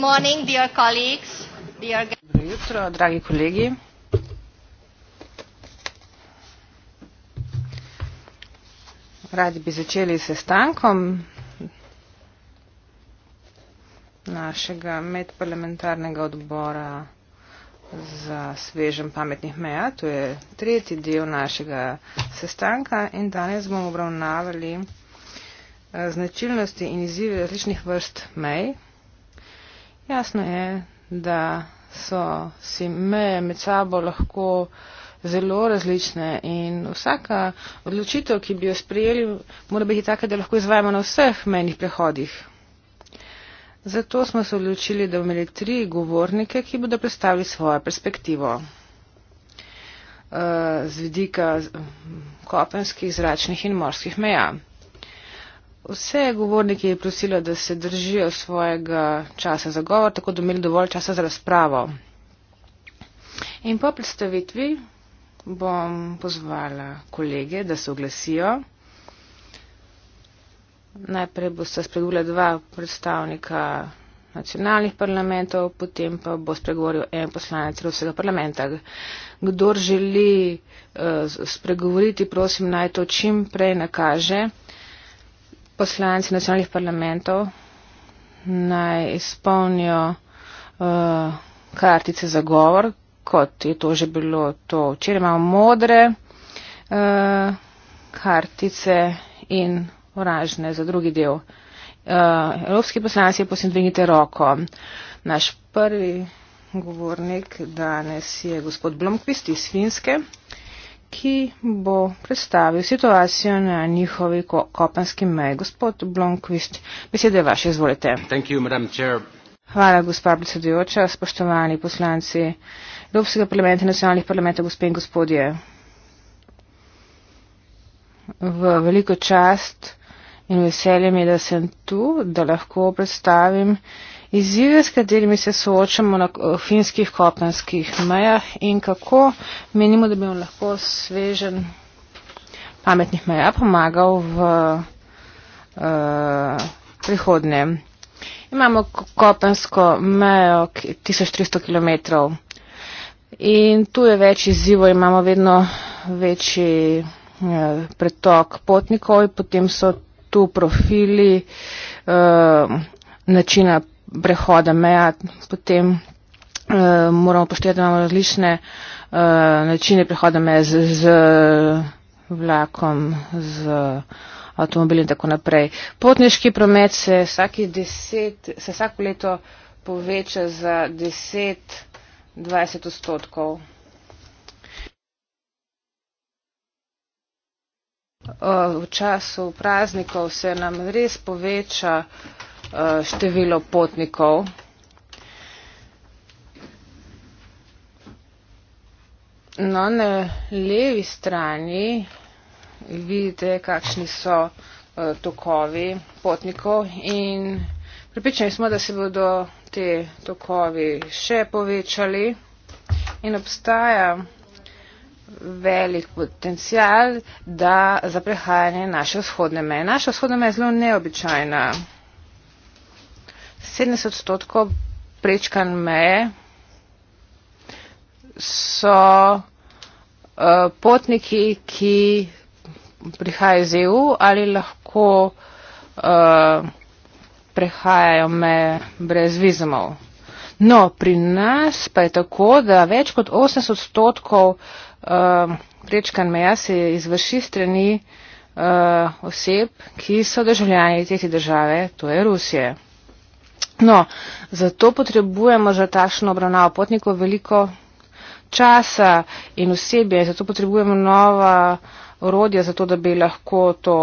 morning, dear colleagues, dear Dobro jutro, dragi kolegi. Radi bi začeli s sestankom našega medparlamentarnega odbora za svežem pametnih meja. To je tretji del našega sestanka in danes bomo obravnavali eh, značilnosti in izzive različnih vrst mej. Jasno je, da so si meje med sabo lahko zelo različne in vsaka odločitev, ki bi jo sprejeli, mora biti taka, da lahko izvajamo na vseh menjih prehodih. Zato smo se odločili, da bomo imeli tri govornike, ki bodo predstavili svojo perspektivo. Eh, z vidika kopenskih zračnih in morskih meja. Vse govornike je prosila, da se držijo svojega časa za govor, tako da imeli dovolj časa za razpravo. In po predstavitvi bom pozvala kolege, da se oglasijo. Najprej bo se spregovorila dva predstavnika nacionalnih parlamentov, potem pa bo spregovoril en poslanec Evropskega parlamenta. Kdor želi uh, spregovoriti, prosim naj to čim prej nakaže poslanci nacionalnih parlamentov naj izpolnijo uh, kartice za govor, kot je to že bilo to včeraj. Imamo modre uh, kartice in oranžne za drugi del. Uh, Evropski poslanci, posebej dvignite roko. Naš prvi govornik danes je gospod Blomkvist iz Finske ki bo predstavil situacijo na njihovi kopanski meji. Gospod Blomqvist, beseda je vaša, izvolite. You, Hvala, gospa predsedujoča, spoštovani poslanci Evropskega parlamenta in nacionalnih parlamentov, gospe in gospodje. V veliko čast in veseljem je, da sem tu, da lahko predstavim izzive, s katerimi se soočamo na eh, finskih kopenskih mejah in kako menimo, da bi vam lahko svežen pametnih meja pomagal v uh, prihodnje. Imamo kopensko mejo 1300 km in tu je več izzivo, imamo vedno večji eh, pretok potnikov, potem so tu profili uh, načina prehoda meja, potem uh, moramo poštevati, da imamo različne uh, načine prehoda meja z, z vlakom, z avtomobili in tako naprej. Potniški promet se, deset, se vsako leto poveča za 10-20 odstotkov. Eh, v času praznikov se nam res poveča uh, Eh, število potnikov. No, na levi strani vidite, kakšni so uh, tokovi potnikov in pripričani smo, da se bodo te tokovi še povečali in obstaja velik potencial da, za prehajanje naše vzhodne meje. Naša vzhodna meja je zelo neobičajna. 70 odstotkov prečkan meje so uh, potniki, ki prihajajo iz EU ali lahko uh, prehajajo meje brez vizumov. No, pri nas pa je tako, da več kot 80 odstotkov uh, prečkan meja se izvrši strani uh, oseb, ki so državljani tretje države, to je Rusije. No, zato potrebujemo za takšno obravnavo potnikov veliko časa in osebje, zato potrebujemo nova orodja, zato da bi lahko to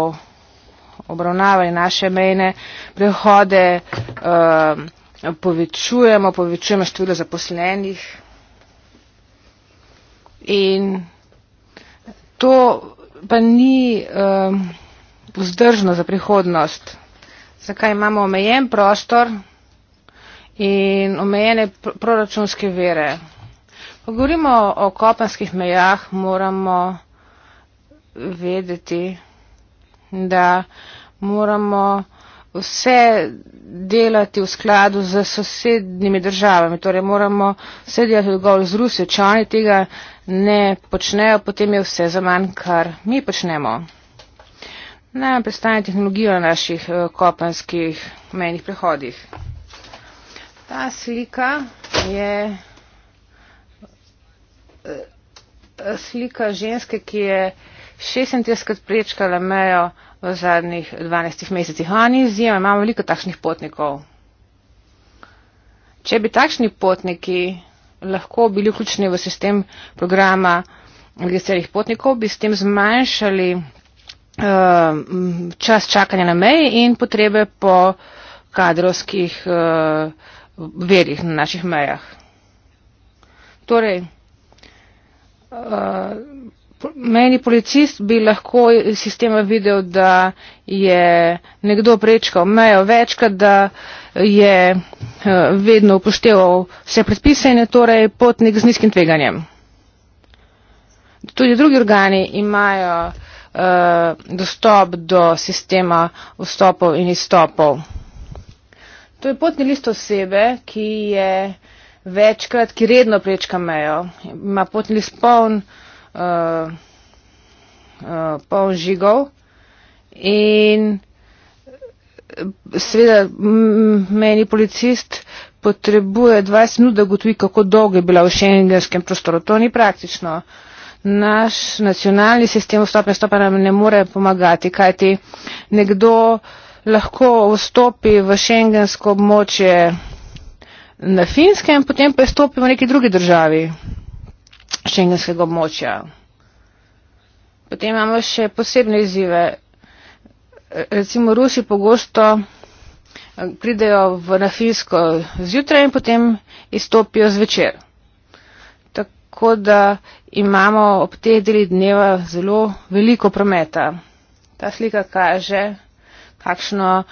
obravnavali naše mejne prehode, ehm, povečujemo, povečujemo število zaposlenih. In to pa ni ehm, vzdržno za prihodnost. Zakaj imamo omejen prostor? in omejene proračunske vere. Ko govorimo o kopanskih mejah, moramo vedeti, da moramo vse delati v skladu z sosednjimi državami. Torej moramo vse delati zgolj z Rusijo. Če oni tega ne počnejo, potem je vse za manj, kar mi počnemo. Naj vam predstavim tehnologijo na naših eh, kopanskih mejnih prehodih. Ta slika je eh, slika ženske, ki je 36-krat prečkala mejo v zadnjih 12 mesecih. Oni izjema, imamo veliko takšnih potnikov. Če bi takšni potniki lahko bili vključeni v sistem programa registriranih potnikov, bi s tem zmanjšali uh, čas čakanja na meji in potrebe po kadrovskih uh, verjih na naših mejah. Torej, eh, meni policist bi lahko iz sistema videl, da je nekdo prečkal mejo večkrat, da je eh, vedno upošteval vse predpise in je torej potnik z nizkim tveganjem. Tudi drugi organi imajo uh, dostop do sistema vstopov in izstopov. To je potni list osebe, ki je večkrat, ki redno prečka mejo. Ima potni list poln, uh, uh, poln žigov in eh, seveda meni policist potrebuje 20 minut, da gotovi, kako dolgo je bila v šengenskem prostoru. To ni praktično. Naš nacionalni sistem vstopne stopa nam ne more pomagati, kajti nekdo lahko vstopi v šengensko območje na finskem, potem pa je vstopil v neki drugi državi šengenskega območja. Potem imamo še posebne izzive. Recimo Rusi pogosto eh, pridejo v nafinsko zjutraj in potem izstopijo zvečer. Tako da imamo ob teh delih dneva zelo veliko prometa. Ta slika kaže, kakšno,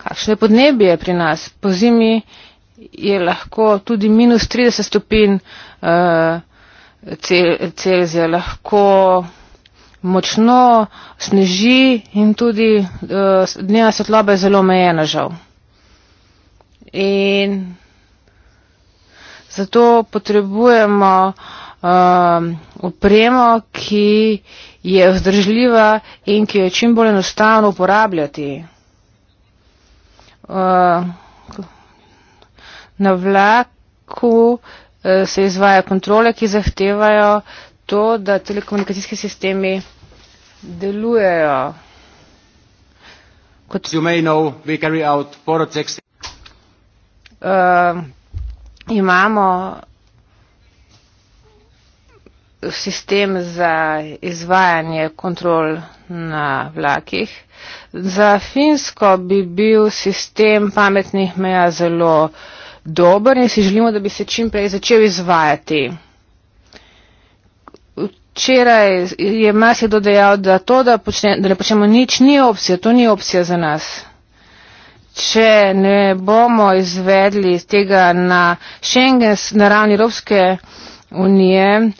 kakšno je podnebje pri nas. Po zimi je lahko tudi minus 30 stopin uh, eh, cel, Celzija, lahko močno sneži in tudi uh, eh, dnevna svetloba je zelo omejena žal. In zato potrebujemo eh, opremo, um, ki je vzdržljiva in ki jo je čim bolj enostavno uporabljati. Eh, na vlaku eh, se izvaja kontrole, ki zahtevajo to, da telekomunikacijski sistemi delujejo. Kot you may know, we carry out projects. Uh, eh, imamo sistem za izvajanje kontrol na vlakih. Za Finsko bi bil sistem pametnih meja zelo dober in si želimo, da bi se čim prej začel izvajati. Včeraj je marsikdo dejal, da to, da, počne, da ne počnemo nič, ni opcija, to ni opcija za nas. Če ne bomo izvedli tega na Schengen, na ravni Evropske unije,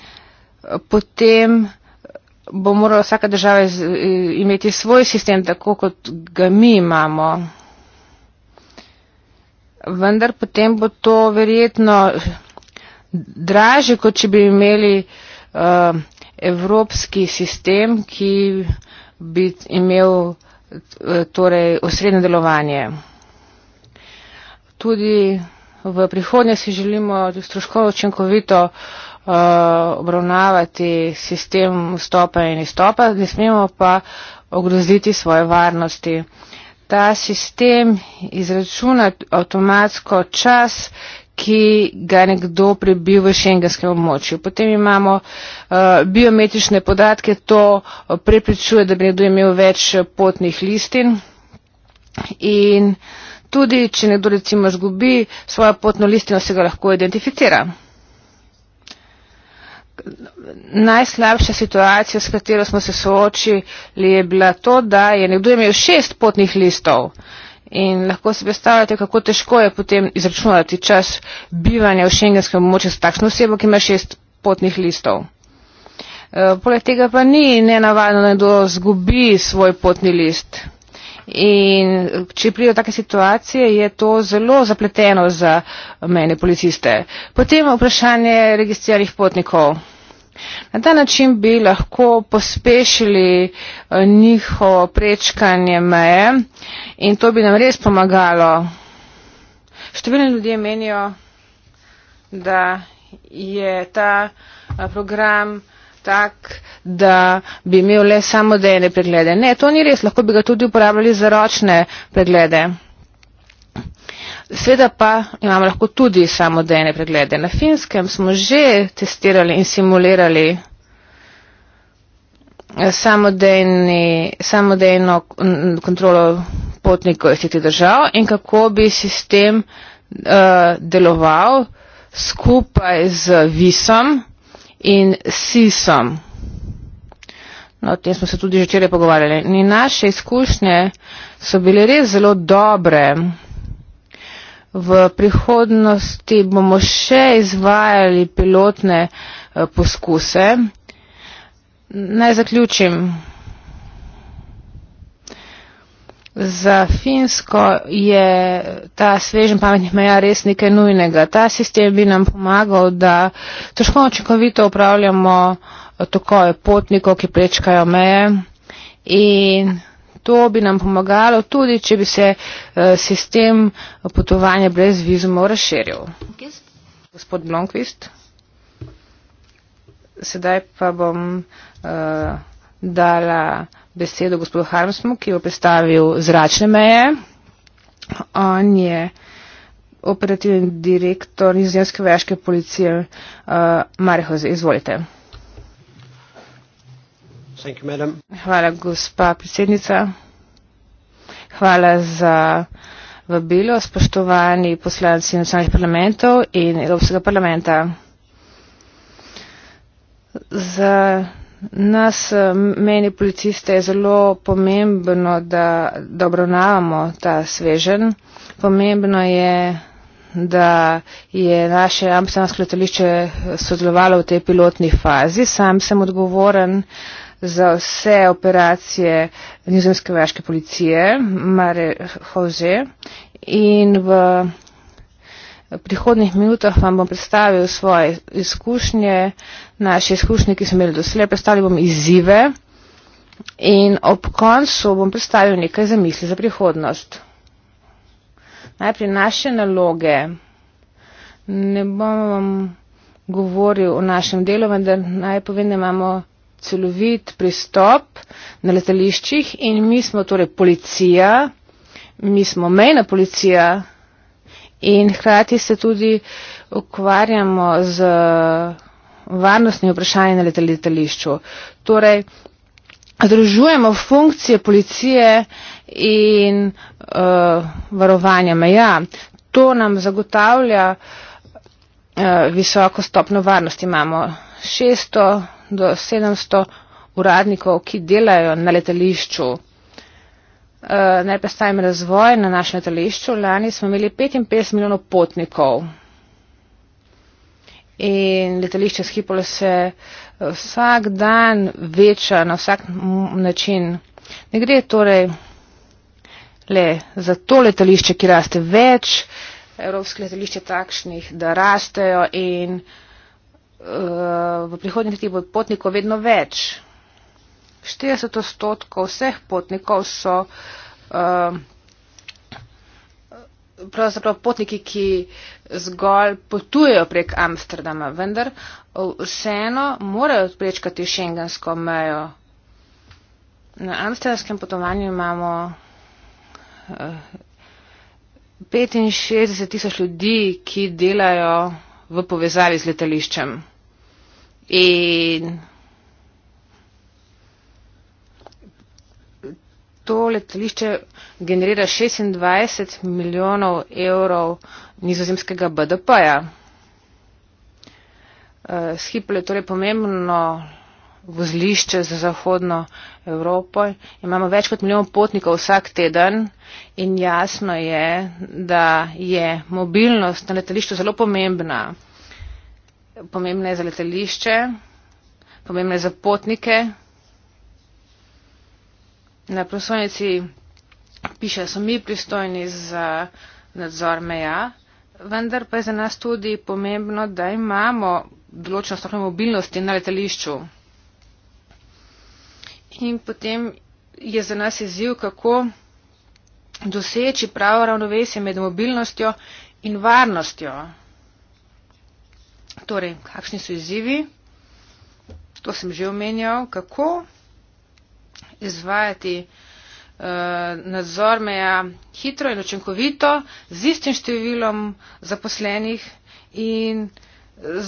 potem bo morala vsaka država iz, eh, imeti svoj sistem, tako kot ga mi imamo. Vendar potem bo to verjetno draže, kot če bi imeli uh, evropski sistem, ki bi imel eh, torej, osrednje delovanje. Tudi v prihodnje si želimo stroškovno učinkovito uh, Uh, obravnavati sistem vstopa in izstopa, ne smemo pa ogroziti svoje varnosti. Ta sistem izračuna avtomatsko čas, ki ga nekdo prebiva v šengenskem območju. Potem imamo uh, biometrične podatke, to prepričuje, da bi nekdo imel več potnih listin. In tudi, če nekdo recimo zgubi svojo potno listino, se ga lahko identificira najslabša situacija, s katero smo se soočili, je bila to, da je nekdo imel šest potnih listov. In lahko si predstavljate, kako težko je potem izračunati čas bivanja v šengenskem območju s takšno osebo, ki ima šest potnih listov. Uh, poleg tega pa ni nenavadno, da nekdo zgubi svoj potni list. In če prijo take situacije, je to zelo zapleteno za mene policiste. Potem vprašanje registriranih potnikov. Na ta način bi lahko pospešili eh, njihovo prečkanje meje in to bi nam res pomagalo. Številni ljudje menijo, da je ta eh, program tak, da bi imel le samodejne preglede. Ne, to ni res, lahko bi ga tudi uporabljali za ročne preglede. Sveda pa imamo lahko tudi samodejne preglede. Na finskem smo že testirali in simulirali eh, samodejni, samodejno kontrolo potnikov iz tih držav in kako bi sistem uh, deloval skupaj z visom in sisom. No, o tem smo se tudi že včeraj pogovarjali. In naše izkušnje so bile res zelo dobre. V prihodnosti bomo še izvajali pilotne eh, poskuse. Naj zaključim. Za Finsko je ta svežen pametnih meja res nekaj nujnega. Ta sistem bi nam pomagal, da težko očekovito upravljamo eh, tokoje potnikov, ki prečkajo meje. In to bi nam pomagalo tudi, če bi se eh, sistem potovanja brez vizumov razširil. Gospod Blomkvist. Sedaj pa bom uh, dala besedo gospodu Harmsmu, ki je predstavil zračne meje. On je operativni direktor nizozemske vojaške policije uh, Marihoze. Izvolite. Thank you, madam. Hvala, gospa predsednica. Hvala za vabilo, spoštovani poslanci nacionalnih parlamentov in Evropskega parlamenta. Za Nas, eh, meni policiste, je zelo pomembno, da, da obravnavamo ta svežen. Pomembno je, da je naše amsterdamsko letališče eh, sodelovalo v tej pilotni fazi. Sam sem odgovoren za vse operacije nizozemske vojaške policije, Mare Hoze. In v prihodnih minutah vam bom predstavil svoje izkušnje. Uh, naše izkušnje, ki smo imeli doslej, predstavljal bom izzive in ob koncu bom predstavil nekaj za misli za prihodnost. Najprej naše naloge. Ne bom vam govoril o našem delu, vendar naj povem, da imamo celovit pristop na letališčih in mi smo torej policija, mi smo mejna policija in hkrati se tudi ukvarjamo z varnostni vprašanji na letališču. Torej, združujemo funkcije policije in uh, varovanja meja. To nam zagotavlja uh, visoko stopno varnosti. Imamo 600 do 700 uradnikov, ki delajo na letališču. Uh, Najprej stavim razvoj na našem letališču. Lani smo imeli 55 milijonov potnikov. In letališče Schiphol se eh, vsak dan veča na vsak način. Ne gre torej le za to letališče, ki raste več, evropske letališče takšnih, da rastejo in uh, v prihodnjih letih bo potnikov vedno več. 40 odstotkov vseh potnikov so. Uh, pravzaprav potniki, ki zgolj potujejo prek Amsterdama, vendar vseeno morajo prečkati šengensko mejo. Na amsterdamskem potovanju imamo eh, 65.000 ljudi, ki delajo v povezavi z letališčem. In to letališče generira 26 milijonov evrov nizozemskega BDP-ja. Eh, Schiphol je torej pomembno vozlišče za zahodno Evropo. Imamo več kot milijon potnikov vsak teden in jasno je, da je mobilnost na letališču zelo pomembna. Pomembna je za letališče, pomembna je za potnike na prosojnici piše, so mi pristojni za nadzor meja, vendar pa je za nas tudi pomembno, da imamo določeno stopnjo mobilnosti na letališču. In potem je za nas izziv, kako doseči pravo ravnovesje med mobilnostjo in varnostjo. Torej, kakšni so izzivi? To sem že omenjal. Kako izvajati eh, nadzor meja hitro in učinkovito z istim številom zaposlenih in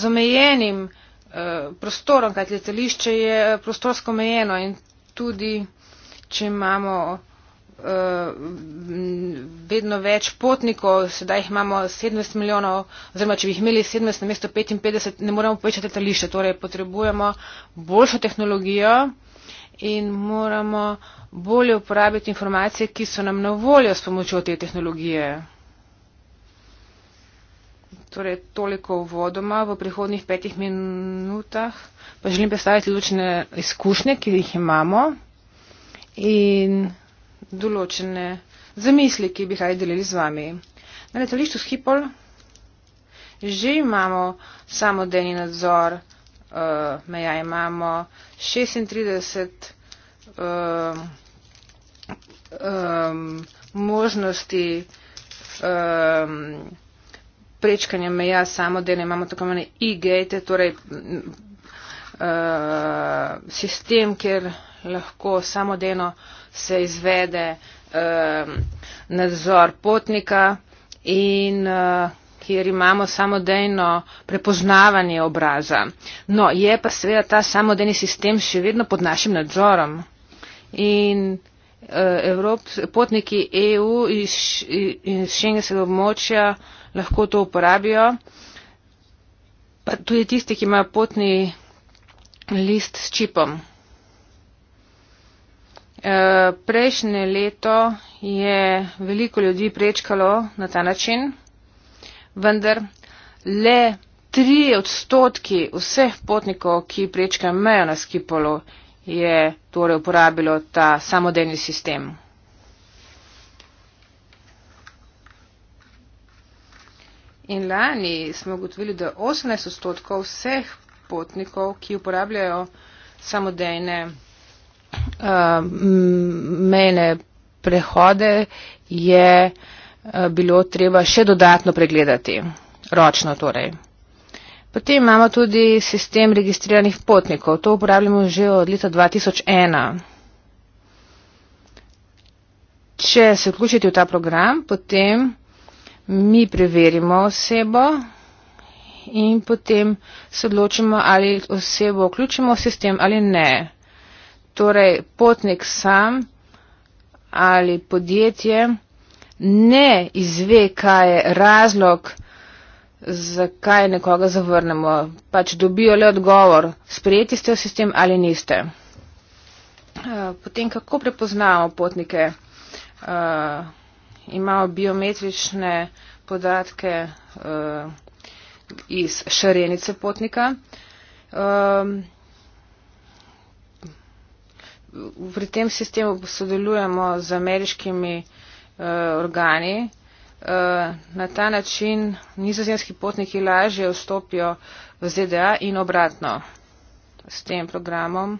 z omejenim eh, prostorom, kajti letališče je prostorsko omejeno in tudi, če imamo eh, vedno več potnikov, sedaj jih imamo 17 milijonov, oziroma če bi jih imeli 17 na mesto 55, ne moremo povečati letališče, torej potrebujemo boljšo tehnologijo in moramo bolje uporabiti informacije, ki so nam na voljo s pomočjo te tehnologije. Torej, toliko vodoma v prihodnih petih minutah, pa želim predstaviti določene izkušnje, ki jih imamo in določene zamisli, ki bi radi delili z vami. Na letališču s Hipol že imamo samodejni nadzor, uh, meja imamo, šestintrideset um, um, možnosti um, prečkanja meja samodejne, imamo tako imenovane e-gate, torej um, sistem, kjer lahko samodejno se izvede um, nadzor potnika in uh, kjer imamo samodejno prepoznavanje obraza. No, je pa seveda ta samodejni sistem še vedno pod našim nadzorom. In e, Evrop, potniki EU iz, iz šengenskega območja lahko to uporabijo. Pa tudi tisti, ki imajo potni list s čipom. E, prejšnje leto je veliko ljudi prečkalo na ta način vendar le tri odstotki vseh potnikov, ki prečkajo mejo na Skipolu, je torej uporabilo ta samodejni sistem. In lani smo ugotovili, da 18 odstotkov vseh potnikov, ki uporabljajo samodejne uh, mejne prehode, je uh, Eh, bilo treba še dodatno pregledati, ročno torej. Potem imamo tudi sistem registriranih potnikov. To uporabljamo že od leta 2001. Če se vključite v ta program, potem mi preverimo osebo in potem se odločimo, ali osebo vključimo v sistem ali ne. Torej, potnik sam ali podjetje ne izve, kaj je razlog, zakaj nekoga zavrnemo. Pač dobijo le odgovor, sprejeti ste v sistem ali niste. Eh, potem, kako prepoznamo potnike? Eh, imamo biometrične podatke eh, iz šarenice potnika. Ehm, pri tem sistemu sodelujemo z ameriškimi Eh, organi. Eh, na ta način nizozemski potniki lažje vstopijo v ZDA in obratno s tem programom,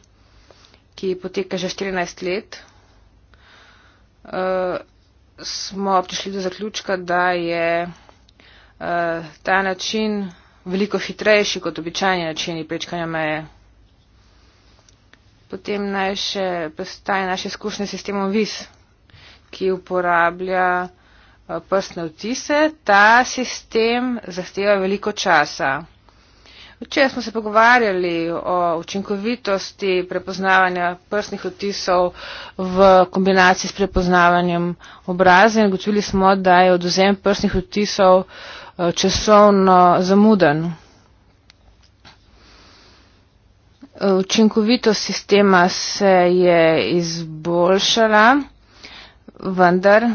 ki poteka že 14 let. Eh, smo prišli do zaključka, da je ta način veliko hitrejši kot običajni načini prečkanja meje. Potem naj še postaje naše izkušnje s sistemom VIS ki uporablja eh, prstne vtise, ta sistem zahteva veliko časa. Včeraj smo se pogovarjali o učinkovitosti prepoznavanja prstnih otisov v kombinaciji s prepoznavanjem obraza in gotovili smo, da je oduzem prstnih otisov eh, časovno zamuden. Učinkovitost sistema se je izboljšala vendar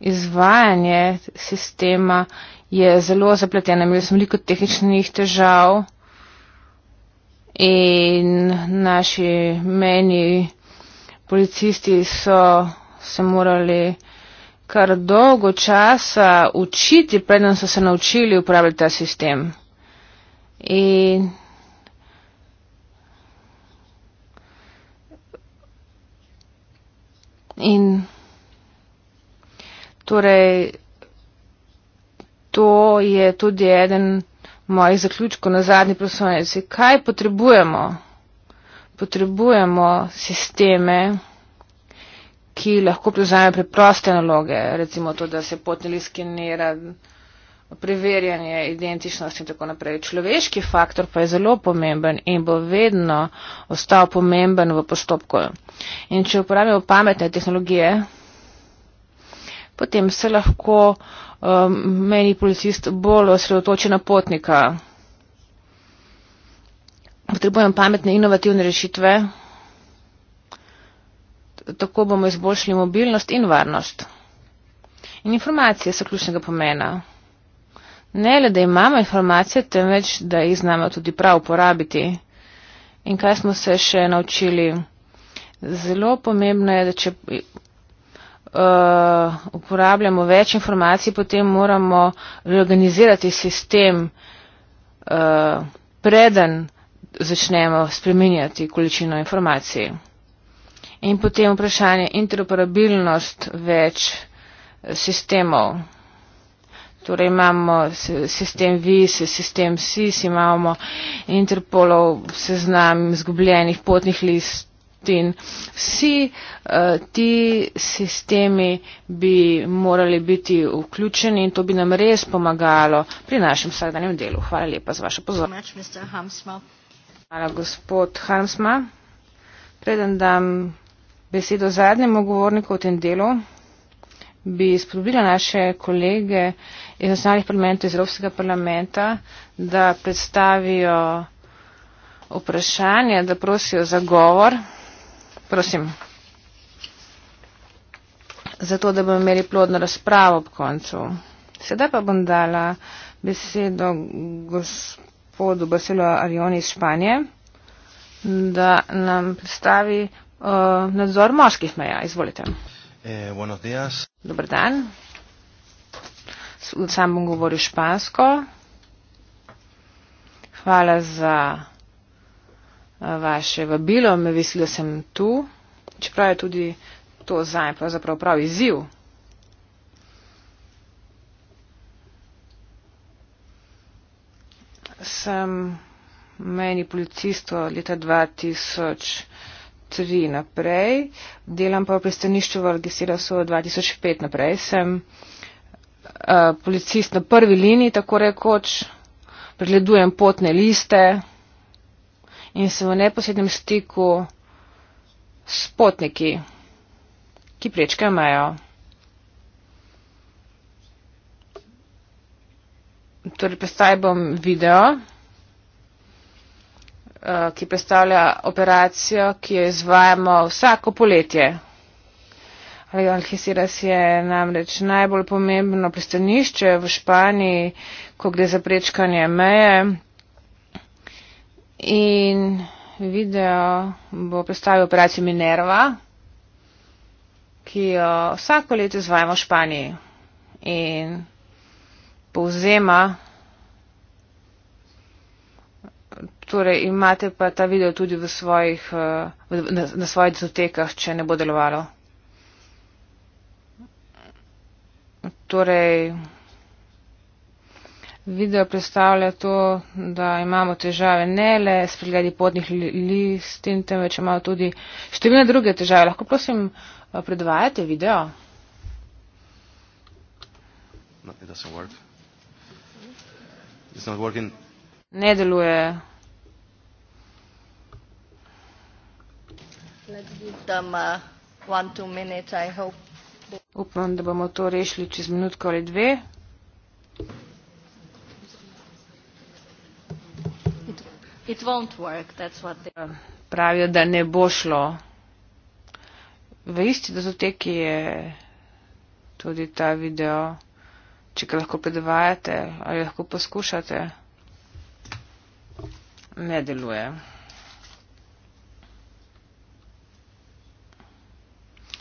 izvajanje sistema je zelo zapleteno. Imeli smo veliko tehničnih težav in naši meni policisti so se morali kar dolgo časa učiti, preden so se naučili uporabljati ta sistem. In In torej, to je tudi eden mojih zaključkov na zadnji prosojnici. Kaj potrebujemo? Potrebujemo sisteme, ki lahko prevzame preproste naloge, recimo to, da se potni list skenira, preverjanje identičnosti in tako naprej. Človeški faktor pa je zelo pomemben in bo vedno ostal pomemben v postopku. In če uporabljamo pametne tehnologije, potem se lahko um, meni policist bolj osredotoči na potnika. Potrebujemo pametne inovativne rešitve, tako bomo izboljšali mobilnost in varnost. In informacije so ključnega pomena. Ne le, da imamo informacije, temveč, da jih znamo tudi prav uporabiti. In kaj smo se še naučili? Zelo pomembno je, da če uh, uporabljamo več informacij, potem moramo reorganizirati sistem, uh, preden začnemo spremenjati količino informacij. In potem vprašanje interoperabilnost več eh, sistemov. Torej imamo sistem VIS, sistem SIS, imamo Interpolov seznam izgubljenih potnih list. In vsi uh, ti sistemi bi morali biti vključeni in to bi nam res pomagalo pri našem vsakdanjem delu. Hvala lepa za vašo pozornost. Hvala, gospod Hamsma. Preden dam besedo zadnjemu govorniku v tem delu, bi spodbila naše kolege uh, iz nacionalnih parlamentov iz Evropskega parlamenta, da predstavijo vprašanje, da prosijo za govor, prosim, zato, da bomo imeli plodno razpravo ob koncu. Sedaj pa bom dala besedo gospodu Basilo Arioni iz Španije, da nam predstavi uh, nadzor morskih meja. Izvolite. Eh, Dobar dan sam bom govoril špansko. Hvala za eh, vaše vabilo, me veselijo sem tu, čeprav je tudi to zanj pravzaprav prav izziv. Sem meni policisto leta 2003 naprej, delam pa v pristanišču v Algeciras od 2005 naprej. Sem Eh, policist na prvi liniji, tako rekoč, pregledujem potne liste in sem v neposrednem stiku s potniki, ki prečkajo mejo. Torej, predstavljam bom video, eh, ki predstavlja operacijo, ki jo izvajamo vsako poletje. Algeciras je namreč najbolj pomembno pristanišče v Španiji, ko gre za prečkanje meje. In video bo predstavil operacijo Minerva, ki jo vsako leto izvajamo v Španiji in povzema. Torej, imate pa ta video tudi v svojih, na, na svojih zotekah, če ne bo delovalo. torej video predstavlja to, da imamo težave ne le s pregledi podnih listin, temveč imamo tudi številne druge težave. Lahko prosim eh, predvajate video? No, ne deluje. Let's give them uh, one, two minutes, I hope. Upam, da bomo to rešili čez minutko ali dve. It won't work, that's what they... Eh, pravijo, da ne bo šlo. V isti datoteki je tudi ta video. Če ga lahko predvajate ali lahko poskušate, ne deluje.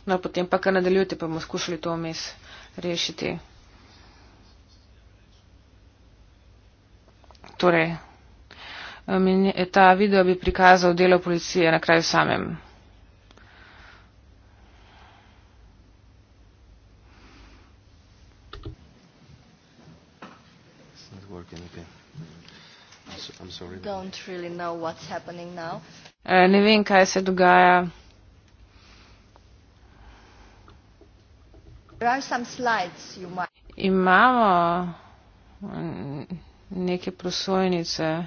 No, potem pa kar nadaljujte, pa bomo skušali to vmes rešiti. Torej, eh, eh, ta video bi prikazal delo policije na kraju samem. Really uh, ne vem, kaj se dogaja. Imamo mm, neke prosojnice.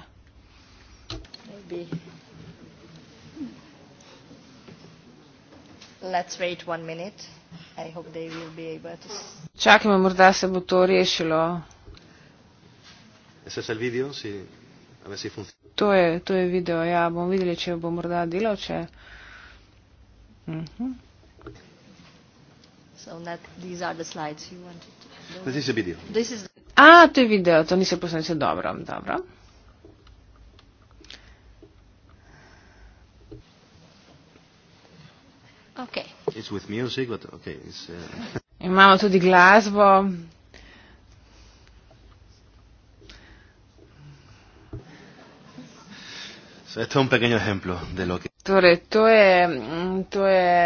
Čakajmo, morda se bo to rešilo. To je, to je video, ja, bomo videli, če bo morda delal, če. Uh mhm. -huh. So that these are the slides you wanted to do. This is a video. This is a, to je video, to nisem posnel, se dobro, dobro. Okay. It's with music, but okay, it's... Uh... Imamo tudi glasbo. Torej, to je, to je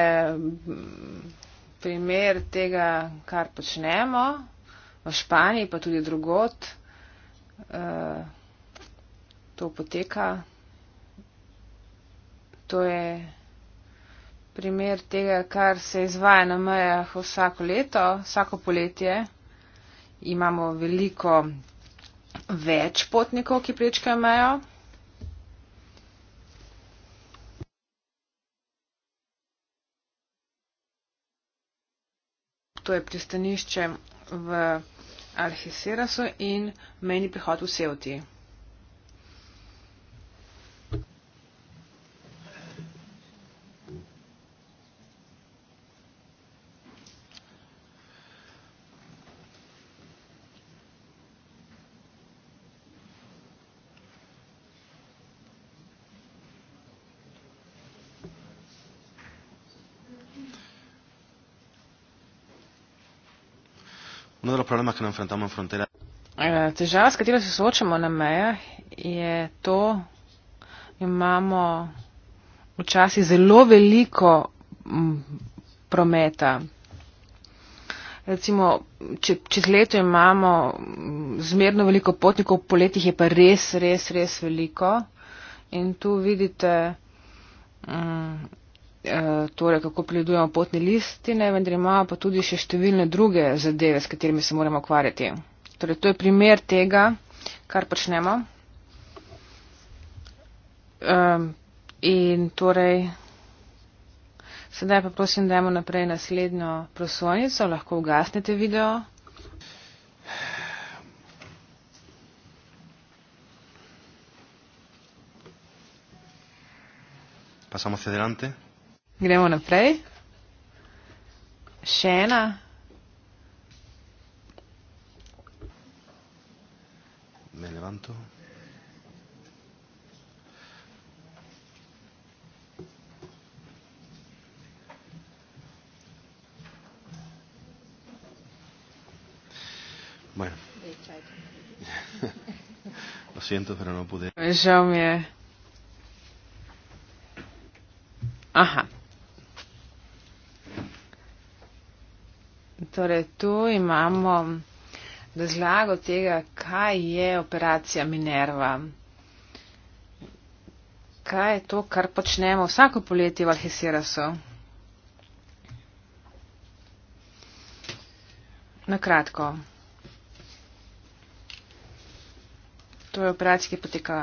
primer tega, kar počnemo v Španiji, pa tudi drugot. Eh, to poteka. To je primer tega, kar se izvaja na mejah vsako leto, vsako poletje. Imamo veliko več potnikov, ki prečkajo mejo. to je pristanišče v Alhesirasu in mejni prihod v Sevti. uno de los problemas que nos enfrentamos en frontera. Eh, težava, s katero se soočamo na mejah, je to, da imamo včasih zelo veliko prometa. Recimo, če, čez leto imamo zmerno veliko potnikov, poletjih je pa res, res, res veliko. In tu vidite, Eh, torej kako pregledujemo potne listine, vendar ima pa tudi še številne druge zadeve, s katerimi se moramo ukvarjati. Torej, to je primer tega, kar počnemo. Um, in torej, sedaj pa prosim, dajmo naprej naslednjo prosojnico, lahko ugasnete video. Pasamos adelante. Gremo naprej. Še ena. Me levanto. Bueno. Lo siento, pero no pude. Yo me. Ajá. Torej, tu imamo razlago tega, kaj je operacija Minerva. Kaj je to, kar počnemo vsako poletje v Alhesirasu? Na kratko. To je operacija, ki poteka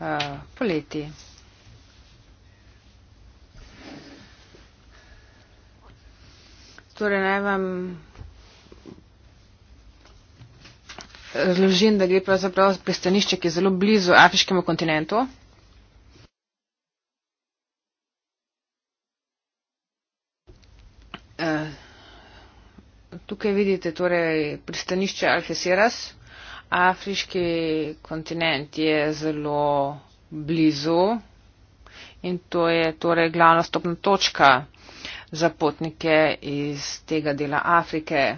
uh, poleti. Torej naj vam razložim, da gre pravzaprav za pristanišče, ki je zelo blizu afriškemu kontinentu. Eh, tukaj vidite torej, pristanišče Alfeseras. Afriški kontinent je zelo blizu in to je torej glavna stopna točka za potnike iz tega dela Afrike.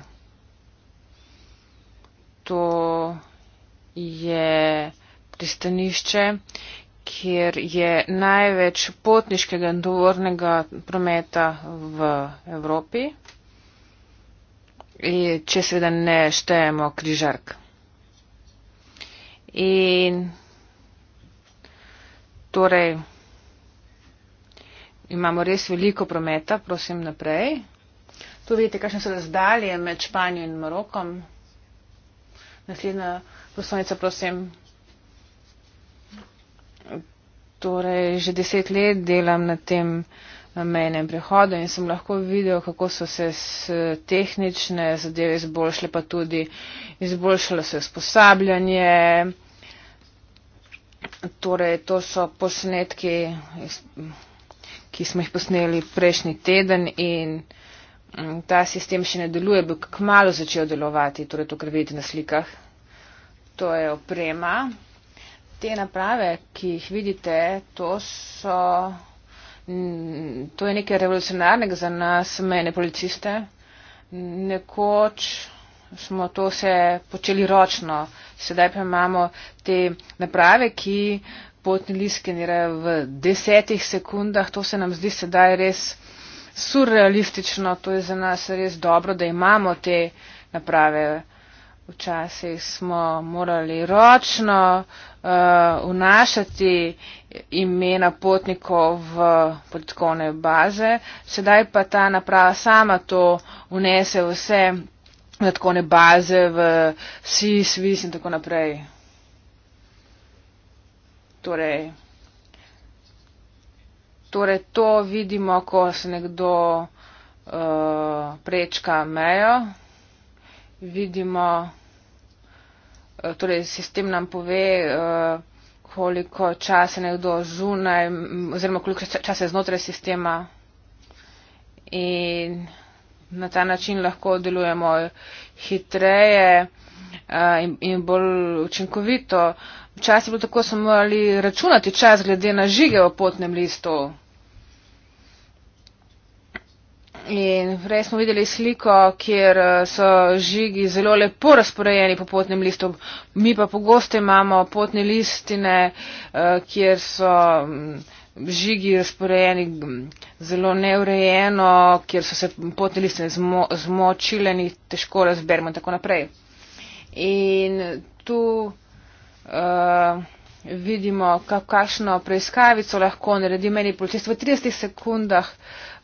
To je pristanišče, kjer je največ potniškega in tovornega prometa v Evropi, če seveda ne štejemo križark. In torej imamo res veliko prometa, prosim naprej. Tu vidite, kakšne so razdalje med Španijo in Marokom. Naslednja poslovnica, prosim. Torej, že deset let delam na tem mejnem prehodu in sem lahko videl, kako so se s tehnične zadeve izboljšale, pa tudi izboljšalo se usposabljanje. Torej, to so posnetki. Iz, ki smo jih posneli prejšnji teden in mm, ta sistem še ne deluje, bo kak malo začel delovati, torej to, kar vidite na slikah. To je oprema. Te naprave, ki jih vidite, to so. Mm, to je nekaj revolucionarnega za nas, mene policiste. Nekoč smo to vse počeli ročno, sedaj pa imamo te naprave, ki uh, potni list generirajo v desetih sekundah. To se nam zdi sedaj res surrealistično. To je za nas res dobro, da imamo te naprave. Včasih smo morali ročno uh, vnašati imena potnikov v podkovne baze, sedaj pa ta naprava sama to unese vse podkovne baze v SIS, VIS in tako naprej torej, torej to vidimo, ko se nekdo uh, prečka mejo. Vidimo, uh, torej sistem nam pove, uh, koliko časa je nekdo zunaj, oziroma koliko časa je znotraj sistema. In na ta način lahko delujemo hitreje uh, in, in bolj učinkovito. Uh, Včasih je bilo tako, da so morali računati čas, glede na žige v potnem listu. In res smo videli sliko, kjer eh, so žigi zelo lepo razporejeni po potnem listu. Mi pa pogosto imamo potne listine, eh, kjer so mm, žigi razporejeni mm, zelo neurejeno, kjer so se potne listine zmo zmočile in jih težko razberemo in tako naprej. In tu. Eh, vidimo, kakšno preiskavico lahko naredi meni policist v 30 sekundah,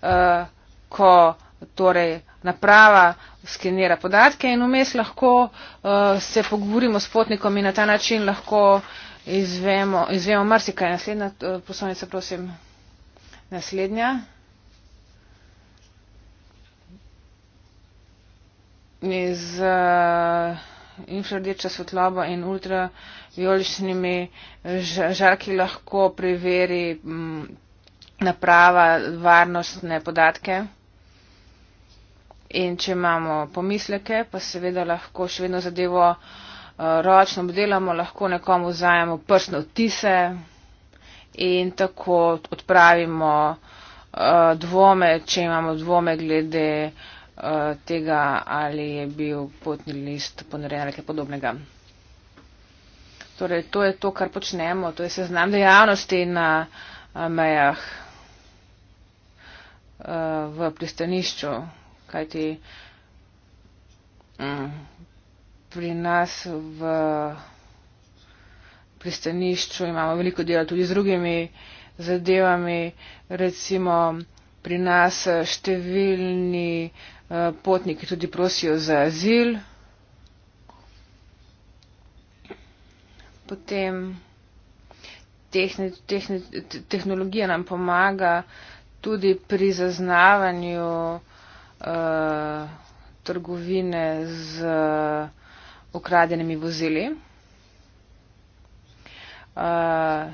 eh, ko torej naprava skenira podatke in vmes lahko eh, se pogovorimo s potnikom in na ta način lahko izvemo, izvemo marsikaj. Naslednja poslovnica, prosim. Naslednja. Iz uh, infrardeča svetloba in ultra. Uh, vijoličnimi žarki lahko preveri mm, naprava varnostne podatke. In če imamo pomisleke, pa seveda lahko še vedno zadevo eh, ročno obdelamo, lahko nekomu vzajemo prstne odtise in tako odpravimo eh, dvome, če imamo dvome glede eh, tega, ali je bil potni list ponarejen ali kaj podobnega. Torej, to je to, kar počnemo, to je seznam dejavnosti na eh, mejah eh, v pristanišču, kajti mm, pri nas v pristanišču imamo veliko dela tudi z drugimi zadevami, recimo pri nas številni eh, potniki tudi prosijo za azil. potem tehni, tehni, tehnologija nam pomaga tudi pri zaznavanju uh, trgovine z eh, ukradenimi vozili. Uh,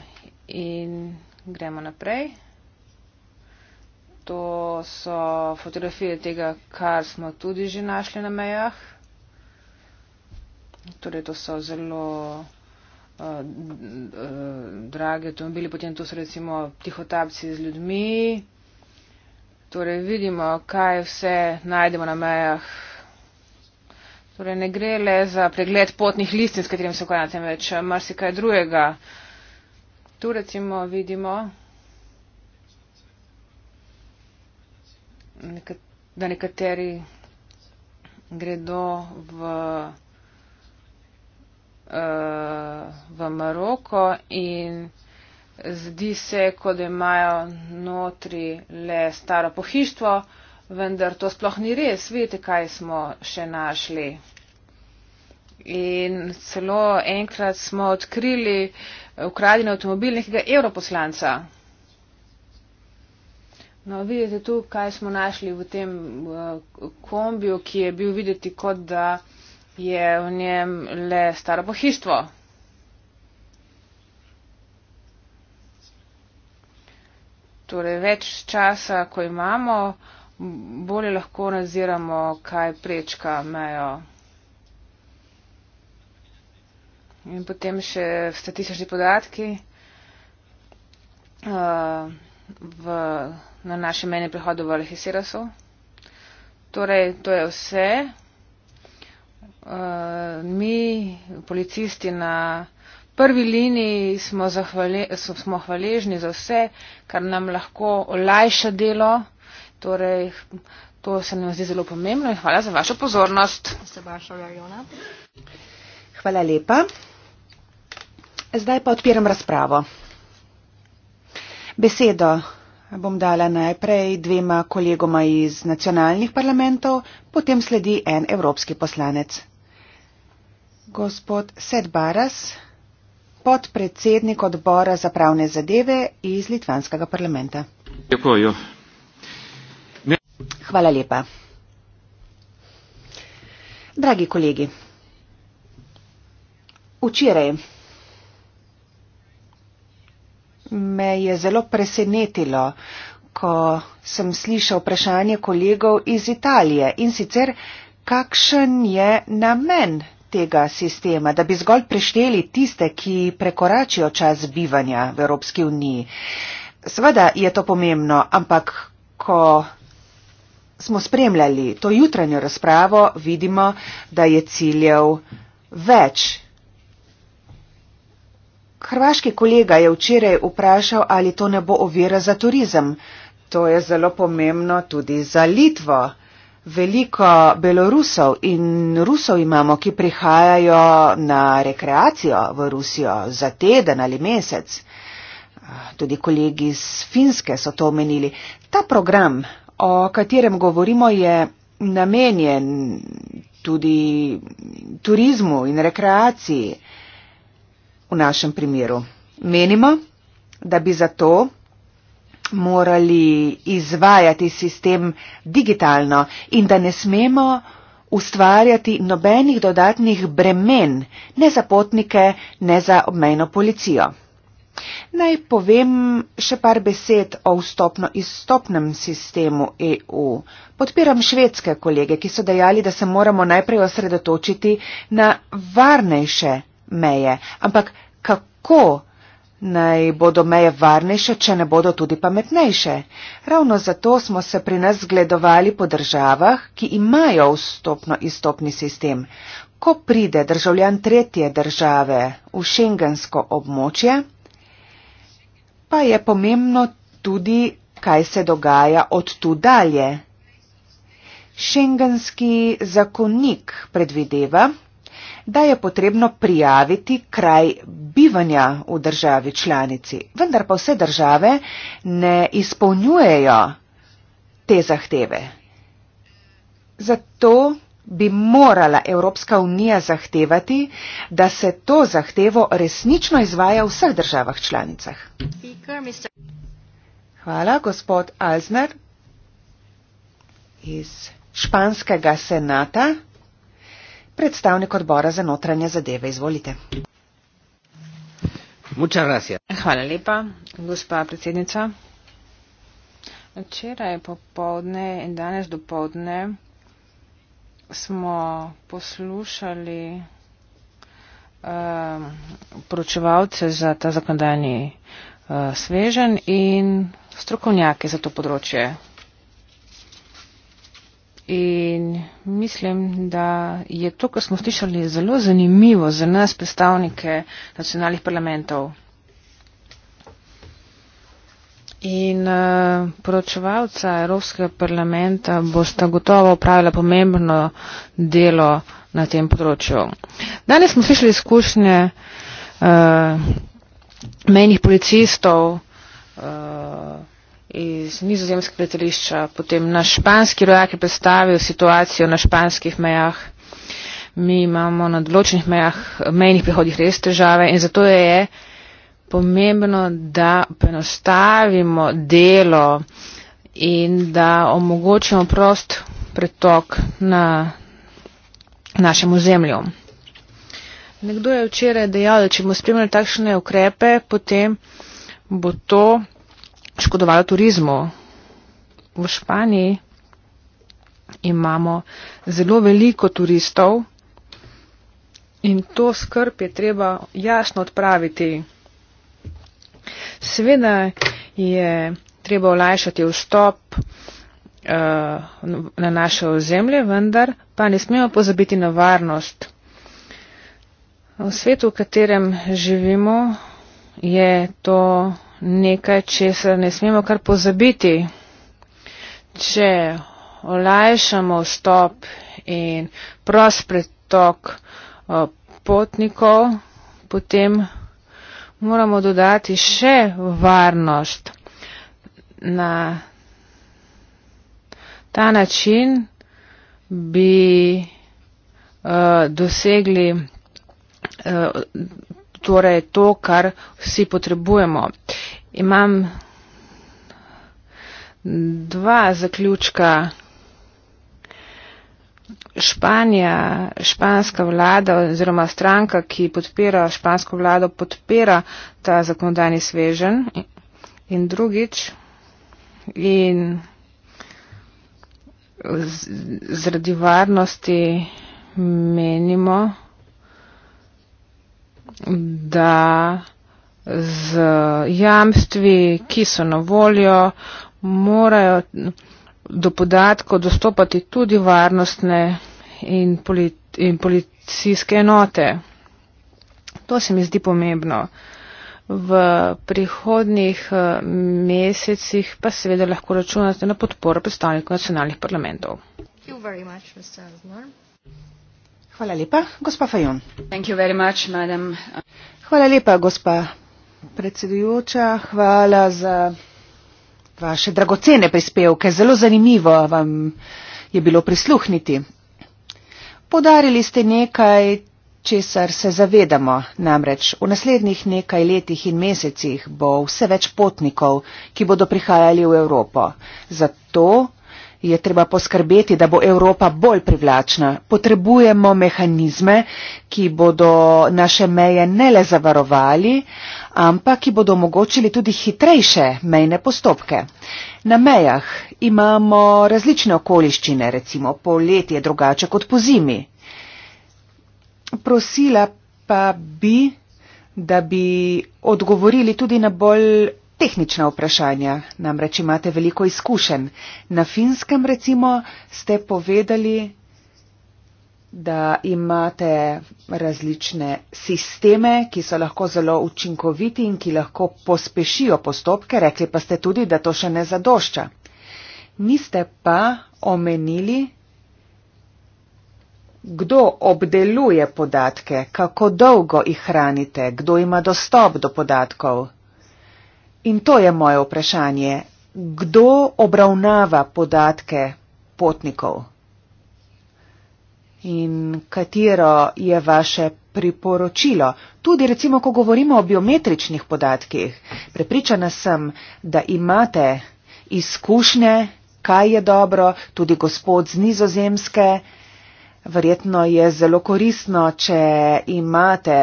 in gremo naprej. To so fotografije tega, kar smo tudi že našli na mejah. Torej, to so zelo Eh, eh, drage avtomobile, potem to so recimo tihotapci z ljudmi. Torej vidimo, kaj vse najdemo na mejah. Torej ne gre le za pregled potnih listin, s katerim se ukvarjate, več eh, marsikaj drugega. Tu recimo vidimo, da nekateri gredo v uh, v Maroko in zdi se, kot da imajo notri le staro pohištvo, vendar to sploh ni res. Vidite, kaj smo še našli. In celo enkrat smo odkrili ukraden avtomobil nekega europoslanca. No, vidite tu, kaj smo našli v tem uh, kombiju, ki je bil videti kot da je v njem le staro pohištvo. Torej, več časa, ko imamo, bolje lahko naziramo, kaj prečka mejo. In potem še statistični podatki. Eh, v, na našem meni prihodu v Alhesirasu. Torej, to je vse mi, policisti na prvi liniji, smo, zahvali, smo hvaležni za vse, kar nam lahko olajša delo. Torej, to se nam zdi zelo pomembno in hvala za vašo pozornost. Hvala lepa. Zdaj pa odpiram razpravo. Besedo bom dala najprej dvema kolegoma iz nacionalnih parlamentov, potem sledi en evropski poslanec. Gospod Sed Baras, podpredsednik odbora za pravne zadeve iz Litvanskega parlamenta. Hvala lepa. Dragi kolegi, včeraj me je zelo presenetilo, ko sem slišal vprašanje kolegov iz Italije in sicer, kakšen je namen tega sistema, da bi zgolj prešteli tiste, ki prekoračijo čas bivanja v Evropski uniji. Sveda je to pomembno, ampak ko smo spremljali to jutranjo razpravo, vidimo, da je ciljev več Hrvaški kolega je včeraj vprašal, ali to ne bo ovira za turizem. To je zelo pomembno tudi za Litvo. Veliko Belorusov in Rusov imamo, ki prihajajo na rekreacijo v Rusijo za teden ali mesec. Tudi kolegi iz Finske so to omenili. Ta program, o katerem govorimo, je namenjen tudi turizmu in rekreaciji v našem primeru. Menimo, da bi zato morali izvajati sistem digitalno in da ne smemo ustvarjati nobenih dodatnih bremen ne za potnike, ne za obmejno policijo. Naj povem še par besed o vstopno-izstopnem sistemu EU. Podpiram švedske kolege, ki so dejali, da se moramo najprej osredotočiti na varnejše meje. Ampak kako naj bodo meje varnejše, če ne bodo tudi pametnejše? Ravno zato smo se pri nas zgledovali po državah, ki imajo vstopno izstopni sistem. Ko pride državljan tretje države v šengensko območje, pa je pomembno tudi, kaj se dogaja od tu dalje. Šengenski zakonik predvideva, da je potrebno prijaviti kraj bivanja v državi članici. Vendar pa vse države ne izpolnjujejo te zahteve. Zato bi morala Evropska unija zahtevati, da se to zahtevo resnično izvaja v vseh državah članicah. Hvala, gospod Alzner iz španskega senata. Predstavnik odbora za notranje zadeve, izvolite. Hvala lepa, gospa predsednica. Včeraj popovdne in danes dopovdne smo poslušali um, poročevalce za ta zakonodajni uh, svežen in strokovnjake za to področje In mislim, da je to, kar smo slišali, zelo zanimivo za nas, predstavnike nacionalnih parlamentov. In uh, poročevalca Evropskega parlamenta boste gotovo upravila pomembno delo na tem področju. Danes smo slišali izkušnje uh, eh, menjih policistov. Uh, iz nizozemskega letališča, potem naš španski rojak je predstavil situacijo na španskih mejah. Mi imamo na določenih mejah, mejnih prihodih res težave in zato je pomembno, da prenostavimo delo in da omogočimo prost pretok na našemu zemlju. Nekdo je včeraj dejal, da če bomo spremljali takšne ukrepe, potem bo to škodovala turizmu. V Španiji imamo zelo veliko turistov in to skrb je treba jasno odpraviti. Seveda je treba olajšati vstop eh, na naše ozemlje, vendar pa ne smemo pozabiti na varnost. V svetu, v katerem živimo, je to nekaj, česar ne smemo kar pozabiti. Če olajšamo vstop in prost pretok potnikov, potem moramo dodati še varnost na ta način bi uh, dosegli uh, torej to, kar vsi potrebujemo. Uh, imam dva zaključka. Španija, španska vlada oziroma stranka, ki podpira špansko vlado, podpira ta zakonodajni svežen in drugič in zaradi varnosti menimo, da z jamstvi, ki so na voljo, morajo do podatkov dostopati tudi varnostne in, polit, in policijske enote. To se mi zdi pomembno. V prihodnih eh, mesecih pa seveda lahko računate na podporo predstavnikov nacionalnih parlamentov. Hvala lepa, gospa Fajon. Hvala lepa, gospa Predsedujoča, hvala za vaše dragocene prispevke. Zelo zanimivo vam je bilo prisluhniti. Podarili ste nekaj, česar se zavedamo. Namreč v naslednjih nekaj letih in mesecih bo vse več potnikov, ki bodo prihajali v Evropo. Zato je treba poskrbeti, da bo Evropa bolj privlačna. Potrebujemo mehanizme, ki bodo naše meje ne le zavarovali, ampak ki bodo omogočili tudi hitrejše mejne postopke. Na mejah imamo različne okoliščine, recimo poletje je drugače kot po zimi. Prosila pa bi, da bi odgovorili tudi na bolj tehnična vprašanja, namreč imate veliko izkušenj. Na finskem recimo ste povedali, da imate različne sisteme, ki so lahko zelo učinkoviti in ki lahko pospešijo postopke, rekli pa ste tudi, da to še ne zadošča. Niste pa omenili, kdo obdeluje podatke, kako dolgo jih hranite, kdo ima dostop do podatkov. In to je moje vprašanje. Kdo obravnava podatke potnikov? In katero je vaše priporočilo? Tudi recimo, ko govorimo o biometričnih podatkih, prepričana sem, da imate izkušnje, kaj je dobro, tudi gospod z nizozemske. Verjetno je zelo koristno, če imate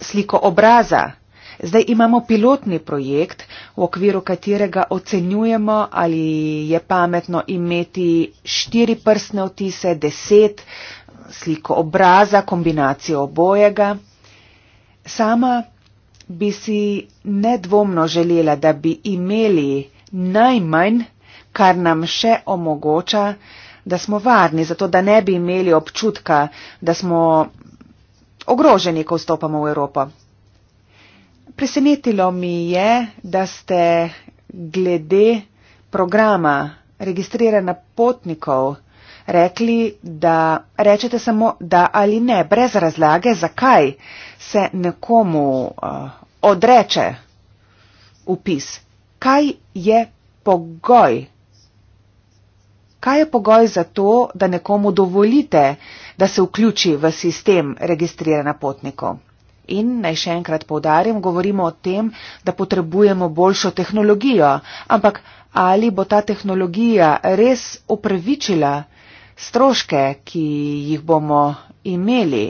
sliko obraza Zdaj imamo pilotni projekt, v okviru katerega ocenjujemo, ali je pametno imeti štiri prstne otise, deset sliko obraza, kombinacijo obojega. Sama bi si nedvomno želela, da bi imeli najmanj, kar nam še omogoča, da smo varni, zato da ne bi imeli občutka, da smo ogroženi, ko vstopamo v Evropo. Presenetilo mi je, da ste glede programa registriranja potnikov rekli, da rečete samo da ali ne, brez razlage, zakaj se nekomu uh, odreče upis. Kaj je pogoj? Kaj je pogoj za to, da nekomu dovolite, da se vključi v sistem registriranja potnikov? In naj še enkrat povdarim, govorimo o tem, da potrebujemo boljšo tehnologijo, ampak ali bo ta tehnologija res upravičila stroške, ki jih bomo imeli.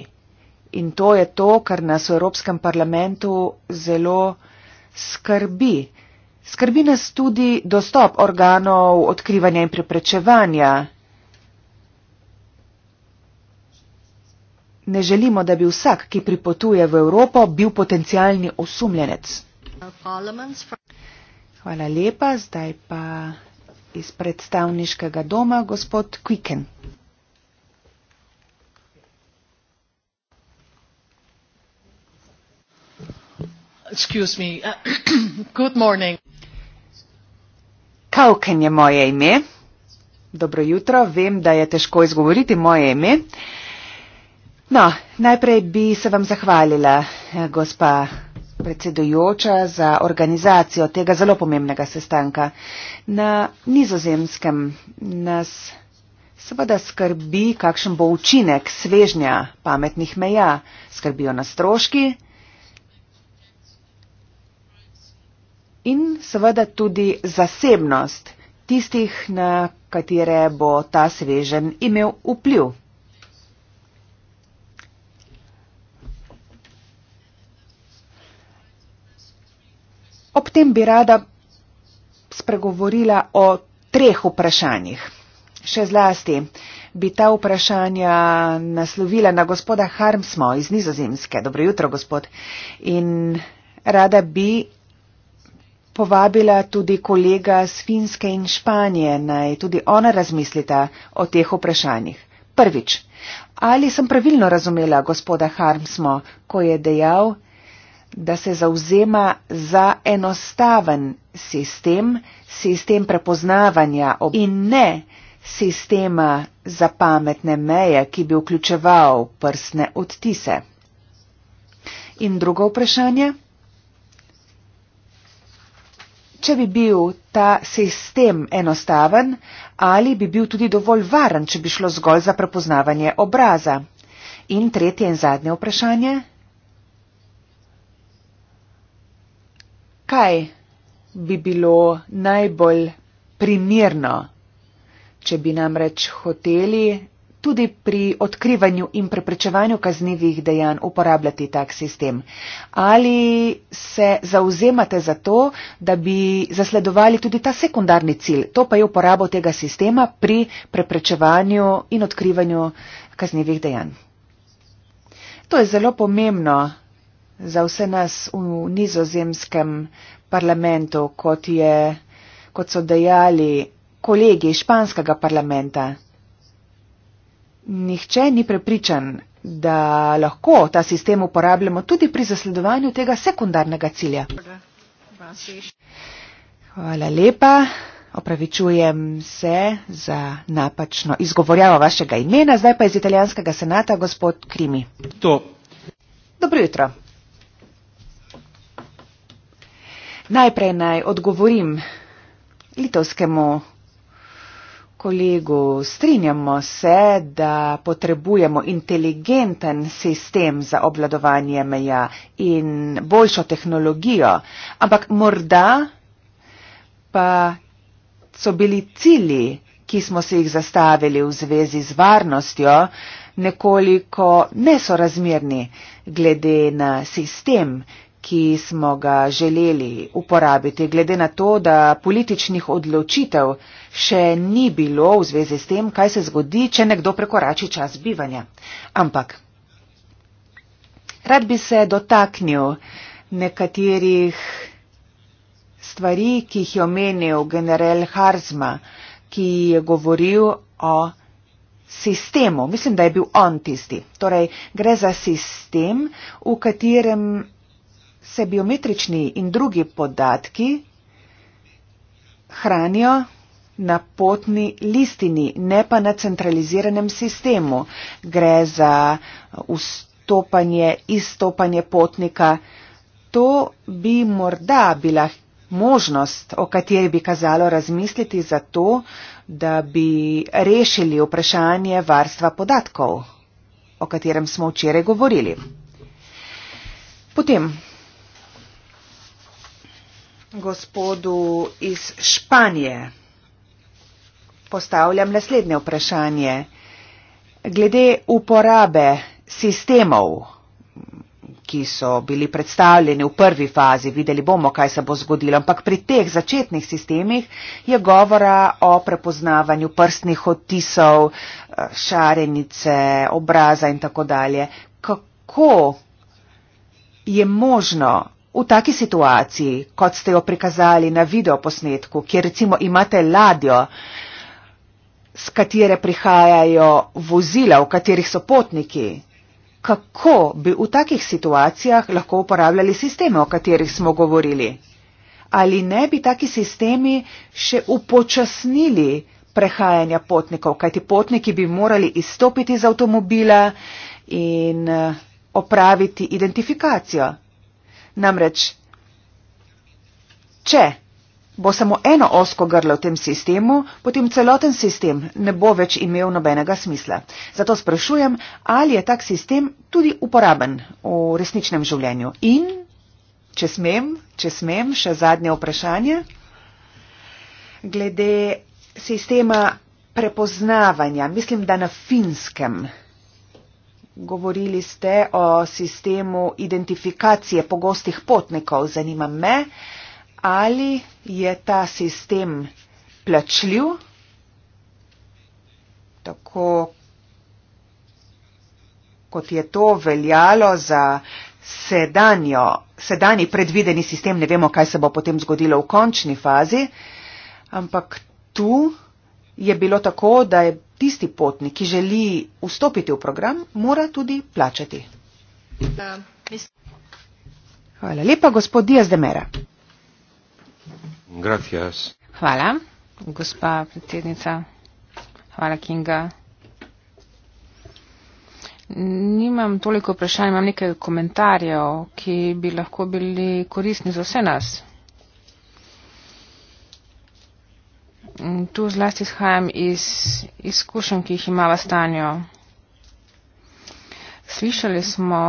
In to je to, kar nas v Evropskem parlamentu zelo skrbi. Skrbi nas tudi dostop organov odkrivanja in preprečevanja ne želimo, da bi vsak, ki pripotuje v Evropo, bil potencijalni osumljenec. Hvala lepa. Zdaj pa iz predstavniškega doma gospod Quicken. Excuse me. Good morning. Kauken je moje ime. Dobro jutro. Vem, da je težko izgovoriti moje ime. Uh, No, najprej bi se vam zahvalila, eh, gospa predsedujoča, za organizacijo tega zelo pomembnega sestanka. Na nizozemskem nas seveda skrbi, kakšen bo učinek svežnja pametnih meja, skrbijo nas stroški in seveda tudi zasebnost tistih, na katere bo ta svežen imel vpliv. Ob tem bi rada spregovorila o treh vprašanjih. Še zlasti bi ta vprašanja naslovila na gospoda Harmsmo iz Nizozemske. Dobro jutro, gospod. In rada bi povabila tudi kolega z Finske in Španije, naj tudi ona razmislita o teh vprašanjih. Prvič, ali sem pravilno razumela gospoda Harmsmo, ko je dejal, da se zauzema za enostaven sistem, sistem prepoznavanja in ne sistema za pametne meje, ki bi vključeval prstne odtise. In drugo vprašanje. Če bi bil ta sistem enostaven, ali bi bil tudi dovolj varen, če bi šlo zgolj za prepoznavanje obraza? In tretje in zadnje vprašanje. kaj bi bilo najbolj primirno, če bi namreč hoteli tudi pri odkrivanju in preprečevanju kaznivih dejanj uporabljati tak sistem? Ali se zauzemate za to, da bi zasledovali tudi ta sekundarni cilj, to pa je uporabo tega sistema pri preprečevanju in odkrivanju kaznivih dejanj? To je zelo pomembno za vse nas v nizozemskem parlamentu, kot, je, kot so dejali kolegi iz španskega parlamenta. Nihče ni prepričan, da lahko ta sistem uporabljamo tudi pri zasledovanju tega sekundarnega cilja. Hvala lepa. Opravičujem se za napačno izgovorjavo vašega imena. Zdaj pa iz italijanskega senata gospod Krimi. To. Dobro jutro. Najprej naj odgovorim litovskemu kolegu. Strinjamo se, da potrebujemo inteligenten sistem za obladovanje meja in boljšo tehnologijo, ampak morda pa so bili cili, ki smo se jih zastavili v zvezi z varnostjo, nekoliko nesorazmerni glede na sistem, ki smo ga želeli uporabiti, glede na to, da političnih odločitev še ni bilo v zvezi s tem, kaj se zgodi, če nekdo prekorači čas bivanja. Ampak rad bi se dotaknil nekaterih stvari, ki jih je omenil general Harzma, ki je govoril o sistemu. Mislim, da je bil on tisti. Torej, gre za sistem, v katerem se biometrični in drugi podatki hranijo na potni listini, ne pa na centraliziranem sistemu. Gre za vstopanje, izstopanje potnika. To bi morda bila možnost, o kateri bi kazalo razmisliti za to, da bi rešili vprašanje varstva podatkov, o katerem smo včeraj govorili. Potem gospodu iz Španije. Postavljam naslednje vprašanje. Glede uporabe sistemov, ki so bili predstavljeni v prvi fazi, videli bomo, kaj se bo zgodilo, ampak pri teh začetnih sistemih je govora o prepoznavanju prstnih odtisov, šarenice, obraza in tako dalje. Kako je možno V taki situaciji, kot ste jo prikazali na videoposnetku, kjer recimo imate ladjo, s katere prihajajo vozila, v katerih so potniki, kako bi v takih situacijah lahko uporabljali sisteme, o katerih smo govorili? Ali ne bi taki sistemi še upočasnili prehajanja potnikov, kajti potniki bi morali izstopiti iz avtomobila in eh, opraviti identifikacijo? Namreč, če bo samo eno osko grlo v tem sistemu, potem celoten sistem ne bo več imel nobenega smisla. Zato sprašujem, ali je tak sistem tudi uporaben v resničnem življenju. In, če smem, če smem, še zadnje vprašanje, glede sistema prepoznavanja, mislim, da na finskem. Govorili ste o sistemu identifikacije pogostih potnikov. Zanima me, ali je ta sistem plačljiv, tako kot je to veljalo za sedanjo, sedani predvideni sistem. Ne vemo, kaj se bo potem zgodilo v končni fazi, ampak tu je bilo tako, da je tisti potnik, ki želi vstopiti v program, mora tudi plačati. Hvala lepa, gospod Diaz de Mera. Gracias. Hvala, gospa predsednica. Hvala, Kinga. Nimam toliko vprašanj, imam nekaj komentarjev, ki bi lahko bili koristni za vse nas. Mm, tu zlasti izhajam iz izkušenj, ki jih imava stanjo. Slišali smo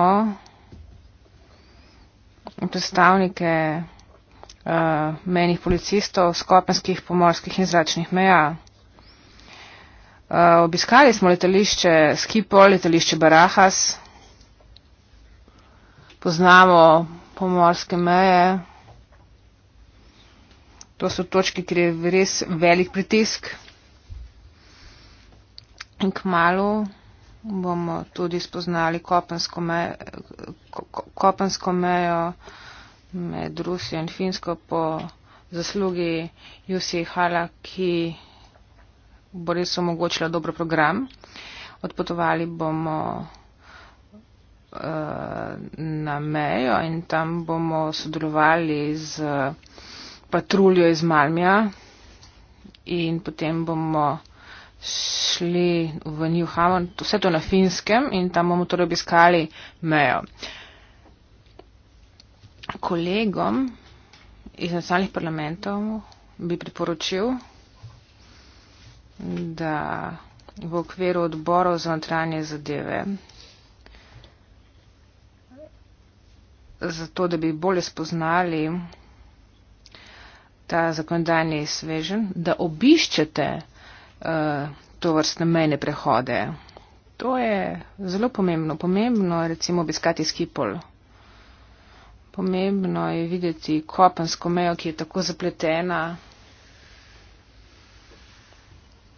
predstavnike uh, eh, menih policistov, skopenskih, pomorskih in zračnih meja. Uh, obiskali smo letališče Skipol, letališče Barahas. Poznamo pomorske meje. To so točke, kjer je res velik pritisk. In kmalo bomo tudi spoznali kopensko, me, kopensko mejo med Rusijo in Finsko po zaslugi Jusi Hala, ki bo res omogočila dober program. Odpotovali bomo uh, na mejo in tam bomo sodelovali z. Uh, patruljo iz Malmija in potem bomo šli v New Haven, vse to na finskem in tam bomo torej obiskali mejo. Kolegom iz nacionalnih parlamentov bi priporočil, da v okviru odborov za notranje zadeve, zato da bi bolje spoznali ta zakonodajni svežen, da obiščete uh, eh, to vrstne mejne prehode. To je zelo pomembno. Pomembno je recimo obiskati Skipol. Pomembno je videti kopensko mejo, ki je tako zapletena,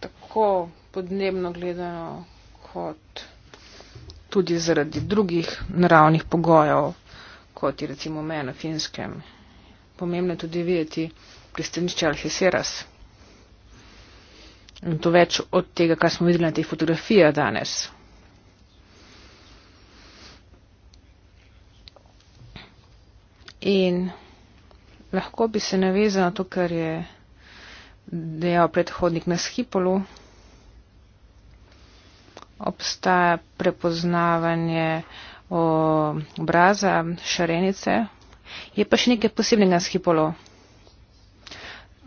tako podnebno gledano, kot tudi zaradi drugih naravnih pogojev, kot je recimo meja na finskem. Pomembno je tudi videti, pristanišče Alheseras. In to več od tega, kar smo videli na teh fotografijah danes. In lahko bi se navezala na to, kar je dejal predhodnik na Schipolu. Obstaja prepoznavanje obraza šarenice. Je pa še nekaj posebnega na Schipolu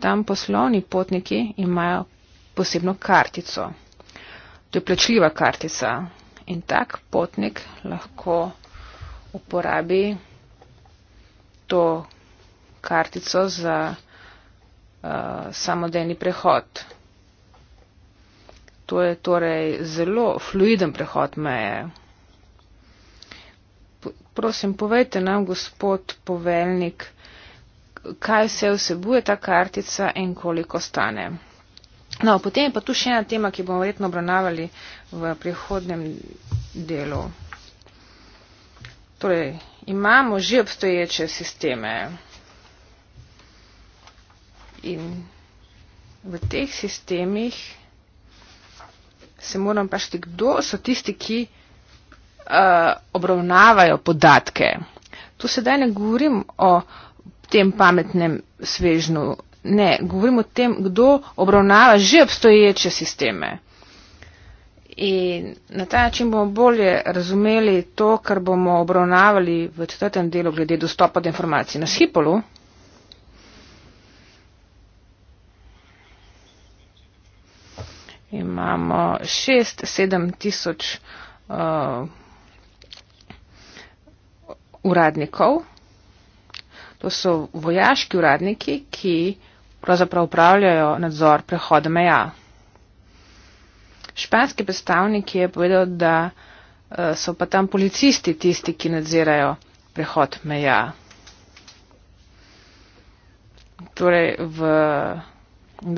tam poslovni potniki imajo posebno kartico. To je plačljiva kartica in tak potnik lahko uporabi to kartico za uh, samodejni prehod. To je torej zelo fluiden prehod meje. Prosim, povejte nam, gospod poveljnik, uh, kaj vse vsebuje ta kartica in koliko stane. No, potem je pa tu še ena tema, ki bomo verjetno obravnavali v prihodnem delu. Torej, imamo že obstoječe sisteme in v teh sistemih se moram vprašati, kdo so tisti, ki uh, obravnavajo podatke. Tu sedaj ne govorim o tem pametnem svežnu. Ne, govorim o tem, kdo obravnava že obstoječe sisteme. In na ta način bomo bolje razumeli to, kar bomo obravnavali v četrtem delu glede dostopa do informacij na Schipolu. Imamo 6-7 tisoč uh, uradnikov. To so vojaški uradniki, ki pravzaprav upravljajo nadzor prehoda meja. Španski predstavnik je povedal, da eh, so pa tam policisti tisti, ki nadzirajo prehod meja. Torej, v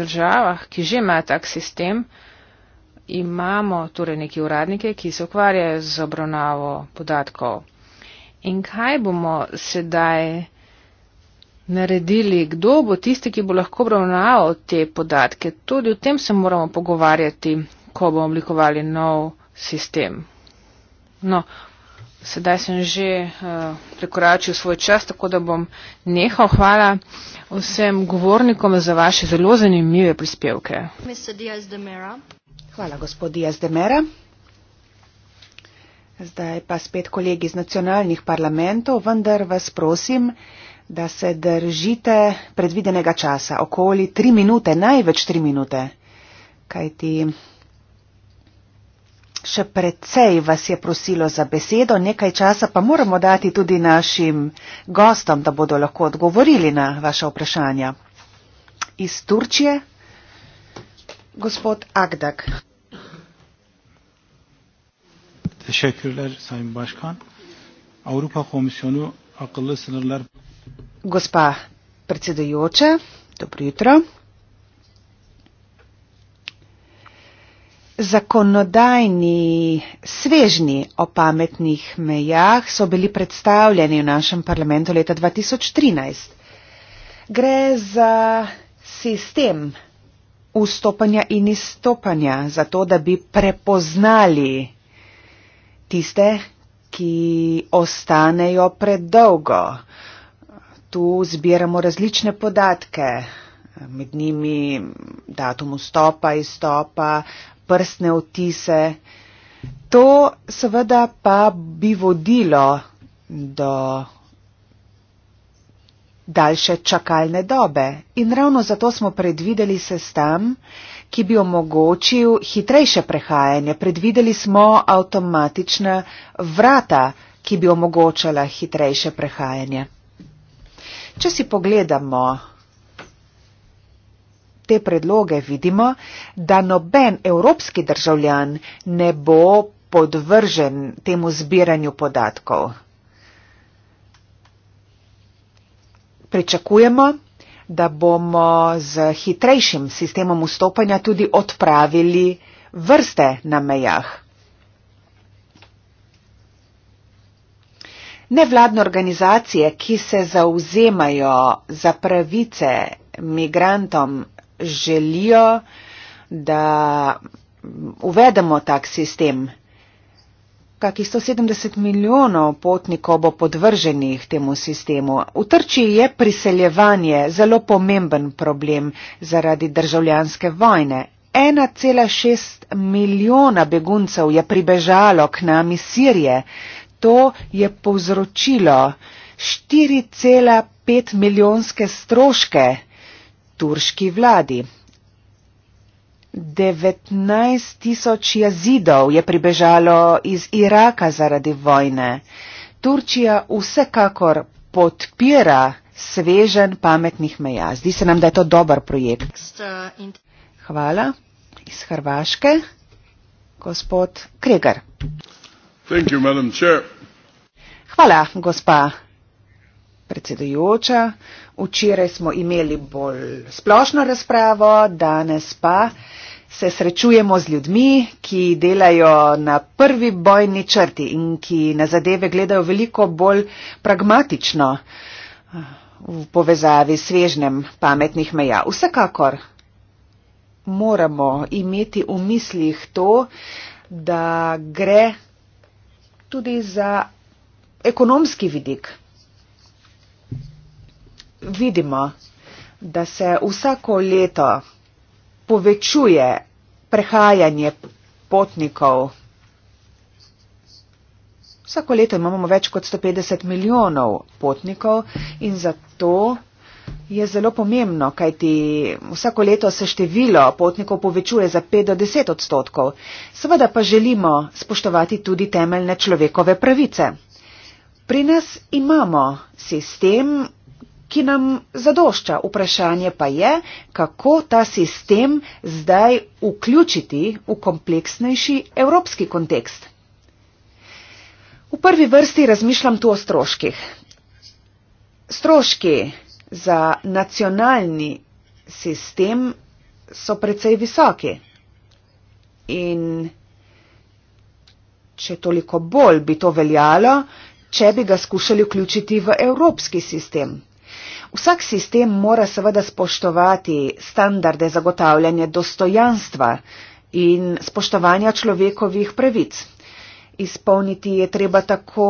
državah, ki že imajo tak sistem, imamo torej neke uradnike, ki se ukvarjajo z obravnavo podatkov. In kaj bomo sedaj naredili, kdo bo tisti, ki bo lahko obravnaval te podatke. Tudi o tem se moramo pogovarjati, ko bomo oblikovali nov sistem. No, sedaj sem že uh, prekoračil svoj čas, tako da bom nehal. Hvala vsem govornikom za vaše zelo zanimive prispevke. Hvala, gospod Diaz de Mera. Zdaj pa spet kolegi iz nacionalnih parlamentov, vendar vas prosim, da se držite predvidenega časa, okoli tri minute, največ tri minute, kajti še precej vas je prosilo za besedo, nekaj časa pa moramo dati tudi našim gostom, da bodo lahko odgovorili na vaše vprašanja. Iz Turčije, gospod Agdak. Avrupa komisjonu akıllı sınırlar Gospa predsedajoča, dobro jutro. Zakonodajni svežni o pametnih mejah so bili predstavljeni v našem parlamentu leta 2013. Gre za sistem vstopanja in izstopanja, zato da bi prepoznali tiste, ki ostanejo predolgo tu zbiramo različne podatke, med njimi datum vstopa, izstopa, prstne otise. To seveda pa bi vodilo do daljše čakalne dobe. In ravno zato smo predvideli se tam, ki bi omogočil hitrejše prehajanje. Predvideli smo avtomatična vrata, ki bi omogočala hitrejše prehajanje. Če si pogledamo te predloge, vidimo, da noben evropski državljan ne bo podvržen temu zbiranju podatkov. Pričakujemo, da bomo z hitrejšim sistemom vstopanja tudi odpravili vrste na mejah. Nevladne organizacije, ki se zauzemajo za pravice migrantom, želijo, da uvedemo tak sistem. Kakih 170 milijonov potnikov bo podvrženih temu sistemu. V Trčiji je priseljevanje zelo pomemben problem zaradi državljanske vojne. 1,6 milijona beguncev je pribežalo k nam iz Sirije to je povzročilo 4,5 milijonske stroške turški vladi. 19 tisoč jazidov je pribežalo iz Iraka zaradi vojne. Turčija vsekakor podpira svežen pametnih meja. Zdi se nam, da je to dober projekt. Hvala. Iz Hrvaške, gospod Kregar. Hvala, gospa predsedujoča. Včeraj smo imeli bolj splošno razpravo, danes pa se srečujemo z ljudmi, ki delajo na prvi bojni črti in ki na zadeve gledajo veliko bolj pragmatično v povezavi s svežnem pametnih meja. Vsekakor moramo imeti v mislih to, da gre tudi za ekonomski vidik. Vidimo, da se vsako leto povečuje prehajanje potnikov. Vsako leto imamo več kot 150 milijonov potnikov in zato Je zelo pomembno, kajti vsako leto se število potnikov povečuje za 5 do 10 odstotkov. Seveda pa želimo spoštovati tudi temeljne človekove pravice. Pri nas imamo sistem, ki nam zadošča. Vprašanje pa je, kako ta sistem zdaj vključiti v kompleksnejši evropski kontekst. V prvi vrsti razmišljam tu o stroških. Stroški za nacionalni sistem so precej visoki. In če toliko bolj bi to veljalo, če bi ga skušali vključiti v evropski sistem. Vsak sistem mora seveda spoštovati standarde zagotavljanja dostojanstva in spoštovanja človekovih pravic. Izpolniti je treba tako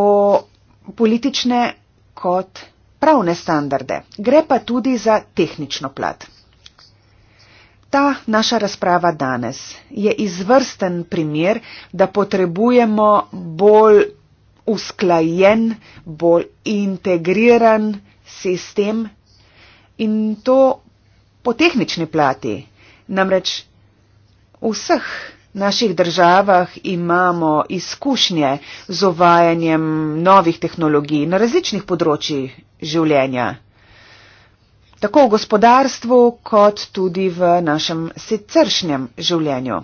politične kot pravne standarde, gre pa tudi za tehnično plat. Ta naša razprava danes je izvrsten primer, da potrebujemo bolj usklajen, bolj integriran sistem in to po tehnični plati. Namreč vseh naših državah imamo izkušnje z uvajanjem novih tehnologij na različnih področjih življenja, tako v gospodarstvu, kot tudi v našem siceršnjem življenju.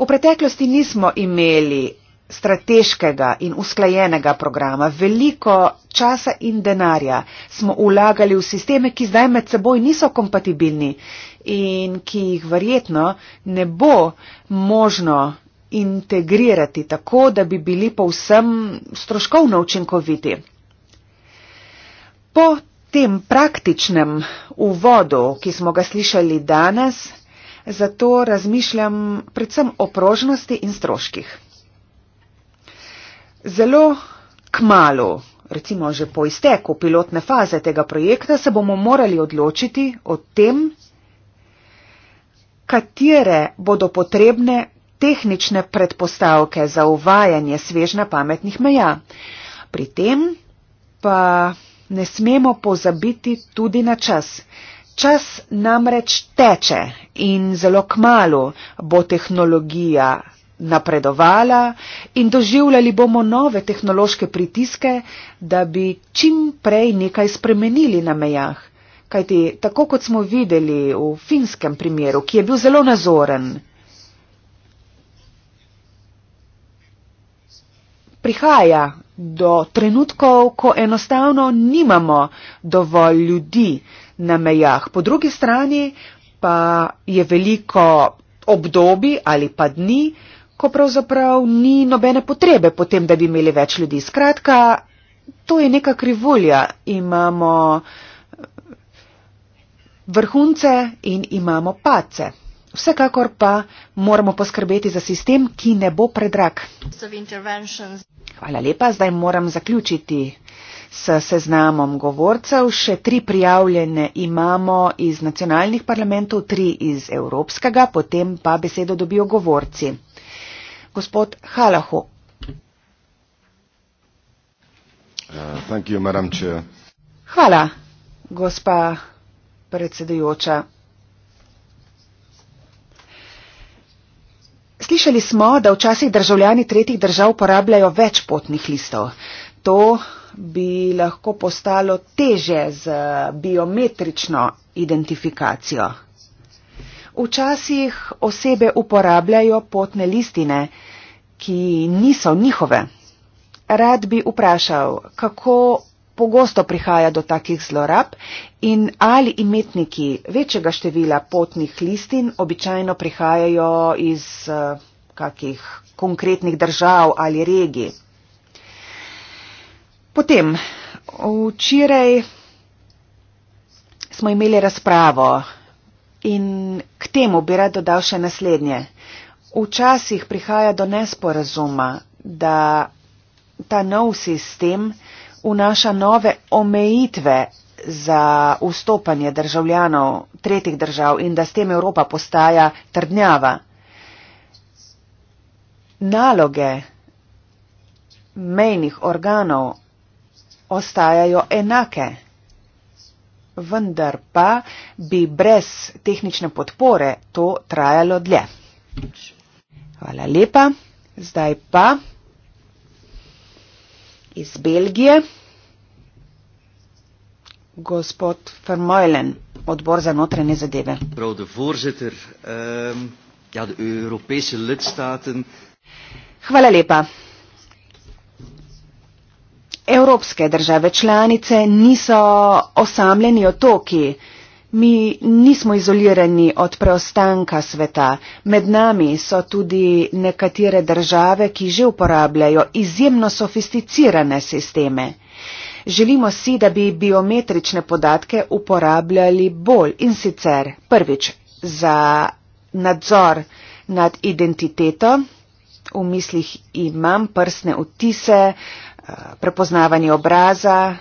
V preteklosti nismo imeli strateškega in usklajenega programa. Veliko časa in denarja smo vlagali v sisteme, ki zdaj med seboj niso kompatibilni in ki jih verjetno ne bo možno integrirati tako, da bi bili povsem stroškovno učinkoviti. Po tem praktičnem uvodu, ki smo ga slišali danes, zato razmišljam predvsem o prožnosti in stroških. Zelo kmalo, recimo že po izteku pilotne faze tega projekta, se bomo morali odločiti o tem, katere bodo potrebne tehnične predpostavke za uvajanje svežna pametnih meja. Pri tem pa ne smemo pozabiti tudi na čas. Čas namreč teče in zelo kmalo bo tehnologija napredovala in doživljali bomo nove tehnološke pritiske, da bi čim prej nekaj spremenili na mejah. Kajti tako kot smo videli v finskem primeru, ki je bil zelo nazoren, prihaja do trenutkov, ko enostavno nimamo dovolj ljudi na mejah. Po drugi strani pa je veliko obdobi ali pa dni, ko pravzaprav ni nobene potrebe potem, da bi imeli več ljudi. Skratka, to je neka krivulja. Imamo vrhunce in imamo pace. Vsekakor pa moramo poskrbeti za sistem, ki ne bo predrag. Hvala lepa, zdaj moram zaključiti s seznamom govorcev. Še tri prijavljene imamo iz nacionalnih parlamentov, tri iz evropskega, potem pa besedo dobijo govorci. Gospod Halahu. Uh, you, Hvala, gospa predsedujoča. Slišali smo, da včasih državljani tretjih držav porabljajo več potnih listov. To bi lahko postalo teže z biometrično identifikacijo. Včasih osebe uporabljajo potne listine, ki niso njihove. Rad bi vprašal, kako pogosto prihaja do takih zlorab in ali imetniki večjega števila potnih listin običajno prihajajo iz uh, kakih konkretnih držav ali regij. Potem, včeraj smo imeli razpravo in k temu bi rad dodal še naslednje. Včasih prihaja do nesporazuma, da ta nov sistem vnaša nove omejitve za vstopanje državljanov tretjih držav in da s tem Evropa postaja trdnjava. Naloge mejnih organov ostajajo enake, vendar pa bi brez tehnične podpore to trajalo dlje. Hvala lepa. Zdaj pa iz Belgije. Gospod Vermeulen, odbor za notranje zadeve. Prav, de voorzitter, um, ja, de Europese lidstaten. Hvala lepa. Evropske države članice niso osamljeni otoki. Mi nismo izolirani od preostanka sveta. Med nami so tudi nekatere države, ki že uporabljajo izjemno sofisticirane sisteme. Želimo si, da bi biometrične podatke uporabljali bolj in sicer prvič za nadzor nad identiteto, v mislih imam prsne odtise, eh, prepoznavanje obraza,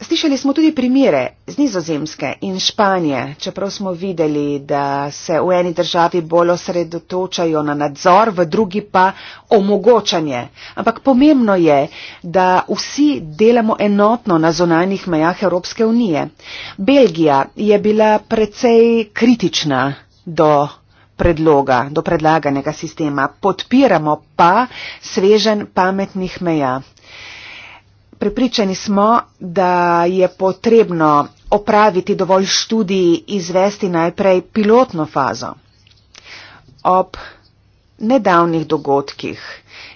Slišali smo tudi primere z nizozemske in Španije, čeprav smo videli, da se v eni državi bolj osredotočajo na nadzor, v drugi pa omogočanje. Ampak pomembno je, da vsi delamo enotno na zonanjih mejah Evropske unije. Belgija je bila precej kritična do predloga, do predlaganega sistema. Podpiramo pa svežen pametnih meja. Prepričani smo, da je potrebno opraviti dovolj študij, izvesti najprej pilotno fazo. Ob nedavnih dogodkih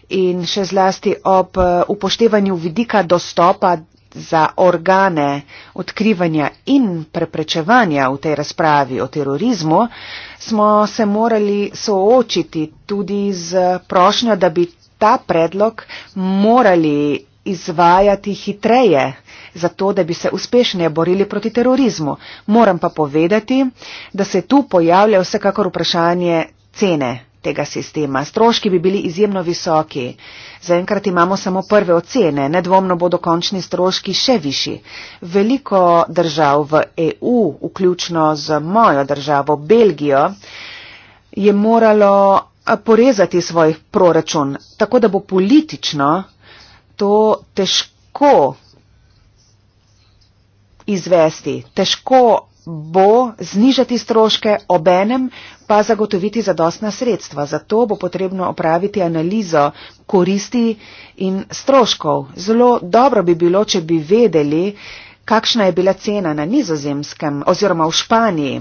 in še zlasti ob eh, upoštevanju vidika dostopa za organe odkrivanja in preprečevanja v tej razpravi o terorizmu, smo se morali soočiti tudi z prošnjo, da bi ta predlog morali izvajati hitreje, zato da bi se uspešneje borili proti terorizmu. Moram pa povedati, da se tu pojavlja vsekakor vprašanje cene tega sistema. Stroški bi bili izjemno visoki. Zaenkrat imamo samo prve ocene, nedvomno bodo končni stroški še višji. Veliko držav v EU, vključno z mojo državo Belgijo, je moralo porezati svoj proračun, tako da bo politično to težko izvesti, težko bo znižati stroške, obenem pa zagotoviti zadostna sredstva. Zato bo potrebno opraviti analizo koristi in stroškov. Zelo dobro bi bilo, če bi vedeli, kakšna je bila cena na nizozemskem oziroma v Španiji,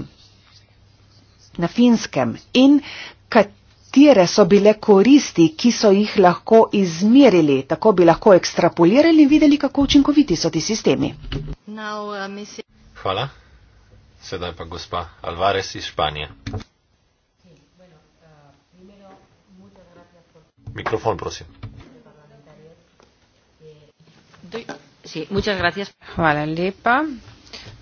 na finskem in katere so bile koristi, ki so jih lahko izmerili. Tako bi lahko ekstrapolirali in videli, kako učinkoviti so ti sistemi. Now, uh, Hvala. Sedaj pa gospa Alvarez iz Španije. Mikrofon, prosim. Hvala lepa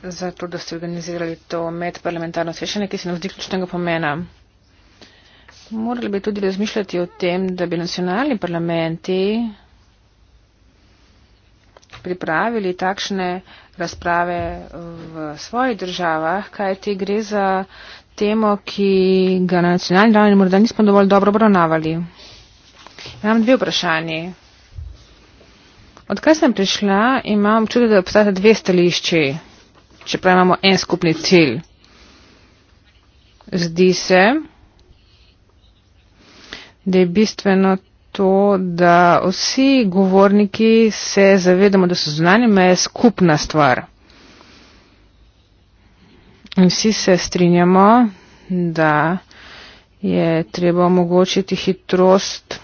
za to, da ste organizirali to medparlamentarno srečanje, ki se nam zdi ključnega pomena. Morali bi tudi razmišljati o tem, da bi nacionalni parlamenti pripravili takšne razprave v svojih državah, kaj ti gre za temo, ki ga na nacionalni ravni morda nismo dovolj dobro obravnavali. Imam dve vprašanje. Odkaj sem prišla, imam čudo, da obstajata dve stališči, čeprav imamo en skupni cilj. Zdi se, da je bistveno to, da vsi govorniki se zavedamo, da so zunanje meje skupna stvar. In vsi se strinjamo, da je treba omogočiti hitrost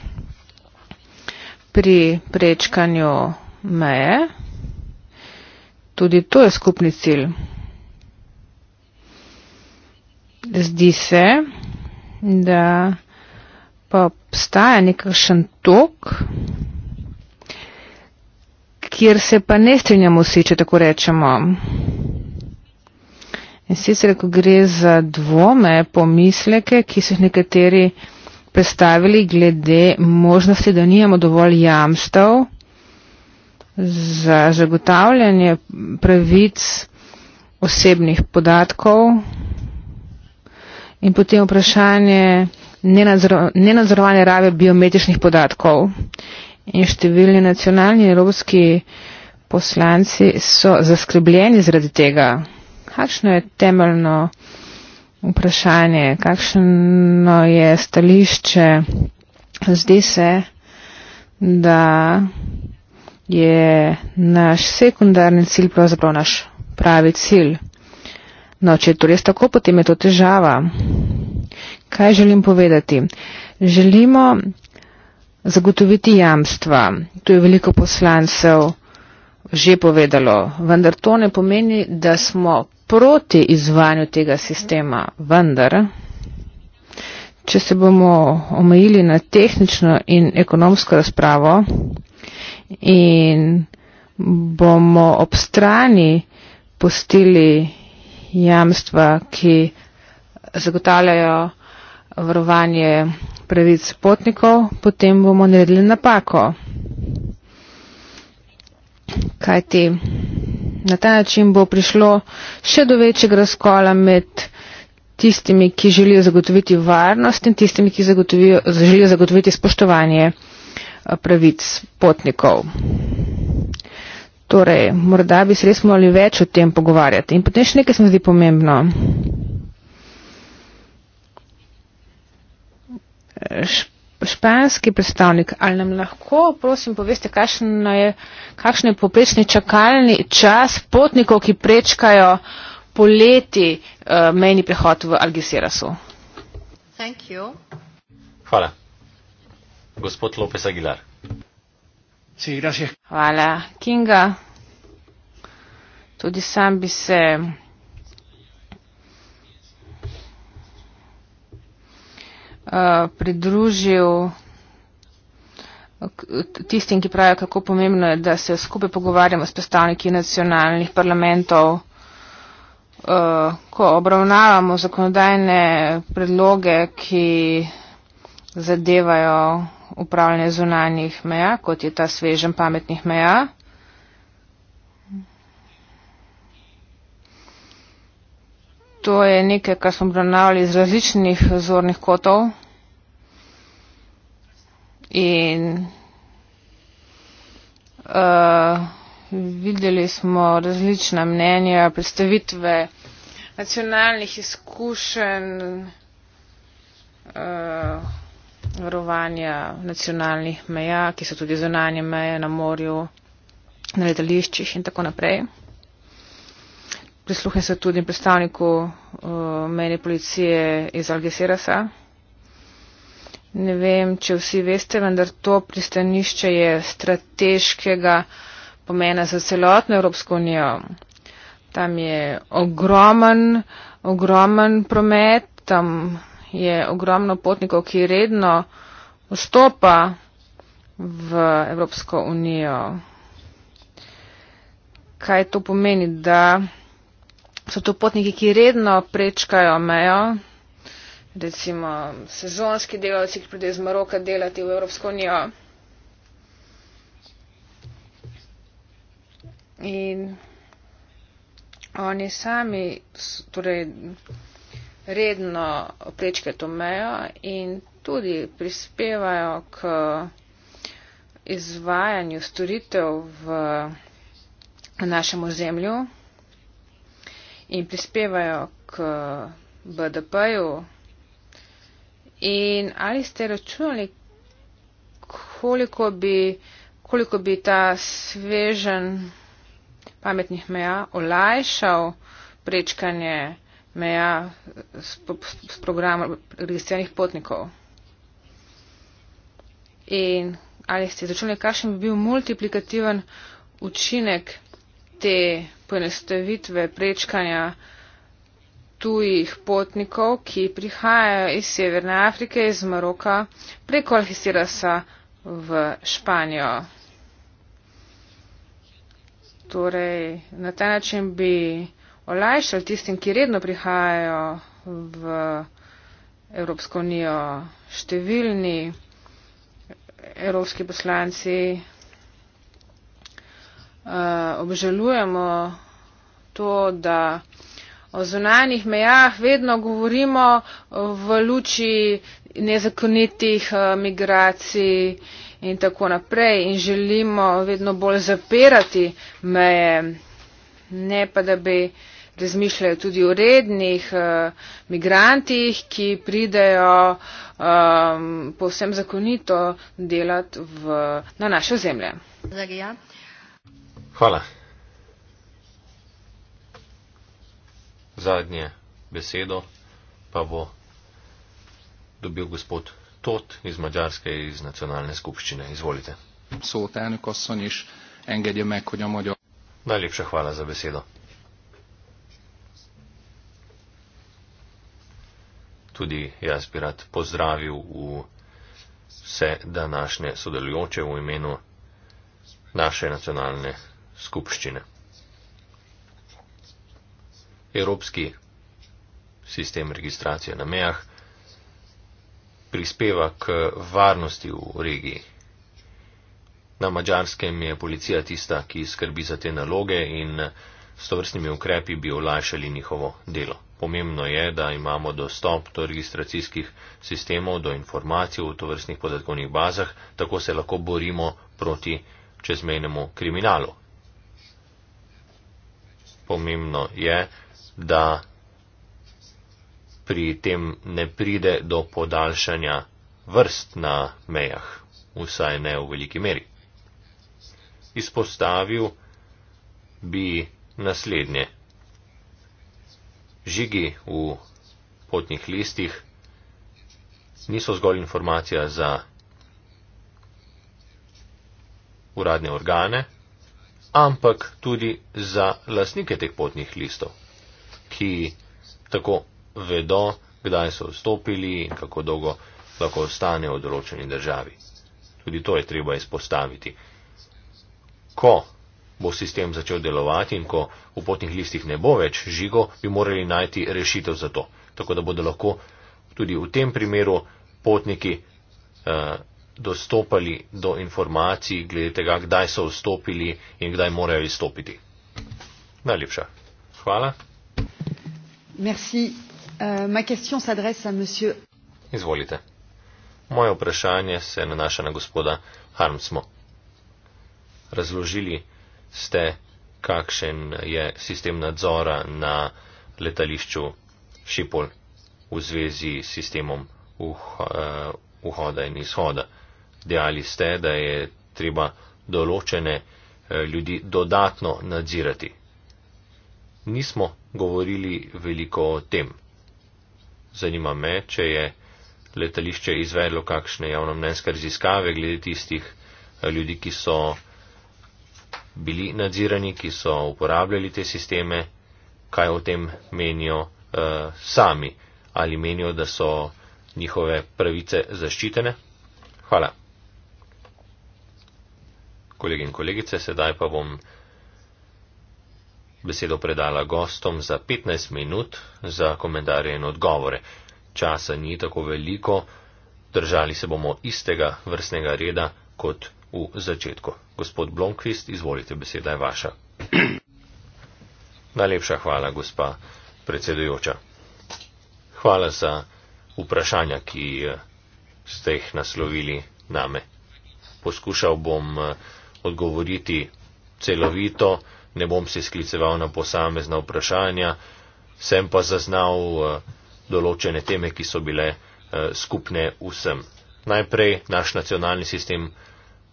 pri prečkanju meje. Tudi to je skupni cilj. Zdi se, da pa obstaja nekakšen tok, kjer se pa ne strinjamo vsi, če tako rečemo. In sicer, ko gre za dvome, pomisleke, ki so jih nekateri predstavili glede možnosti, da nijamo dovolj jamstav za zagotavljanje pravic osebnih podatkov. In potem vprašanje, nenazorovane rabe biometričnih podatkov. In številni nacionalni in evropski poslanci so zaskrbljeni zaradi tega. Kakšno je temeljno vprašanje, kakšno je stališče? Zdi se, da je naš sekundarni cilj pravzaprav naš pravi cilj. No, če je to res tako, potem je to težava. Kaj želim povedati? Želimo zagotoviti jamstva. Tu je veliko poslancev že povedalo, vendar to ne pomeni, da smo proti izvanju tega sistema. Vendar, če se bomo omejili na tehnično in ekonomsko razpravo in bomo ob strani postili jamstva, ki zagotavljajo varovanje pravic potnikov, potem bomo naredili napako. Kaj ti? Na ta način bo prišlo še do večjega razkola med tistimi, ki želijo zagotoviti varnost in tistimi, ki želijo zagotoviti spoštovanje eh, pravic potnikov. Torej, morda bi se res morali več o tem pogovarjati. In potem še nekaj se mi zdi pomembno. španski predstavnik, ali nam lahko, prosim, poveste, kakšen je, je poprečni čakalni čas potnikov, ki prečkajo poleti uh, mejni prehod v Algecirasu? Hvala. Gospod Lopes Aguilar. Sí, Hvala. Kinga. Tudi sam bi se. Eh, pridružil tistim, ki pravijo, kako pomembno je, da se skupaj pogovarjamo s predstavniki nacionalnih parlamentov, eh, ko obravnavamo zakonodajne predloge, ki zadevajo upravljanje zunanjih meja, kot je ta svežen pametnih meja. to je nekaj, kar smo obravnavali iz različnih zornih kotov. In uh, videli smo različna mnenja, predstavitve nacionalnih izkušenj, uh, varovanja nacionalnih meja, ki so tudi zunanje meje na morju, na letališčih in tako naprej. Prisluhne se tudi predstavniku uh, mejne policije iz Algecirasa. Ne vem, če vsi veste, vendar to pristanišče je strateškega pomena za celotno Evropsko unijo. Tam je ogromen, ogromen promet, tam je ogromno potnikov, ki redno vstopa v Evropsko unijo. Kaj to pomeni, da so to potniki, ki redno prečkajo mejo, recimo sezonski delavci, ki pridejo iz Maroka delati v Evropsko unijo. In oni sami torej, redno prečkajo to mejo in tudi prispevajo k izvajanju storitev v našem ozemlju in prispevajo k BDP-ju. In ali ste računali, koliko bi, koliko bi ta svežen pametnih meja olajšal prečkanje meja s, s programom registriranih potnikov? In ali ste izračunali, kakšen bi bil multiplikativen učinek te poenostavitve prečkanja tujih potnikov, ki prihajajo iz Severne Afrike, iz Maroka, preko Alhisirasa v Španijo. Torej, na ta način bi olajšali tistim, ki redno prihajajo v Evropsko unijo, številni evropski poslanci, Eh, obžalujemo to, da o zunanjih mejah vedno govorimo v luči nezakonitih eh, migracij in tako naprej in želimo vedno bolj zapirati meje, ne pa da bi razmišljali tudi o rednih eh, migrantih, ki pridejo um, povsem zakonito delati v, na naše zemlje. Zagija. Hvala. Zadnje besedo pa bo dobil gospod Tot iz Mađarske iz nacionalne skupščine. Izvolite. Najlepša hvala za besedo. Tudi jaz bi rad pozdravil vse današnje sodelujoče v imenu naše nacionalne skupščine skupščine. Evropski sistem registracije na mejah prispeva k varnosti v regiji. Na mačarskem je policija tista, ki skrbi za te naloge in s tovrstnimi ukrepi bi olajšali njihovo delo. Pomembno je, da imamo dostop do registracijskih sistemov, do informacij v tovrstnih podatkovnih bazah, tako se lahko borimo proti čezmejnemu kriminalu, pomembno je, da pri tem ne pride do podaljšanja vrst na mejah, vsaj ne v veliki meri. Izpostavil bi naslednje. Žigi v potnih listih niso zgolj informacija za uradne organe, ampak tudi za lasnike teh potnih listov, ki tako vedo, kdaj so vstopili in kako dolgo lahko ostane v določeni državi. Tudi to je treba izpostaviti. Ko bo sistem začel delovati in ko v potnih listih ne bo več žigo, bi morali najti rešitev za to, tako da bodo lahko tudi v tem primeru potniki uh, dostopali do informacij glede tega, kdaj so vstopili in kdaj morajo izstopiti. Najlepša. Hvala. Merci. Uh, ma question s'adresse à monsieur. Izvolite. Moje vprašanje se nanaša na gospoda Harmsmo. Razložili ste, kakšen je sistem nadzora na letališču Šipol v zvezi s sistemom uh, uhoda eh, in izhoda. Uh, Dejali ste, da je treba določene eh, ljudi dodatno nadzirati. Nismo govorili veliko o tem. Zanima me, če je letališče izvedlo kakšne javnomnenjske raziskave glede tistih eh, ljudi, ki so bili nadzirani, ki so uporabljali te sisteme, kaj o tem menijo eh, sami, ali menijo, da so njihove pravice zaščitene. Hvala kolegi in kolegice, sedaj pa bom besedo predala gostom za 15 minut za komentarje in odgovore. Časa ni tako veliko, držali se bomo istega vrstnega reda kot v začetku. Gospod Blomkvist, izvolite, beseda je vaša. Najlepša hvala, gospa predsedujoča. Hvala za vprašanja, ki eh, ste jih naslovili name. Poskušal bom uh, odgovoriti celovito, ne bom se skliceval na posamezna vprašanja, sem pa zaznal eh, določene teme, ki so bile eh, skupne vsem. Najprej naš nacionalni sistem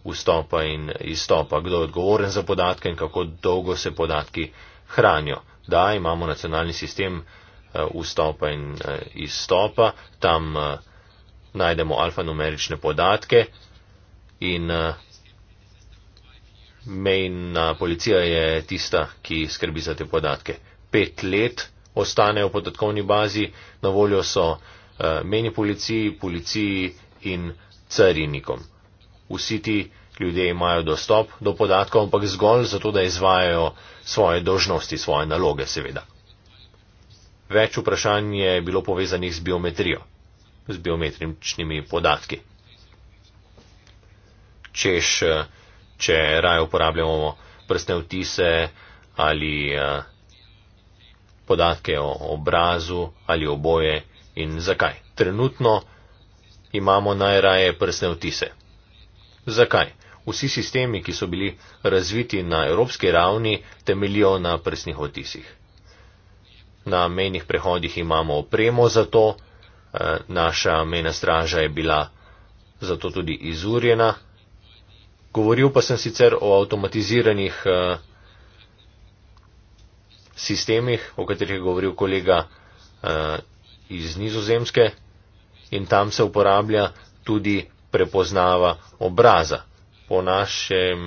vstopa in izstopa, kdo je odgovoren za podatke in kako dolgo se podatki hranijo. Da, imamo nacionalni sistem eh, vstopa in izstopa, tam najdemo alfanumerične podatke in Mejna policija je tista, ki skrbi za te podatke. Pet let ostanejo v podatkovni bazi, na voljo so uh, mejni policiji, policiji in carinikom. Vsi ti ljudje imajo dostop do podatkov, ampak zgolj zato, da izvajajo svoje dožnosti, svoje naloge, seveda. Več vprašanj je bilo povezanih z biometrijo, z biometričnimi podatki. Češ, uh, če raje uporabljamo prste vtise ali eh, podatke o obrazu ali oboje in zakaj. Trenutno imamo najraje prste vtise. Zakaj? Vsi sistemi, ki so bili razviti na evropski ravni, temeljijo na prstnih otisih. Na mejnih prehodih imamo opremo za to, eh, naša mejna straža je bila zato tudi izurjena, Govoril pa sem sicer o avtomatiziranih uh, sistemih, o katerih je govoril kolega uh, iz Nizozemske in tam se uporablja tudi prepoznava obraza. Po, našem,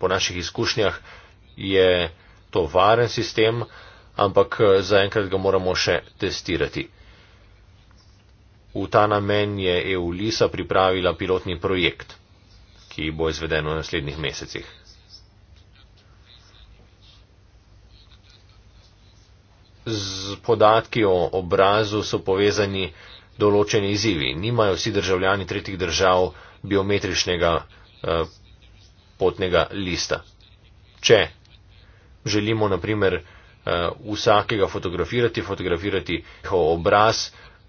po naših izkušnjah je to varen sistem, ampak eh, zaenkrat ga moramo še testirati. V ta namen je EULISA pripravila pilotni projekt ki bo izvedeno v naslednjih mesecih. Z podatki o obrazu so povezani določeni izzivi. Nimajo vsi državljani tretjih držav biometričnega eh, potnega lista. Če želimo, na primer, eh, vsakega fotografirati, fotografirati njihov obraz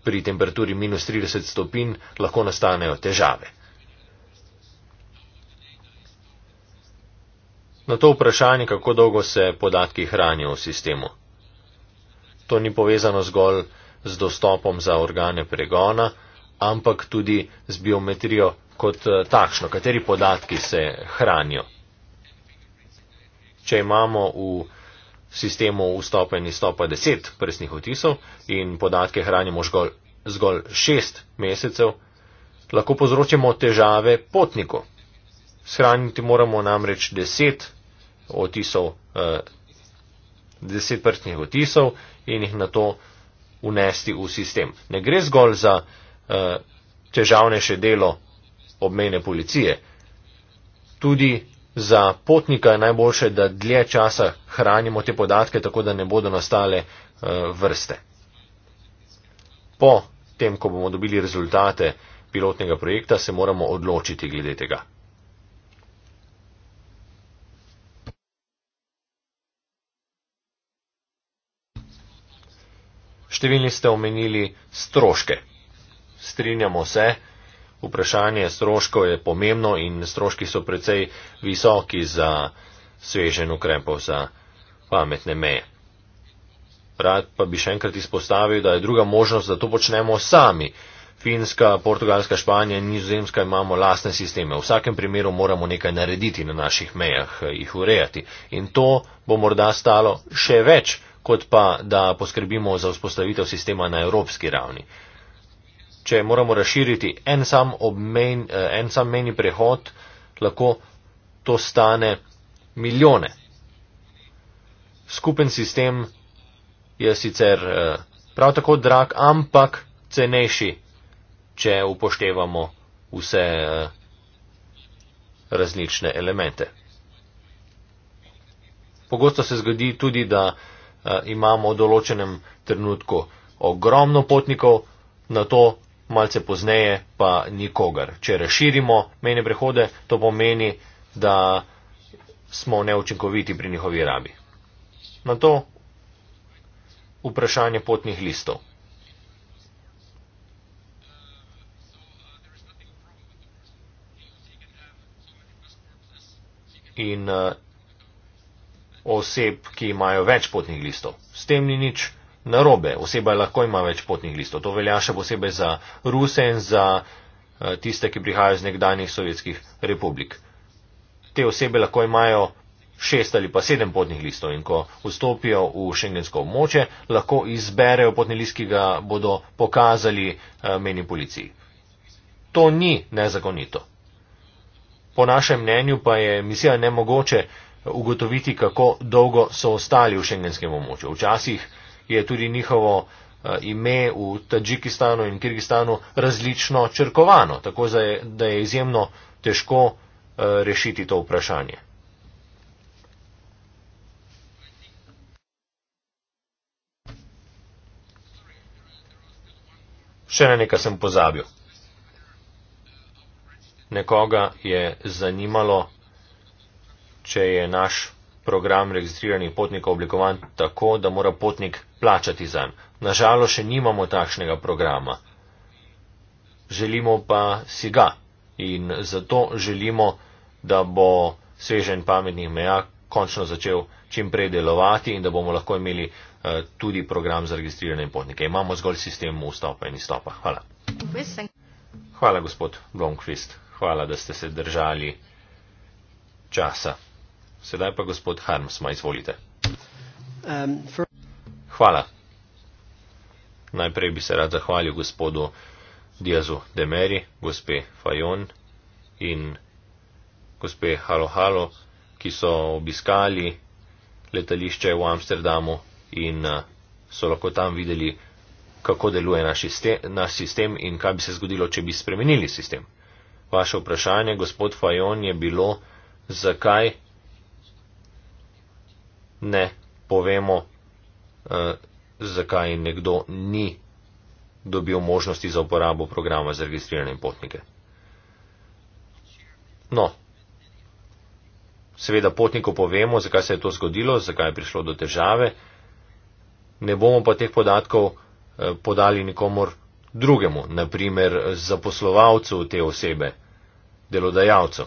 pri temperaturi minus 30 stopinj, lahko nastanejo težave. na to vprašanje, kako dolgo se podatki hranijo v sistemu. To ni povezano zgolj z dostopom za organe pregona, ampak tudi z biometrijo kot eh, takšno, kateri podatki se hranijo. Če imamo v sistemu vstopen izstopa 10 prsnih otisov in podatke hranimo zgolj, zgolj 6 mesecev, lahko povzročimo težave potniku. Shraniti moramo namreč 10 otisov, eh, deset prstnih otisov in jih na to unesti v sistem. Ne gre zgolj za eh, težavnejše delo obmejne policije, tudi za potnika je najboljše, da dlje časa hranimo te podatke, tako da ne bodo nastale eh, vrste. Po tem, ko bomo dobili rezultate pilotnega projekta, se moramo odločiti glede tega. Številni ste omenili stroške. Strinjamo se, vprašanje stroškov je pomembno in stroški so precej visoki za svežen ukrepov za pametne meje. Rad pa bi še enkrat izpostavil, da je druga možnost, da to počnemo sami. Finska, Portugalska, Španija, Nizozemska imamo lastne sisteme. V vsakem primeru moramo nekaj narediti na naših mejah, jih urejati. In to bo morda stalo še več kot pa da poskrbimo za vzpostavitev sistema na evropski ravni. Če moramo razširiti en sam, obmejn, eh, en sam meni prehod, lahko to stane milijone. Skupen sistem je sicer eh, prav tako drag, ampak cenejši, če upoštevamo vse eh, različne elemente. Pogosto se zgodi tudi, da Eh, imamo v določenem trenutku ogromno potnikov, na to malce pozneje pa nikogar. Če razširimo mejne prehode, to pomeni, da smo neučinkoviti pri njihovi rabi. Na to vprašanje potnih listov. In eh, oseb, ki imajo več potnih listov. S tem ni nič narobe. Oseba lahko ima več potnih listov. To velja še posebej za Ruse in za eh, tiste, ki prihajajo iz nekdanjih sovjetskih republik. Te osebe lahko imajo šest ali pa sedem potnih listov in ko vstopijo v šengensko območje, lahko izberejo potni list, ki ga bodo pokazali eh, meni policiji. To ni nezakonito. Po našem mnenju pa je misija nemogoče, ugotoviti, kako dolgo so ostali v šengenskem območju. Včasih je tudi njihovo eh, ime v Tadžikistanu in Kirgistanu različno črkovano, tako da je izjemno težko eh, rešiti to vprašanje. Še na nekaj sem pozabil. Nekoga je zanimalo, če je naš program registriranih potnikov oblikovan tako, da mora potnik plačati za njega. Nažalost, še nimamo takšnega programa. Želimo pa si ga in zato želimo, da bo svežen pametnih meja končno začel čim prej delovati in da bomo lahko imeli uh, tudi program za registrirane potnike. Imamo zgolj sistem vstopa in izstopa. Hvala. Hvala, gospod Blomqvist. Hvala, da ste se držali časa. Sedaj pa gospod Harmsma, izvolite. Um, Hvala. Najprej bi se rad zahvalil gospodu Diazu Demeri, gospe Fajon in gospe Halohalo, ki so obiskali letališče v Amsterdamu in uh, so lahko tam videli, kako deluje naš sistem, naš sistem in kaj bi se zgodilo, če bi spremenili sistem. Vaše vprašanje, gospod Fajon, je bilo, zakaj ne povemo, eh, zakaj nekdo ni dobil možnosti za uporabo programa za registrirane potnike. No, seveda potniku povemo, zakaj se je to zgodilo, zakaj je prišlo do težave, ne bomo pa teh podatkov eh, podali nikomor drugemu, naprimer zaposlovalcu te osebe, delodajalcu.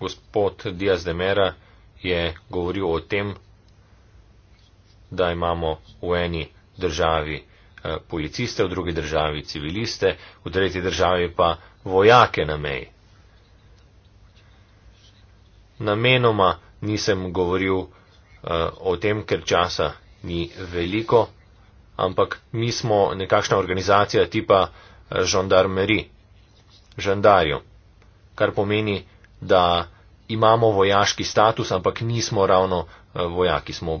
gospod Diaz de Mera je govoril o tem, da imamo v eni državi eh, policiste, v drugi državi civiliste, v tretji državi pa vojake na meji. Namenoma nisem govoril eh, o tem, ker časa ni veliko, ampak mi smo nekakšna organizacija tipa eh, žandarmeri, žandarjo, kar pomeni, da imamo vojaški status, ampak nismo ravno eh, vojaki, smo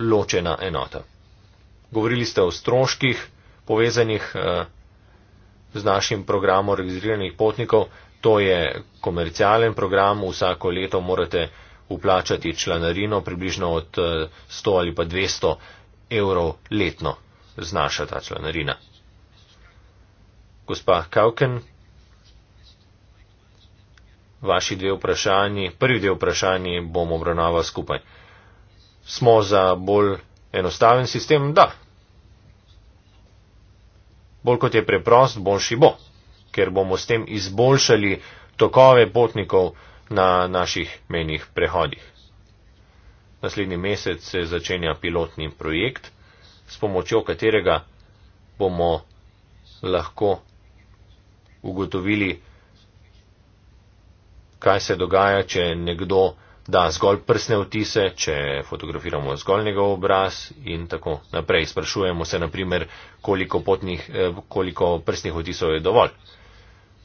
ločena enota. Govorili ste o stroških povezanih eh, z našim programom registriranih potnikov. To je komercialen program, vsako leto morate uplačati članarino, približno od 100 eh, ali pa 200 evrov letno znaša ta članarina. Gospa Kauken, vaši dve vprašanji, prvi dve vprašanji bom obravnaval skupaj. Smo za bolj enostaven sistem? Da. Bolj kot je preprost, boljši bo, ker bomo s tem izboljšali tokove potnikov na naših menjih prehodih. Naslednji mesec se začenja pilotni projekt, s pomočjo katerega bomo lahko ugotovili, kaj se dogaja, če nekdo da zgolj prsne vtise, če fotografiramo zgolj njegov obraz in tako naprej. Sprašujemo se naprimer, koliko, potnih, eh, koliko prsnih vtisov je dovolj.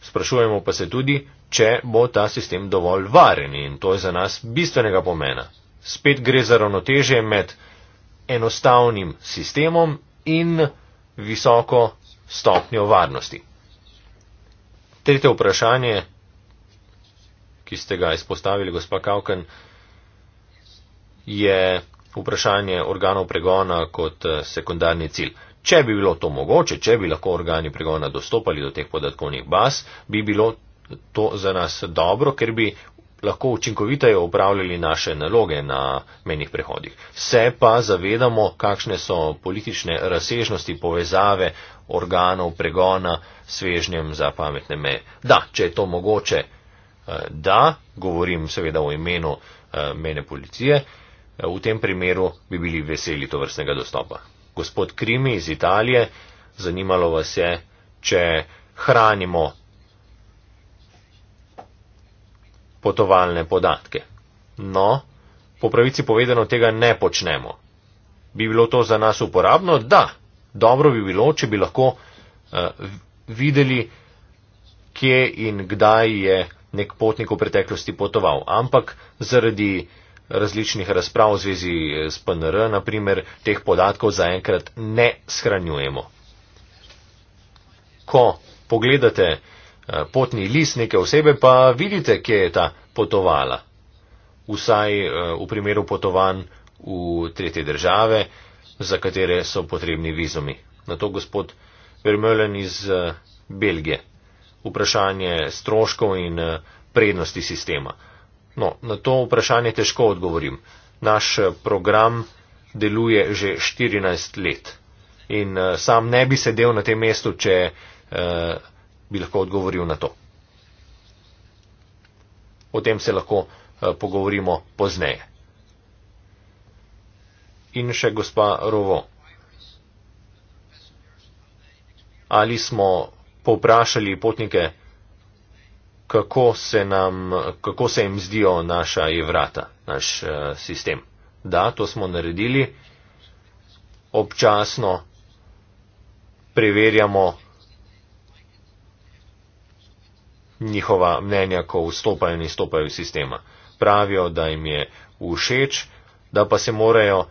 Sprašujemo pa se tudi, če bo ta sistem dovolj varen in to je za nas bistvenega pomena. Spet gre za ravnoteže med enostavnim sistemom in visoko stopnjo varnosti. Tretje vprašanje ki ste ga izpostavili, gospa Kauken, je vprašanje organov pregona kot eh, sekundarni cilj. Če bi bilo to mogoče, če bi lahko organi pregona dostopali do teh podatkovnih baz, bi bilo to za nas dobro, ker bi lahko učinkoviteje upravljali naše naloge na menih prehodih. Se pa zavedamo, kakšne so politične razsežnosti povezave organov pregona s svežnjem za pametne meje. Da, če je to mogoče, Eh, da, govorim seveda v imenu eh, mene policije, eh, v tem primeru bi bili veseli to vrstnega dostopa. Gospod Krimi iz Italije, zanimalo vas je, če hranimo potovalne podatke. No, po pravici povedano, tega ne počnemo. Bi bilo to za nas uporabno? Da. Dobro bi bilo, če bi lahko uh, videli, kje in kdaj je nek potnik v preteklosti potoval, ampak zaradi različnih razprav v zvezi eh, s PNR, naprimer, teh podatkov zaenkrat ne shranjujemo. Ko pogledate eh, potni list neke osebe, pa vidite, kje je ta potovala. Vsaj eh, v primeru potovanj v tretje države, za katere so potrebni vizumi. Na to gospod Vermeulen iz Belgije vprašanje stroškov in eh, prednosti sistema. No, na to vprašanje težko odgovorim. Naš eh, program deluje že 14 let in eh, sam ne bi sedel na tem mestu, če eh, bi lahko odgovoril na to. O tem se lahko eh, pogovorimo pozneje. In še gospa Rovo. Ali smo povprašali potnike, kako se, nam, kako se jim zdijo naša evrata, naš uh, sistem. Da, to smo naredili. Občasno preverjamo njihova mnenja, ko vstopajo in izstopajo iz sistema. Pravijo, da jim je všeč, da pa se morajo uh,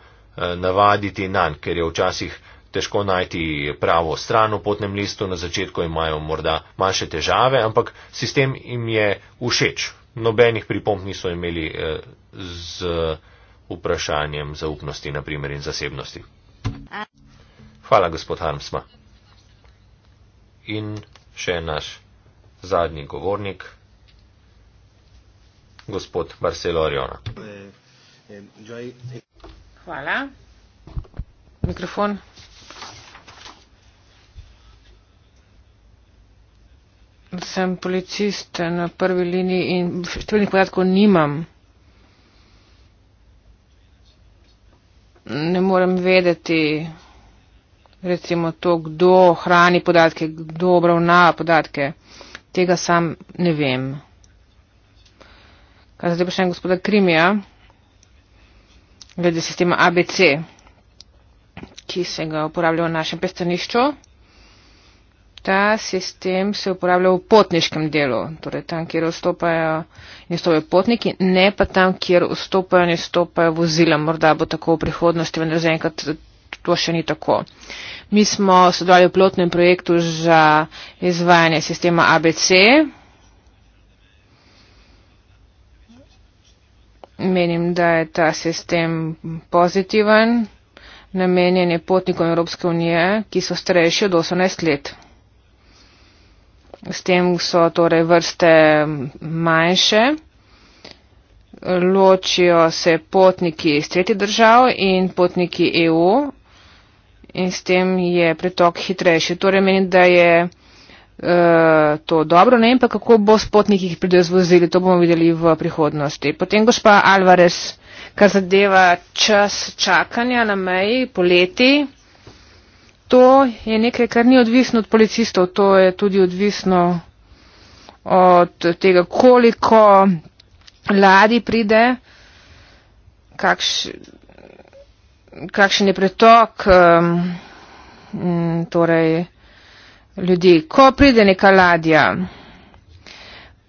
navaditi nanj, ker je včasih uh, težko najti pravo stran v potnem listu, na začetku imajo morda manjše težave, ampak sistem jim je všeč. Nobenih pripomb niso imeli eh, z vprašanjem zaupnosti naprimer, in zasebnosti. Hvala, gospod Harmsma. In še naš zadnji govornik, gospod Marcelo Arjona. Eh, eh, Hvala. Mikrofon. sem policist na prvi liniji in številnih podatkov nimam. Ne morem vedeti, recimo to, kdo hrani podatke, kdo obravnava podatke. Tega sam ne vem. Kaj zdaj pa še en gospoda Krimija, glede sistema ABC, ki se ga uporablja v našem pestanišču ta sistem se uporablja v potniškem delu, torej tam, kjer vstopajo in vstopajo potniki, ne pa tam, kjer vstopajo in vstopajo vozila. Morda bo tako v prihodnosti, vendar zaenkrat to še ni tako. Mi smo sodelovali v plotnem projektu za izvajanje sistema ABC. Menim, da je ta sistem pozitiven, namenjen je potnikom Evropske unije, ki so starejši od 18 let s tem so torej vrste manjše, ločijo se potniki iz tretjih držav in potniki EU in s tem je pritok hitrejši. Torej meni, da je uh, to dobro, ne vem pa kako bo s potniki, ki pridejo zvozili, to bomo videli v prihodnosti. Potem gospa Alvarez, kar zadeva čas čakanja na meji poleti to je nekaj, kar ni odvisno od policistov, to je tudi odvisno od tega, koliko ladi pride, kakš, kakšen je pretok um, torej, ljudi. Ko pride neka ladja,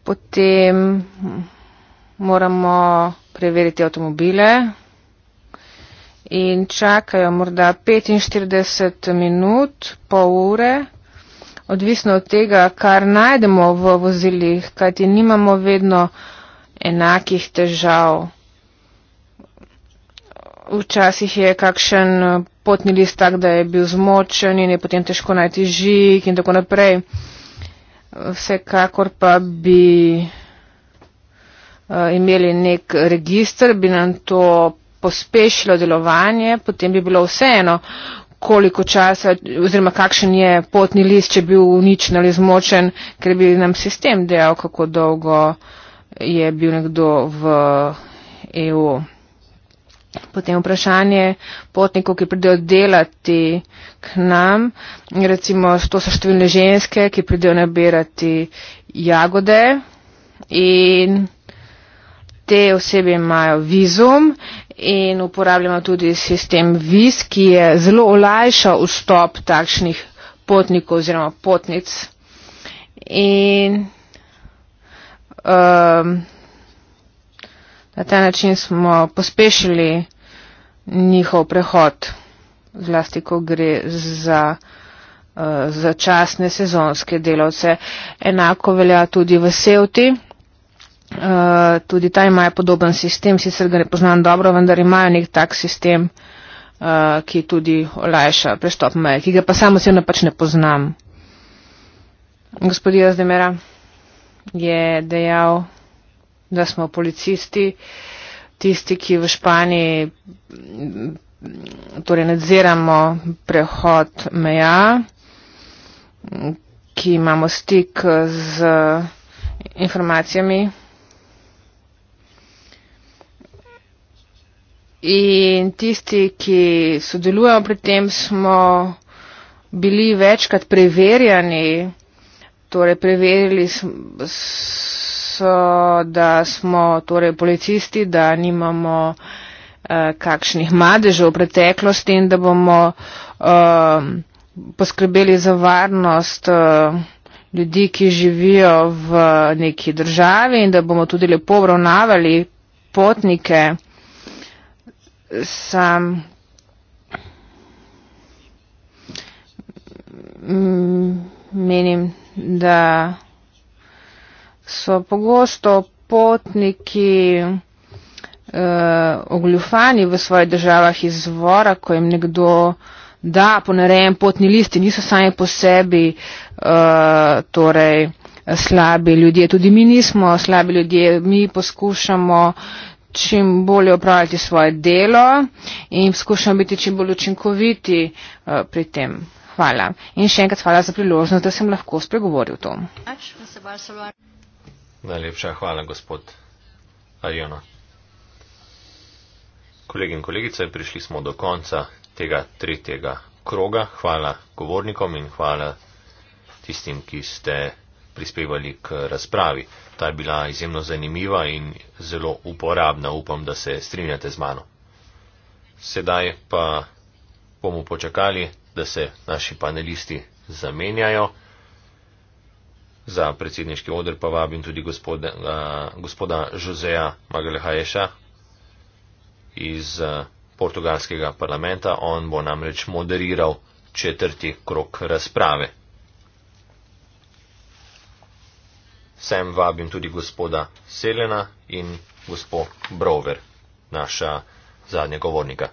potem moramo preveriti avtomobile in čakajo morda 45 minut, pol ure, odvisno od tega, kar najdemo v vozilih, kajti nimamo vedno enakih težav. Včasih je kakšen eh, potni list tak, da je bil zmočen in je potem težko najti žig in tako naprej. Vsekakor pa bi uh, imeli nek registr, bi nam to pospešilo delovanje, potem bi bilo vseeno, koliko časa oziroma kakšen je potni list, če bi bil uničen ali zmočen, ker bi nam sistem dejal, kako dolgo je bil nekdo v EU. Potem vprašanje potnikov, ki pridejo delati k nam, recimo to so številne ženske, ki pridejo nabirati jagode in te osebe imajo vizum in uporabljamo tudi sistem viz, ki je zelo olajšal vstop takšnih potnikov oziroma potnic. In um, na ta način smo pospešili njihov prehod, zlasti ko gre za uh, začasne sezonske delavce. Enako velja tudi v Sevti. Eh, tudi ta imajo podoben sistem, sicer ga ne poznam dobro, vendar imajo nek tak sistem, uh, ki tudi olajša prestop meje, ki ga pa samo osebno pač ne poznam. Gospodin Zdemera je dejal, da smo policisti, tisti, ki v Španiji mm, torej nadziramo prehod meja, ki imamo stik z informacijami, In tisti, ki sodelujemo pri tem, smo bili večkrat preverjani, torej preverili so, da smo torej, policisti, da nimamo eh, kakšnih madežev v preteklosti in da bomo eh, poskrbeli za varnost eh, ljudi, ki živijo v neki državi in da bomo tudi lepo obravnavali potnike sam mm, menim, da so pogosto potniki eh, ogljufani v svojih državah izvora, ko jim nekdo da ponarejen potni listi, niso sami po sebi eh, torej, slabi ljudje. Tudi mi nismo slabi ljudje, mi poskušamo čim bolje upravljati svoje delo in skušam biti čim bolj učinkoviti uh, pri tem. Hvala. In še enkrat hvala za priložnost, da sem lahko spregovoril to. Najlepša hvala, gospod Arjona. Kolegi in kolegice, prišli smo do konca tega tretjega kroga. Hvala govornikom in hvala tistim, ki ste prispevali k razpravi. Ta je bila izjemno zanimiva in zelo uporabna. Upam, da se strinjate z mano. Sedaj pa bomo počakali, da se naši panelisti zamenjajo. Za predsedniški odr pa vabim tudi gospoda, gospoda Joseja Magalhaeša iz portugalskega parlamenta. On bo namreč moderiral četrti krok razprave. sem vabim tudi gospoda Selena in gospod Brover, naša zadnja govornika.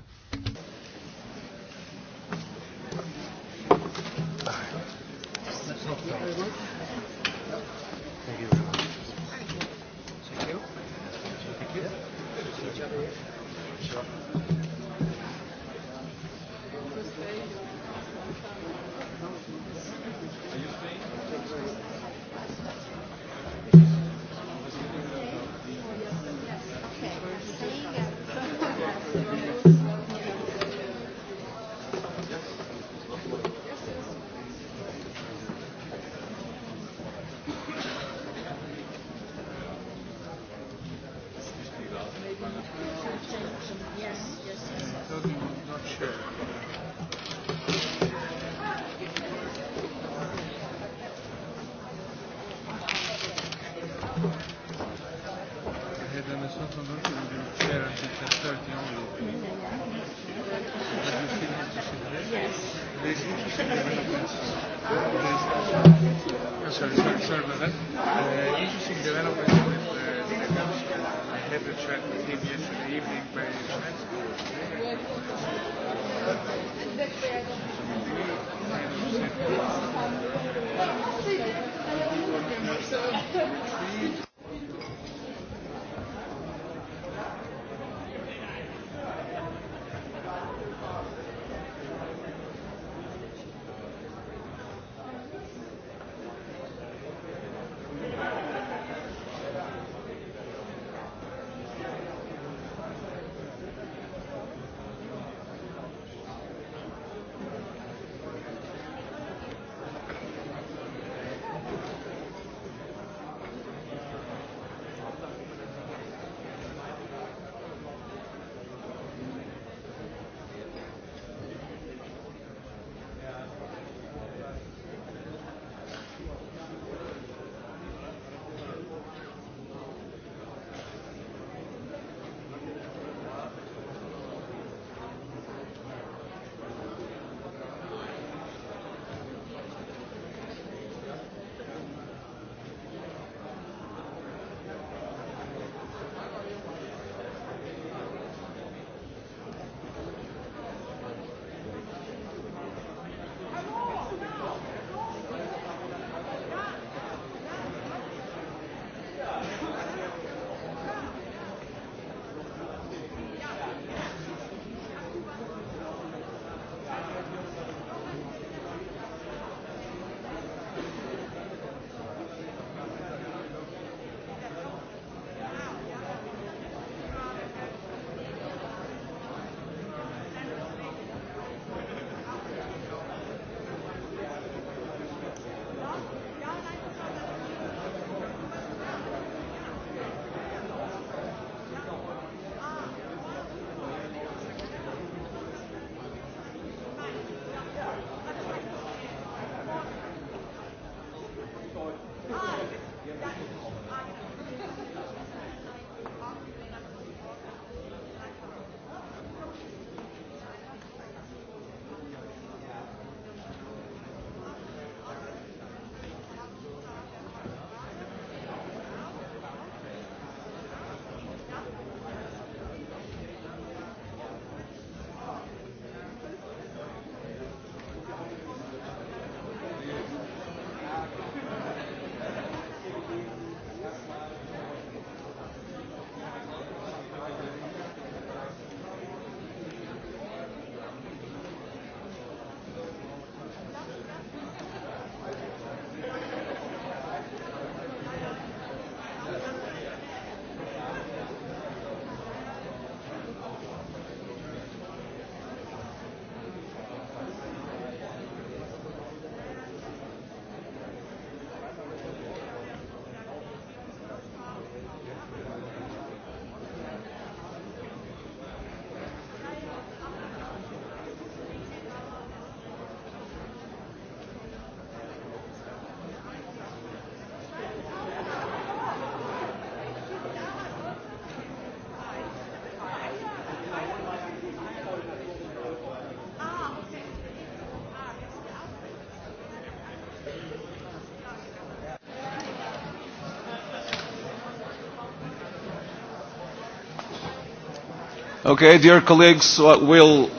Okay, dear colleagues, uh, we'll...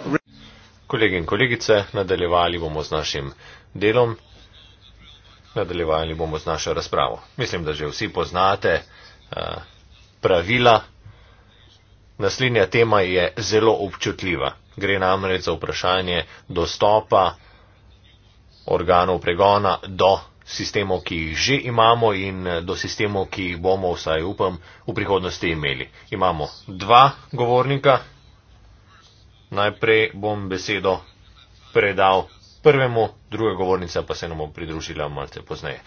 Kolegi in kolegice, nadaljevali bomo z našim delom, nadaljevali bomo z našo razpravo. Mislim, da že vsi poznate uh, pravila. Naslednja tema je zelo občutljiva. Gre namreč za vprašanje dostopa organov pregona do sistemov, ki jih že imamo in eh, do sistemov, ki jih bomo, vsaj upam, v prihodnosti imeli. Imamo dva govornika. Najprej bom besedo predal prvemu, druga govornica pa se nam bo pridružila malce pozneje.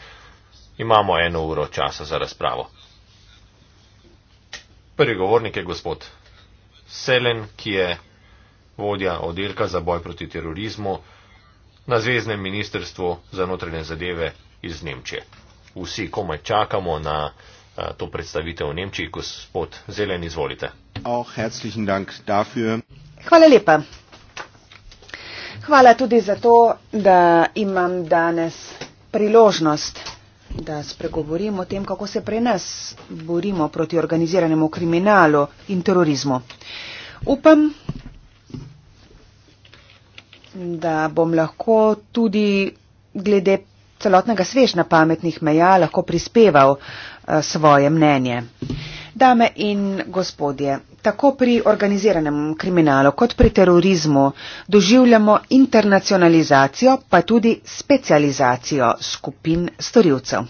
Imamo eno uro časa za razpravo. Prvi govornik je gospod Selen, ki je vodja oddelka za boj proti terorizmu na Zvezdnem ministrstvu za notranje zadeve iz Nemčije. Vsi komaj čakamo na eh, to predstavitev v Nemčiji, gospod Zelen, izvolite. Hvala lepa. Hvala tudi za to, da imam danes priložnost, da spregovorim o tem, kako se pri nas borimo proti organiziranemu kriminalu in terorizmu. Upam, da bom lahko tudi glede celotnega svežna pametnih meja lahko prispeval eh, svoje mnenje. Dame in gospodje, tako pri organiziranem kriminalu kot pri terorizmu doživljamo internacionalizacijo pa tudi specializacijo skupin storilcev.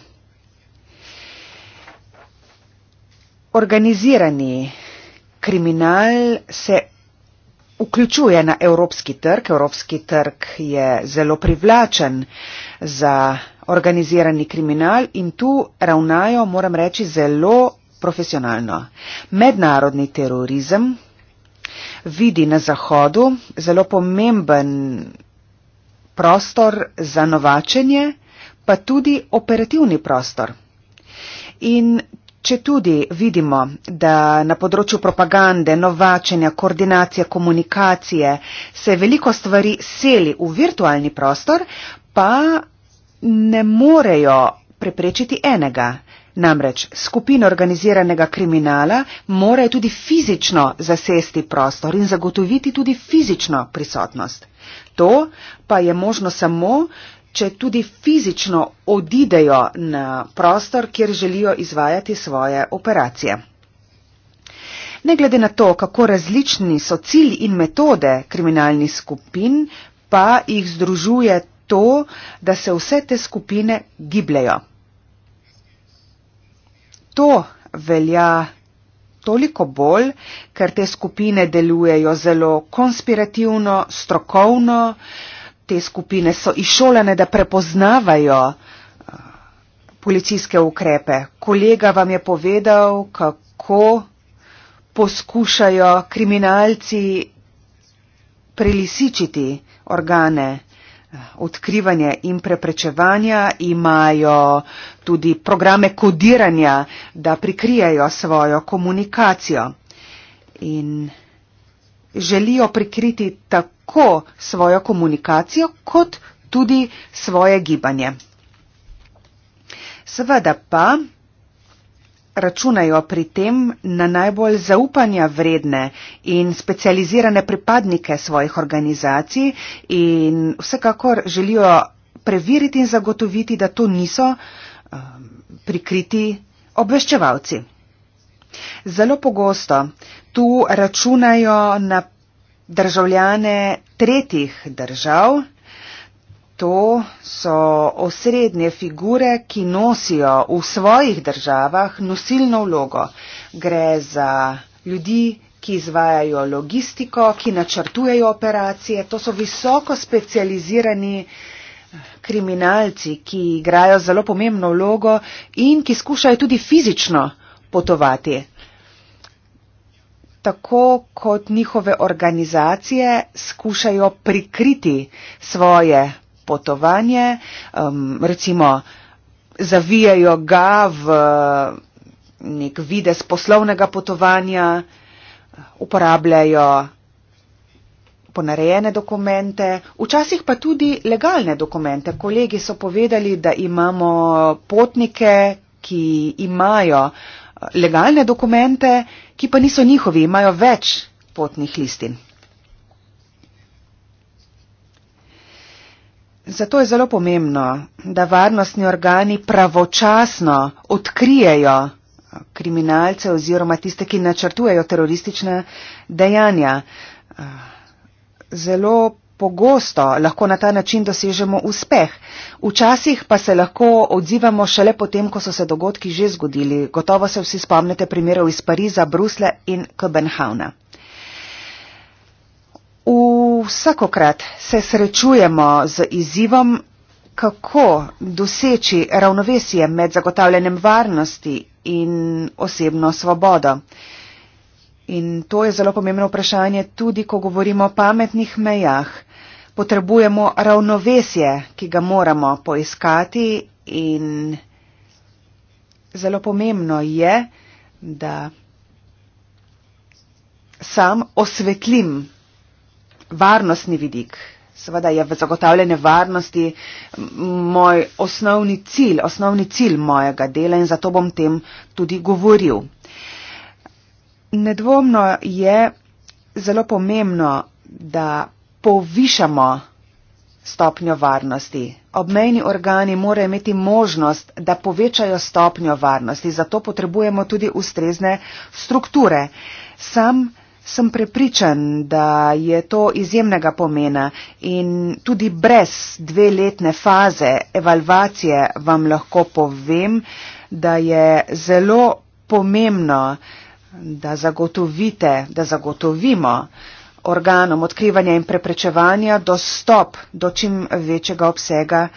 Organizirani kriminal se vključuje na evropski trg. Evropski trg je zelo privlačen za organizirani kriminal in tu ravnajo, moram reči, zelo profesionalno. Mednarodni terorizem vidi na Zahodu zelo pomemben prostor za novačenje, pa tudi operativni prostor. In Če tudi vidimo, da na področju propagande, novačenja, koordinacije, komunikacije se veliko stvari seli v virtualni prostor, pa ne morejo preprečiti enega. Namreč skupina organiziranega kriminala mora tudi fizično zasesti prostor in zagotoviti tudi fizično prisotnost. To pa je možno samo, če tudi fizično odidejo na prostor, kjer želijo izvajati svoje operacije. Ne glede na to, kako različni so cilj in metode kriminalnih skupin, pa jih združuje to, da se vse te skupine gibljajo. To velja toliko bolj, ker te skupine delujejo zelo konspirativno, strokovno, uh, te skupine so išolene, da prepoznavajo eh, policijske ukrepe. Kolega vam je povedal, kako poskušajo kriminalci prelisičiti organe eh, odkrivanja in preprečevanja, imajo tudi programe kodiranja, da prikrijajo svojo komunikacijo in želijo prikriti tako, tako svojo komunikacijo, kot tudi svoje gibanje. Seveda pa računajo pri tem na najbolj zaupanja vredne in specializirane pripadnike svojih organizacij in vsekakor želijo preveriti in zagotoviti, da to niso um, prikriti obveščevalci. Zelo pogosto tu računajo na državljane tretjih držav. To so osrednje figure, ki nosijo v svojih državah nosilno vlogo. Gre za ljudi, ki izvajajo logistiko, ki načrtujejo operacije. To so visoko specializirani eh, kriminalci, ki igrajo zelo pomembno vlogo in ki skušajo tudi fizično potovati tako kot njihove organizacije skušajo prikriti svoje potovanje, um, recimo zavijajo ga v uh, nek vides poslovnega potovanja, uh, uporabljajo ponarejene dokumente, včasih pa tudi legalne dokumente. Kolegi so povedali, da imamo potnike, ki imajo uh, legalne dokumente, ki pa niso njihovi, imajo več potnih listin. Zato je zelo pomembno, da varnostni organi pravočasno odkrijejo eh, kriminalce oziroma tiste, ki načrtujejo teroristična dejanja. Eh, zelo pogosto lahko na ta način dosežemo uspeh. Včasih pa se lahko odzivamo šele potem, ko so se dogodki že zgodili. Gotovo se vsi spomnite primerov iz Pariza, Brusla in Kobenhavna. Vsakokrat se srečujemo z izzivom, kako doseči ravnovesje med zagotavljanjem varnosti in osebno svobodo. In to je zelo pomembno vprašanje tudi, ko govorimo o pametnih mejah potrebujemo ravnovesje, ki ga moramo poiskati in zelo pomembno je, da sam osvetlim varnostni vidik. Seveda je v zagotavljanje varnosti moj osnovni cilj, osnovni cilj mojega dela in zato bom tem tudi govoril. Nedvomno je zelo pomembno, da povišamo stopnjo varnosti. Obmejni organi morajo imeti možnost, da povečajo stopnjo varnosti, zato potrebujemo tudi ustrezne strukture. Sam sem prepričan, da je to izjemnega pomena in tudi brez dveletne faze evalvacije vam lahko povem, da je zelo pomembno, da zagotovite, da zagotovimo, organom odkrivanja in preprečevanja dostop do čim večjega obsega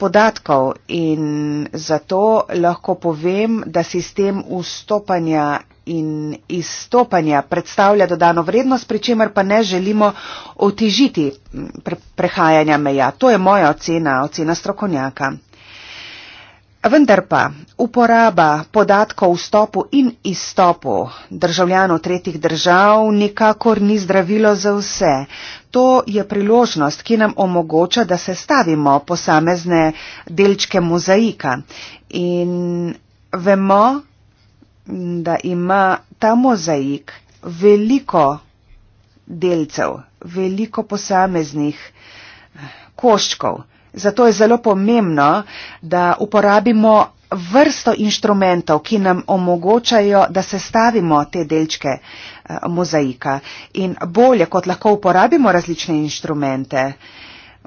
podatkov in zato lahko povem, da sistem vstopanja in izstopanja predstavlja dodano vrednost, pri čemer pa ne želimo otežiti prehajanja meja. To je moja ocena, ocena strokovnjaka. Vendar pa uporaba podatkov o vstopu in izstopu državljanov tretjih držav nikakor ni zdravilo za vse. To je priložnost, ki nam omogoča, da se stavimo posamezne delčke mozaika. In vemo, da ima ta mozaik veliko delcev, veliko posameznih eh, koščkov. Zato je zelo pomembno, da uporabimo vrsto inštrumentov, ki nam omogočajo, da se stavimo te delčke eh, mozaika. In bolje, kot lahko uporabimo različne inštrumente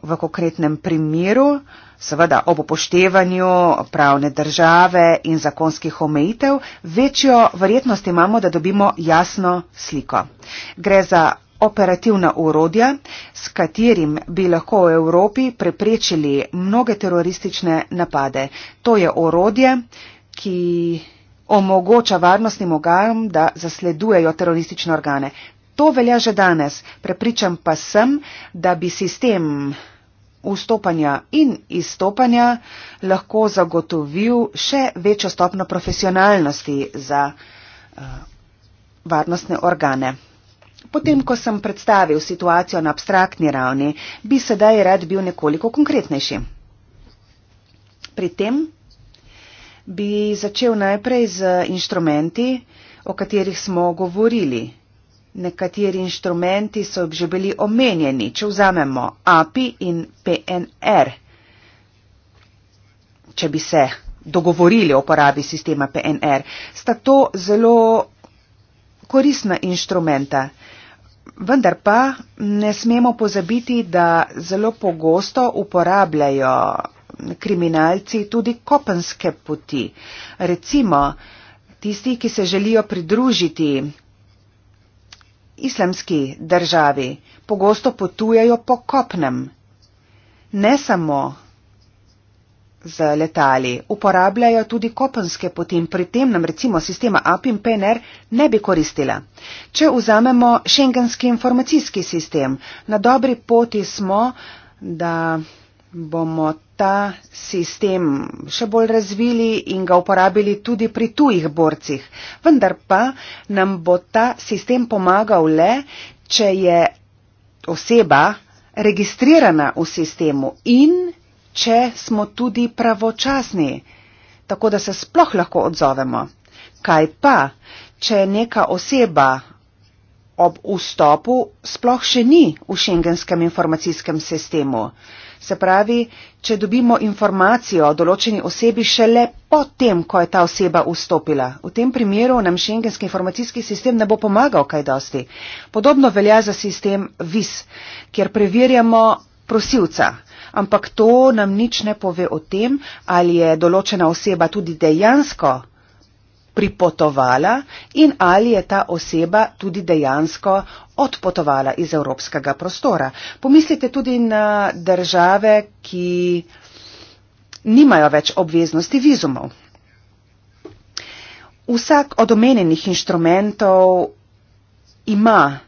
v konkretnem primeru, seveda ob upoštevanju pravne države in zakonskih omejitev, večjo verjetnost imamo, da dobimo jasno sliko. Gre za operativna urodja, s katerim bi lahko v Evropi preprečili mnoge teroristične napade. To je urodje, ki omogoča varnostnim ogajom, da zasledujejo teroristične organe. To velja že danes. Prepričam pa sem, da bi sistem vstopanja in izstopanja lahko zagotovil še večjo stopno profesionalnosti za uh, varnostne organe. Potem, ko sem predstavil situacijo na abstraktni ravni, bi sedaj rad bil nekoliko konkretnejši. Pri tem bi začel najprej z inštrumenti, o katerih smo govorili. Nekateri inštrumenti so že bili omenjeni, če vzamemo API in PNR. Če bi se dogovorili o uporabi sistema PNR, sta to zelo koristna inštrumenta. Vendar pa ne smemo pozabiti, da zelo pogosto uporabljajo kriminalci tudi kopenske poti. Recimo, tisti, ki se želijo pridružiti islamski državi, pogosto potujejo po kopnem. Ne samo z letali. Uporabljajo tudi kopenske poti in pri tem nam recimo sistema APIM PNR ne bi koristila. Če vzamemo šengenski informacijski sistem, na dobri poti smo, da bomo ta sistem še bolj razvili in ga uporabili tudi pri tujih borcih. Vendar pa nam bo ta sistem pomagal le, če je oseba registrirana v sistemu in če smo tudi pravočasni, tako da se sploh lahko odzovemo. Kaj pa, če neka oseba ob vstopu sploh še ni v šengenskem informacijskem sistemu? Se pravi, če dobimo informacijo o določeni osebi šele potem, ko je ta oseba vstopila. V tem primeru nam šengenski informacijski sistem ne bo pomagal kaj dosti. Podobno velja za sistem VIS, kjer preverjamo prosilca ampak to nam nič ne pove o tem, ali je določena oseba tudi dejansko pripotovala in ali je ta oseba tudi dejansko odpotovala iz evropskega prostora. Pomislite tudi na države, ki nimajo več obveznosti vizumov. Vsak od omenjenih inštrumentov ima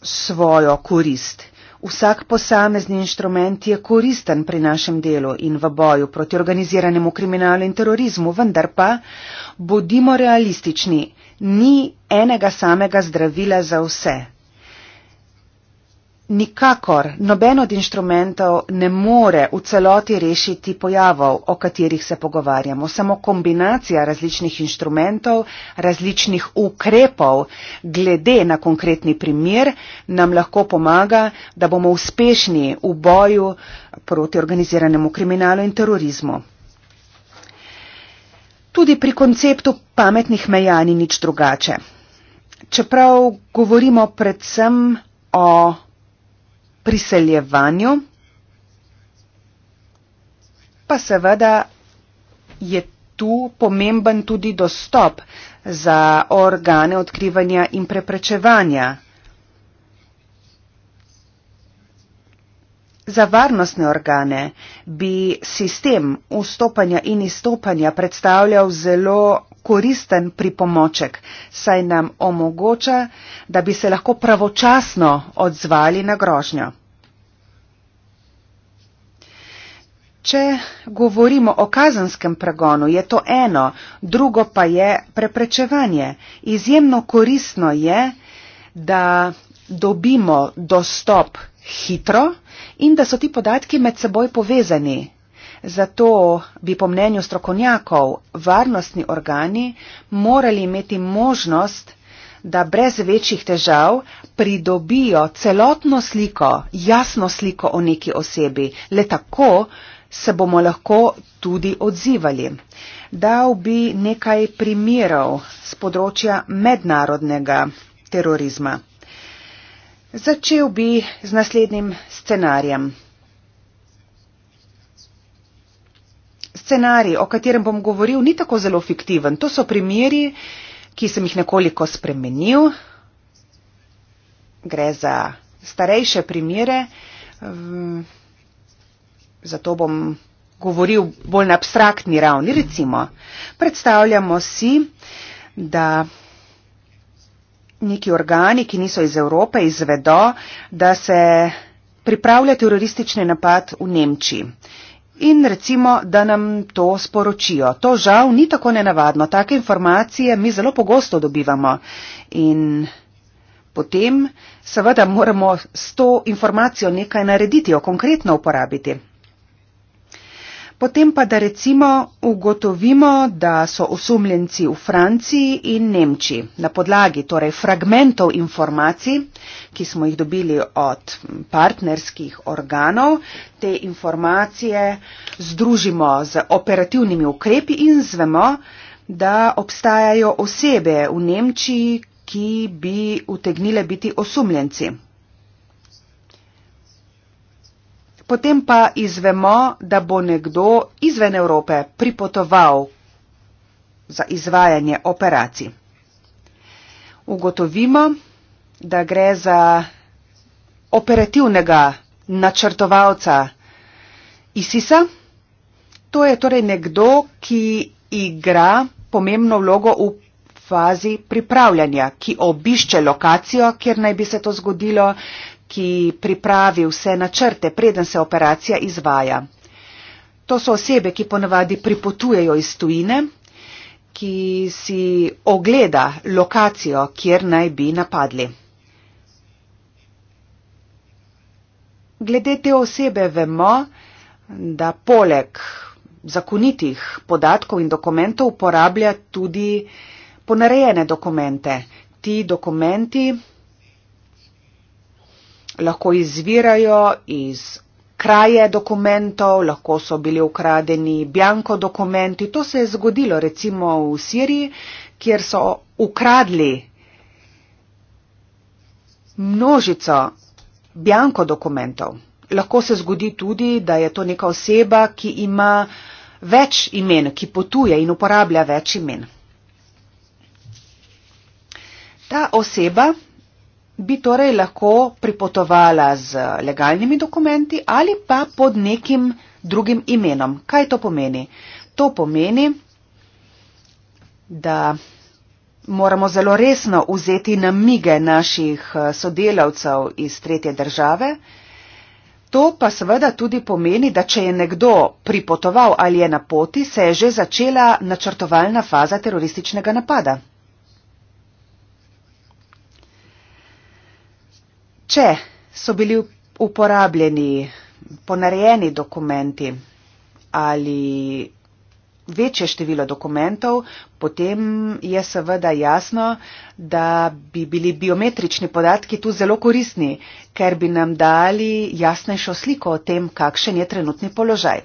svojo korist. Vsak posamezni inštrument je koristen pri našem delu in v boju proti organiziranemu kriminalu in terorizmu, vendar pa, bodimo realistični, ni enega samega zdravila za vse. Nikakor noben od inštrumentov ne more v celoti rešiti pojavov, o katerih se pogovarjamo. Samo kombinacija različnih inštrumentov, različnih ukrepov glede na konkretni primer nam lahko pomaga, da bomo uspešni v boju proti organiziranemu kriminalu in terorizmu. Tudi pri konceptu pametnih meja ni nič drugače. Čeprav govorimo predvsem o priseljevanju, pa seveda je tu pomemben tudi dostop za organe odkrivanja in preprečevanja. Za varnostne organe bi sistem vstopanja in izstopanja predstavljal zelo koristen pripomoček, saj nam omogoča, da bi se lahko pravočasno odzvali na grožnjo. Če govorimo o kazanskem pregonu, je to eno, drugo pa je preprečevanje. Izjemno koristno je, da dobimo dostop hitro in da so ti podatki med seboj povezani. Zato bi po mnenju strokovnjakov varnostni organi morali imeti možnost, da brez večjih težav pridobijo celotno sliko, jasno sliko o neki osebi. Le tako se bomo lahko tudi odzivali. Dal bi nekaj primerov z področja mednarodnega terorizma. Začel bi z naslednjim scenarijem. scenarij, o katerem bom govoril, ni tako zelo fiktiven. To so primeri, ki sem jih nekoliko spremenil. Gre za starejše primere, ehm, zato bom govoril bolj na abstraktni ravni. Recimo, predstavljamo si, da neki organi, ki niso iz Evrope, izvedo, da se pripravlja teroristični napad v Nemčiji in recimo, da nam to sporočijo. To žal ni tako nenavadno. Take informacije mi zelo pogosto dobivamo. In potem seveda moramo s to informacijo nekaj narediti, jo konkretno uporabiti. Potem pa da recimo ugotovimo, da so osumljenci v Franciji in Nemčiji. Na podlagi torej fragmentov informacij, ki smo jih dobili od partnerskih organov, te informacije združimo z operativnimi ukrepi in zvemo, da obstajajo osebe v Nemčiji, ki bi utegnile biti osumljenci. potem pa izvemo, da bo nekdo izven Evrope pripotoval za izvajanje operacij. Ugotovimo, da gre za operativnega načrtovalca ISISA. To je torej nekdo, ki igra pomembno vlogo v fazi pripravljanja, ki obišče lokacijo, kjer naj bi se to zgodilo, ki pripravi vse načrte, preden se operacija izvaja. To so osebe, ki ponavadi pripotujejo iz tujine, ki si ogleda lokacijo, kjer naj bi napadli. Glede te osebe vemo, da poleg zakonitih podatkov in dokumentov uporablja tudi ponarejene dokumente. Ti dokumenti lahko izvirajo iz kraje dokumentov, lahko so bili ukradeni bjanko dokumenti. To se je zgodilo recimo v Siriji, kjer so ukradli množico bjanko dokumentov. Lahko se zgodi tudi, da je to neka oseba, ki ima več imen, ki potuje in uporablja več imen. Ta oseba bi torej lahko pripotovala z legalnimi dokumenti ali pa pod nekim drugim imenom. Kaj to pomeni? To pomeni, da moramo zelo resno vzeti namige naših eh, sodelavcev iz tretje države. To pa seveda tudi pomeni, da če je nekdo pripotoval ali je na poti, se je že začela načrtovalna faza terorističnega napada. če so bili uporabljeni ponarejeni dokumenti ali večje število dokumentov, potem je seveda jasno, da bi bili biometrični podatki tu zelo koristni, ker bi nam dali jasnejšo sliko o tem, kakšen je trenutni položaj.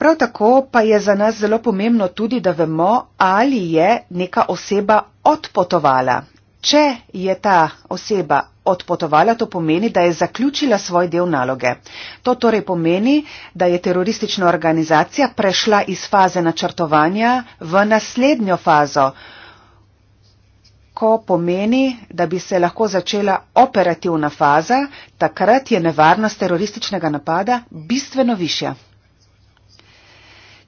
Prav tako pa je za nas zelo pomembno tudi, da vemo, ali je neka oseba odpotovala. Če je ta oseba odpotovala, to pomeni, da je zaključila svoj del naloge. To torej pomeni, da je teroristična organizacija prešla iz faze načrtovanja v naslednjo fazo, ko pomeni, da bi se lahko začela operativna faza, takrat je nevarnost terorističnega napada bistveno višja.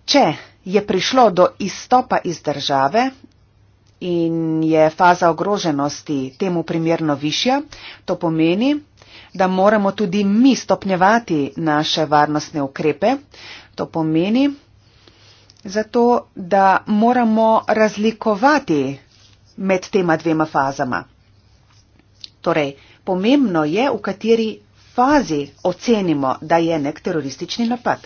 Če je prišlo do izstopa iz države, in je faza ogroženosti temu primerno višja, to pomeni, da moramo tudi mi stopnjevati naše varnostne ukrepe. To pomeni zato, da moramo razlikovati med tema dvema fazama. Torej, pomembno je, v kateri fazi ocenimo, da je nek teroristični napad.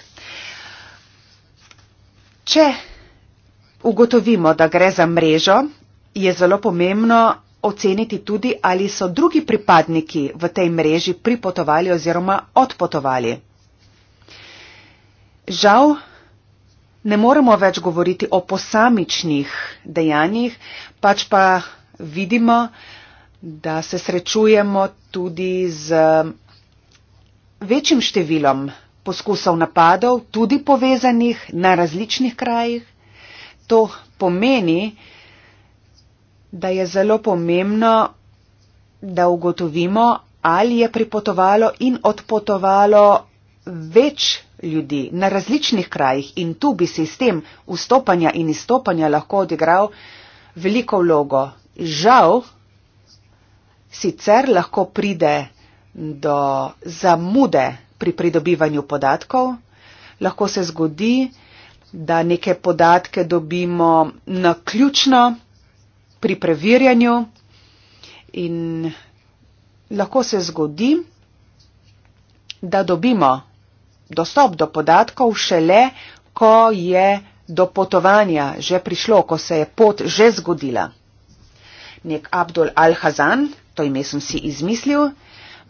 Če ugotovimo, da gre za mrežo, je zelo pomembno oceniti tudi, ali so drugi pripadniki v tej mreži pripotovali oziroma odpotovali. Žal ne moremo več govoriti o posamičnih dejanjih, pač pa vidimo, da se srečujemo tudi z večjim številom poskusov napadov, tudi povezanih na različnih krajih. To pomeni, da je zelo pomembno, da ugotovimo, ali je pripotovalo in odpotovalo več ljudi na različnih krajih in tu bi sistem vstopanja in izstopanja lahko odigral veliko vlogo. Žal, sicer lahko pride do zamude pri pridobivanju podatkov, lahko se zgodi, da neke podatke dobimo naključno, pri preverjanju in lahko se zgodi, da dobimo dostop do podatkov šele, ko je do potovanja že prišlo, ko se je pot že zgodila. Nek Abdul Al-Hazan, to ime sem si izmislil,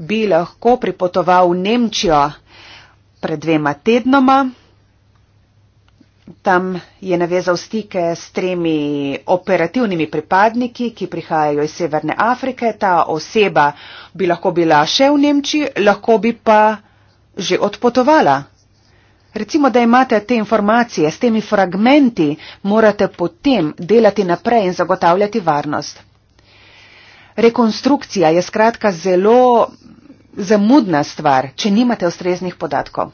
bi lahko pripotoval v Nemčijo pred dvema tednoma, Tam je navezal stike s tremi operativnimi pripadniki, ki prihajajo iz Severne Afrike. Ta oseba bi lahko bila še v Nemčiji, lahko bi pa že odpotovala. Recimo, da imate te informacije s temi fragmenti, morate potem delati naprej in zagotavljati varnost. Rekonstrukcija je skratka zelo zamudna stvar, če nimate ustreznih podatkov.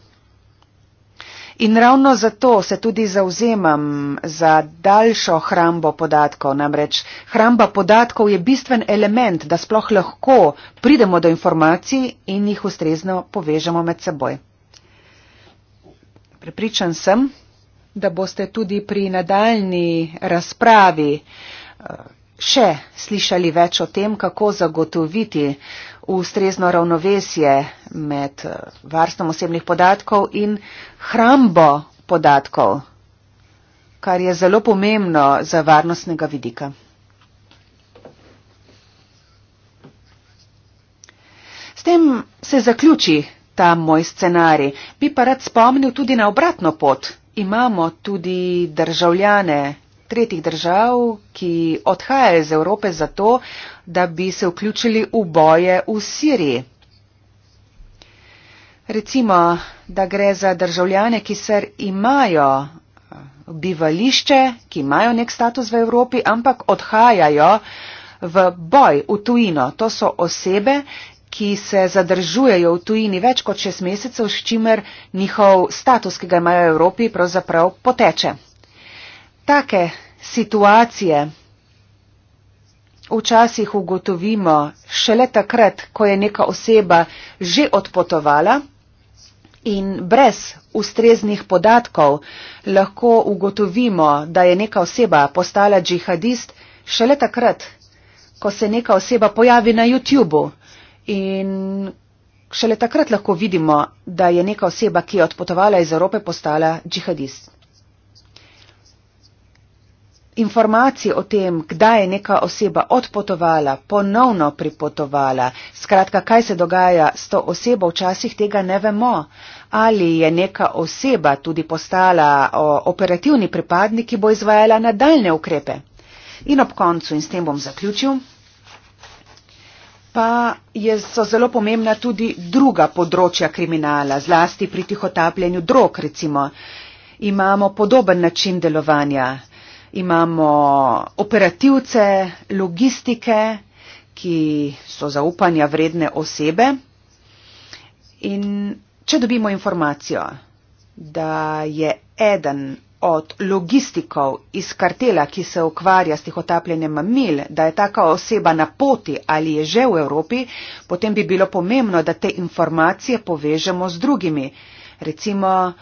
In ravno zato se tudi zauzemam za daljšo hrambo podatkov. Namreč hramba podatkov je bistven element, da sploh lahko pridemo do informacij in jih ustrezno povežemo med seboj. Prepričan sem, da boste tudi pri nadaljni razpravi eh, še slišali več o tem, kako zagotoviti uh, ustrezno ravnovesje med eh, varstvom osebnih podatkov in hrambo podatkov, kar je zelo pomembno za varnostnega vidika. S tem se zaključi ta moj scenarij. Bi pa rad spomnil tudi na obratno pot. Imamo tudi državljane tretjih držav, ki odhajajo iz Evrope zato, da bi se vključili v boje v Siriji. Recimo, da gre za državljane, ki se imajo eh, bivališče, ki imajo nek status v Evropi, ampak odhajajo v boj v tujino. To so osebe, ki se zadržujejo v tujini več kot šest mesecev, s čimer njihov status, ki ga imajo v Evropi, pravzaprav poteče take situacije včasih ugotovimo šele takrat, ko je neka oseba že odpotovala in brez ustreznih podatkov lahko ugotovimo, da je neka oseba postala džihadist šele takrat, ko se neka oseba pojavi na YouTubu in šele takrat lahko vidimo, da je neka oseba, ki je odpotovala iz Evrope, postala džihadist informacij o tem, kdaj je neka oseba odpotovala, ponovno pripotovala, skratka, kaj se dogaja s to osebo, včasih tega ne vemo. Ali je neka oseba tudi postala operativni pripadnik, ki bo izvajala nadaljne ukrepe. In ob koncu, in s tem bom zaključil, pa je, so zelo pomembna tudi druga področja kriminala, zlasti pri tihotapljenju drog, recimo. Imamo podoben način delovanja imamo operativce, logistike, ki so zaupanja vredne osebe. In če dobimo informacijo, da je eden od logistikov iz kartela, ki se ukvarja s tihotapljenjem mamil, da je taka oseba na poti ali je že v Evropi, potem bi bilo pomembno, da te informacije povežemo z drugimi. Recimo,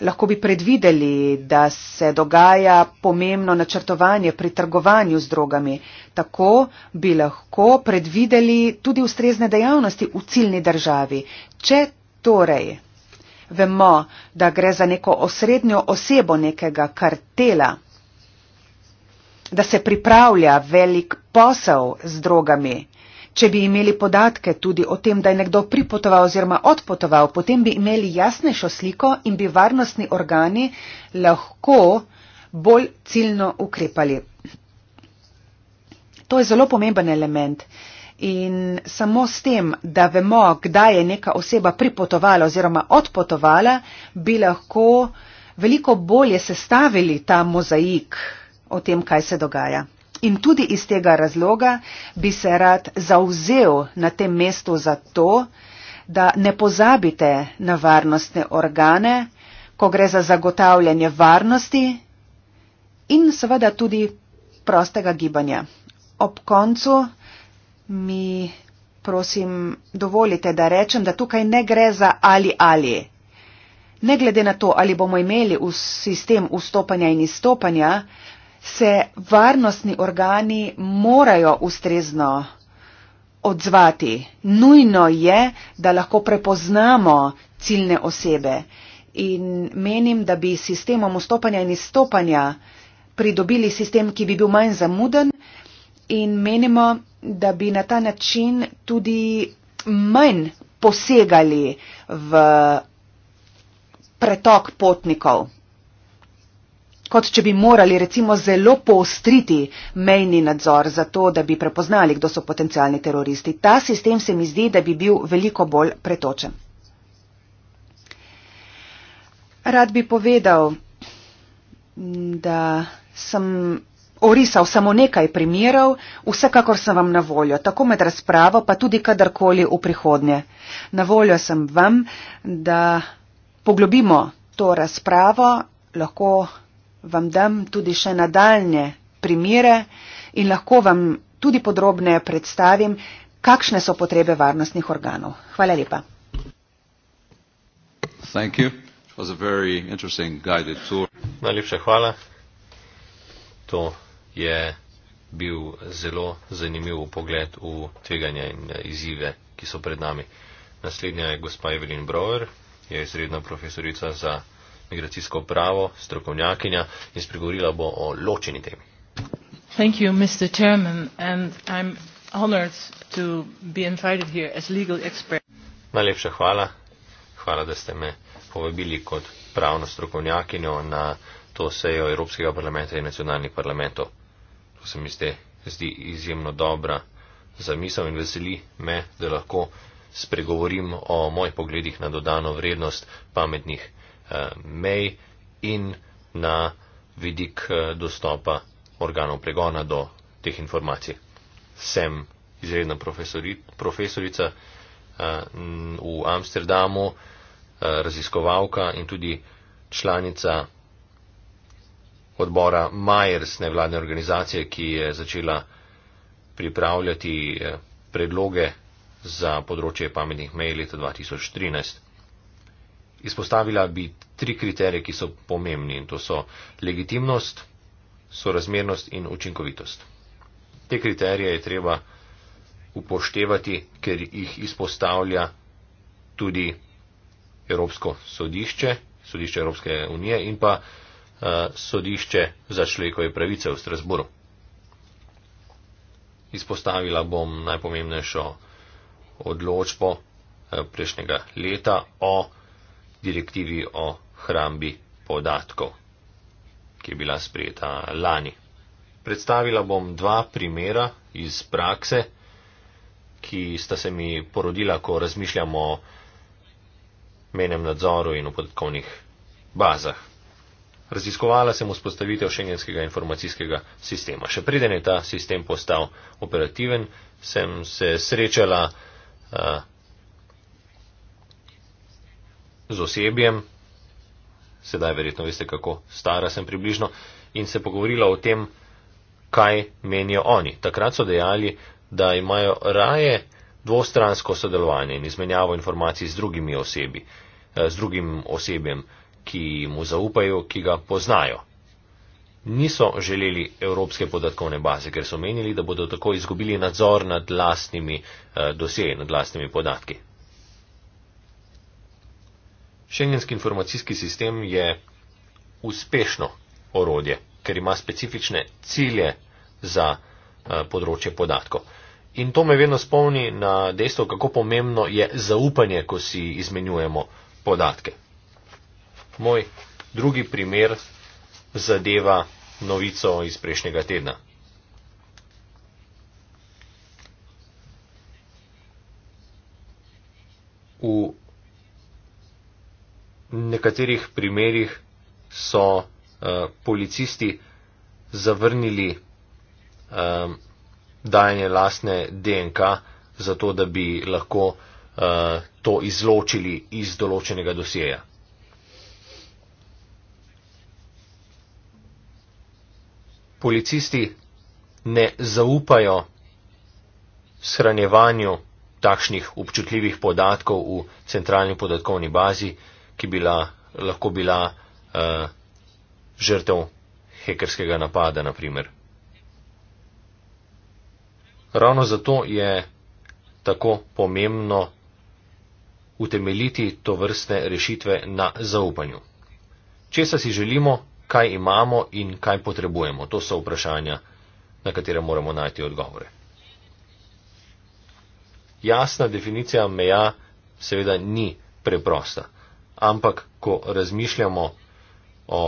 lahko bi predvideli, da se dogaja pomembno načrtovanje pri trgovanju z drogami. Tako bi lahko predvideli tudi ustrezne dejavnosti v ciljni državi. Če torej vemo, da gre za neko osrednjo osebo nekega kartela, da se pripravlja velik posel z drogami, Če bi imeli podatke tudi o tem, da je nekdo pripotoval oziroma odpotoval, potem bi imeli jasnejšo sliko in bi varnostni organi lahko bolj ciljno ukrepali. To je zelo pomemben element. In samo s tem, da vemo, kdaj je neka oseba pripotovala oziroma odpotovala, bi lahko veliko bolje sestavili ta mozaik o tem, kaj se dogaja. In tudi iz tega razloga bi se rad zauzel na tem mestu za to, da ne pozabite na varnostne organe, ko gre za zagotavljanje varnosti in seveda tudi prostega gibanja. Ob koncu mi prosim dovolite, da rečem, da tukaj ne gre za ali ali. Ne glede na to, ali bomo imeli v sistem vstopanja in izstopanja, se varnostni organi morajo ustrezno odzvati. Nujno je, da lahko prepoznamo ciljne osebe in menim, da bi sistemom vstopanja in izstopanja pridobili sistem, ki bi bil manj zamuden in menimo, da bi na ta način tudi manj posegali v pretok potnikov kot če bi morali recimo zelo poostriti mejni nadzor za to, da bi prepoznali, kdo so potencijalni teroristi. Ta sistem se mi zdi, da bi bil veliko bolj pretočen. Rad bi povedal, da sem orisal samo nekaj primerov, vsekakor sem vam na voljo, tako med razpravo, pa tudi kadarkoli v prihodnje. Na voljo sem vam, da poglobimo to razpravo, lahko vam dam tudi še nadaljne primere in lahko vam tudi podrobneje predstavim, kakšne so potrebe varnostnih organov. Hvala lepa. Najlepša hvala. To je bil zelo zanimiv pogled v tveganja in izzive, ki so pred nami. Naslednja je gospa Evelyn Brower, je izredna profesorica za migracijsko pravo, strokovnjakinja in spregovorila bo o ločeni temi. Thank you, Mr. Chairman, and I'm honored to be invited here as legal expert. Najlepša hvala. Hvala, da ste me povabili kot pravno strokovnjakinjo na to sejo Evropskega parlamenta in nacionalnih parlamentov. To se mi zdi, zdi izjemno dobra zamisel in veseli me, da lahko spregovorim o mojih pogledih na dodano vrednost pametnih. Eh, mej in na vidik eh, dostopa organov pregona do teh informacij. Sem izredna profesorica eh, v Amsterdamu, raziskovalka in tudi članica odbora Majers nevladne organizacije, ki je začela pripravljati predloge za področje pametnih mej leta 2013. Izpostavila bi tri kriterije, ki so pomembni in to so legitimnost, sorazmernost in učinkovitost. Te kriterije je treba upoštevati, ker jih izpostavlja tudi Evropsko sodišče, sodišče Evropske unije in pa uh, sodišče za človekove pravice v Strasburu. Izpostavila bom najpomembnejšo odločbo uh, prejšnjega leta o direktivi o hrambi podatkov, ki je bila sprejeta lani. Predstavila bom dva primera iz prakse, ki sta se mi porodila, ko razmišljamo o menem nadzoru in o podatkovnih bazah. Raziskovala sem vzpostavitev šengenskega informacijskega sistema. Še preden je ta sistem postal operativen, sem se srečala uh, z osebjem, sedaj verjetno veste, kako stara sem približno, in se pogovorila o tem, kaj menijo oni. Takrat so dejali, da imajo raje dvostransko sodelovanje in izmenjavo informacij z drugimi osebi, eh, z drugim osebjem, ki mu zaupajo, ki ga poznajo. Niso želeli evropske podatkovne baze, ker so menili, da bodo tako izgubili nadzor nad lastnimi eh, dosjeji, nad lastnimi podatki. Šengenski informacijski sistem je uspešno orodje, ker ima specifične cilje za eh, področje podatkov. In to me vedno spomni na dejstvo, kako pomembno je zaupanje, ko si izmenjujemo podatke. Moj drugi primer zadeva novico iz prejšnjega tedna. V nekaterih primerjih so uh, policisti zavrnili um, dajanje lastne DNK, zato da bi lahko uh, to izločili iz določenega dosjeja. Policisti ne zaupajo shranjevanju takšnih občutljivih podatkov v centralni podatkovni bazi, uh, ki bi lahko bila uh, žrtev hekerskega napada, naprimer. Ravno zato je tako pomembno utemeljiti to vrstne rešitve na zaupanju. Česa si želimo, kaj imamo in kaj potrebujemo? To so vprašanja, na katere moramo najti odgovore. Jasna definicija meja seveda ni preprosta ampak ko razmišljamo o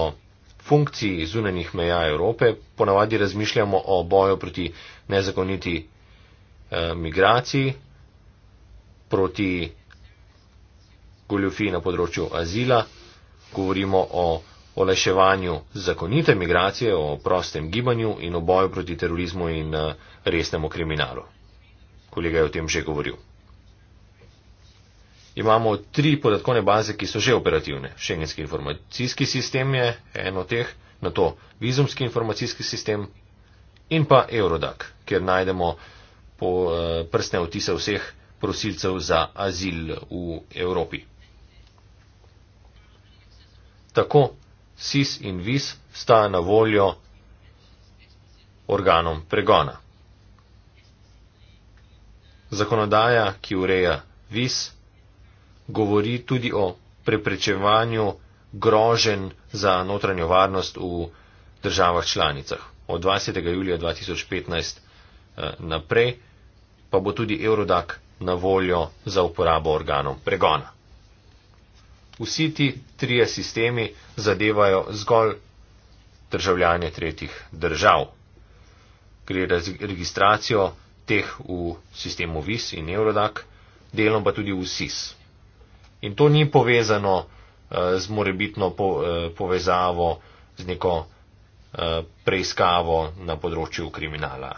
funkciji zunanjih meja Evrope, ponavadi razmišljamo o boju proti nezakoniti e, migraciji, proti goljufiji na področju azila, govorimo o olaševanju zakonite migracije, o prostem gibanju in o boju proti terorizmu in eh, resnemu kriminalu. Kolega je o tem že govoril imamo tri podatkovne baze, ki so že operativne. Šengenski informacijski sistem je eno teh, na to vizumski informacijski sistem in pa Eurodac, kjer najdemo po, eh, prstne otise vseh prosilcev za azil v Evropi. Tako SIS in VIS sta na voljo organom pregona. Zakonodaja, ki ureja VIS, govori tudi o preprečevanju grožen za notranjo varnost v državah članicah. Od 20. julija 2015 eh, naprej pa bo tudi Eurodak na voljo za uporabo organov pregona. Vsi ti trije sistemi zadevajo zgolj državljanje tretjih držav. Gre za registracijo teh v sistemu VIS in Eurodak, delno pa tudi v SIS. In to ni povezano eh, z morebitno eh, povezavo z neko eh, preiskavo na področju kriminala.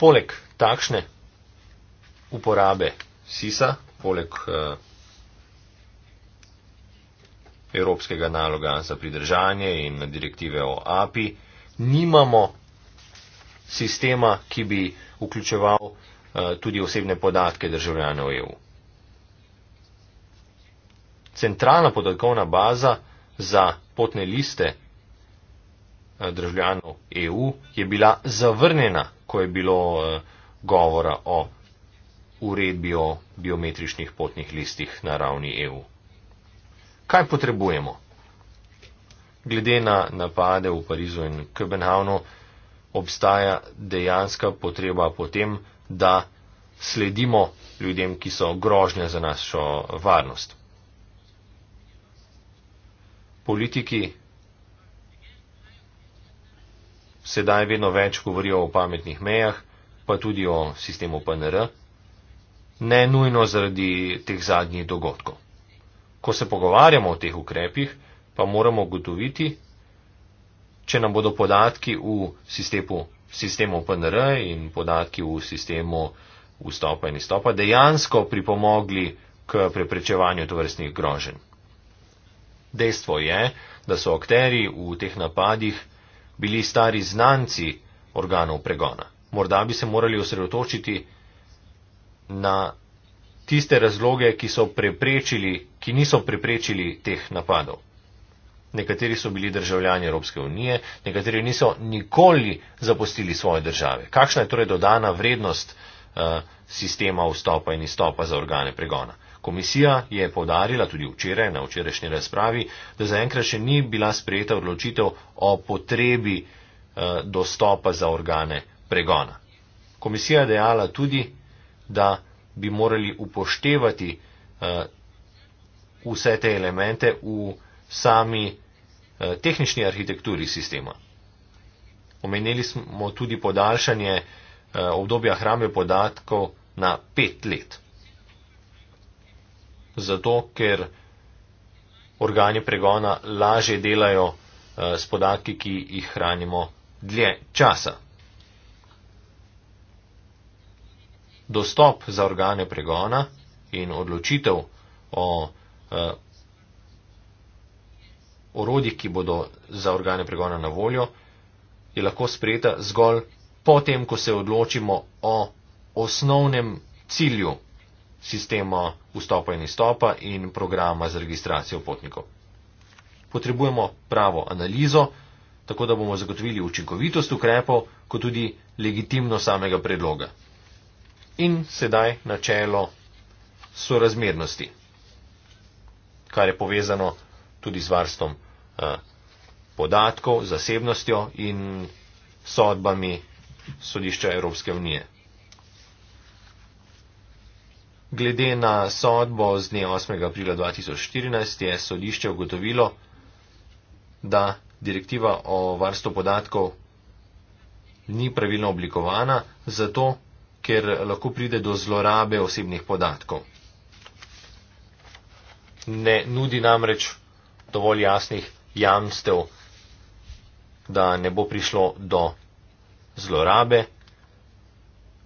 Poleg takšne uporabe SISA, poleg Evropskega naloga za pridržanje in direktive o API, nimamo sistema, ki bi vključeval eh, tudi osebne podatke državljanov EU. Centralna podatkovna baza za potne liste eh, državljanov EU je bila zavrnjena, ko je bilo eh, govora o uredbi o biometričnih potnih listih na ravni EU. Kaj potrebujemo? Glede na napade v Parizu in Kopenhavnu obstaja dejanska potreba potem, da sledimo ljudem, ki so grožnja za našo varnost. Politiki sedaj vedno več govorijo o pametnih mejah, pa tudi o sistemu PNR, ne nujno zaradi teh zadnjih dogodkov. Ko se pogovarjamo o teh ukrepih, pa moramo ugotoviti, če nam bodo podatki v sistemu, sistemu PNR in podatki v sistemu vstopa in izstopa dejansko pripomogli k preprečevanju tovrstnih grožen. Dejstvo je, da so akteri v teh napadih bili stari znanci organov pregona. Morda bi se morali osredotočiti na tiste razloge, ki, preprečili, ki niso preprečili teh napadov. Nekateri so bili državljani Evropske unije, nekateri niso nikoli zapustili svoje države. Kakšna je torej dodana vrednost uh, sistema vstopa in izstopa za organe pregona? Komisija je podarila tudi včeraj na včerajšnji razpravi, da zaenkrat še ni bila sprejeta odločitev o potrebi uh, dostopa za organe pregona. Komisija je dejala tudi, da bi morali upoštevati uh, vse te elemente v sami eh, tehnični arhitekturi sistema. Omenili smo tudi podaljšanje eh, obdobja hrambe podatkov na pet let. Zato, ker organi pregona lažje delajo eh, s podatki, ki jih hranimo dlje časa. Dostop za organe pregona in odločitev o eh, orodjih, ki bodo za organe pregona na voljo, je lahko sprejeta zgolj potem, ko se odločimo o osnovnem cilju sistema vstopa in izstopa in programa za registracijo potnikov. Potrebujemo pravo analizo, tako da bomo zagotovili učinkovitost ukrepov, kot tudi legitimno samega predloga. In sedaj načelo sorazmernosti, kar je povezano tudi z varstvom eh, podatkov, zasebnostjo in sodbami sodišča Evropske unije. Glede na sodbo z dne 8. aprila 2014 je sodišče ugotovilo, da direktiva o varstvu podatkov ni pravilno oblikovana, zato ker lahko pride do zlorabe osebnih podatkov. Ne nudi namreč dovolj jasnih jamstev, da ne bo prišlo do zlorabe,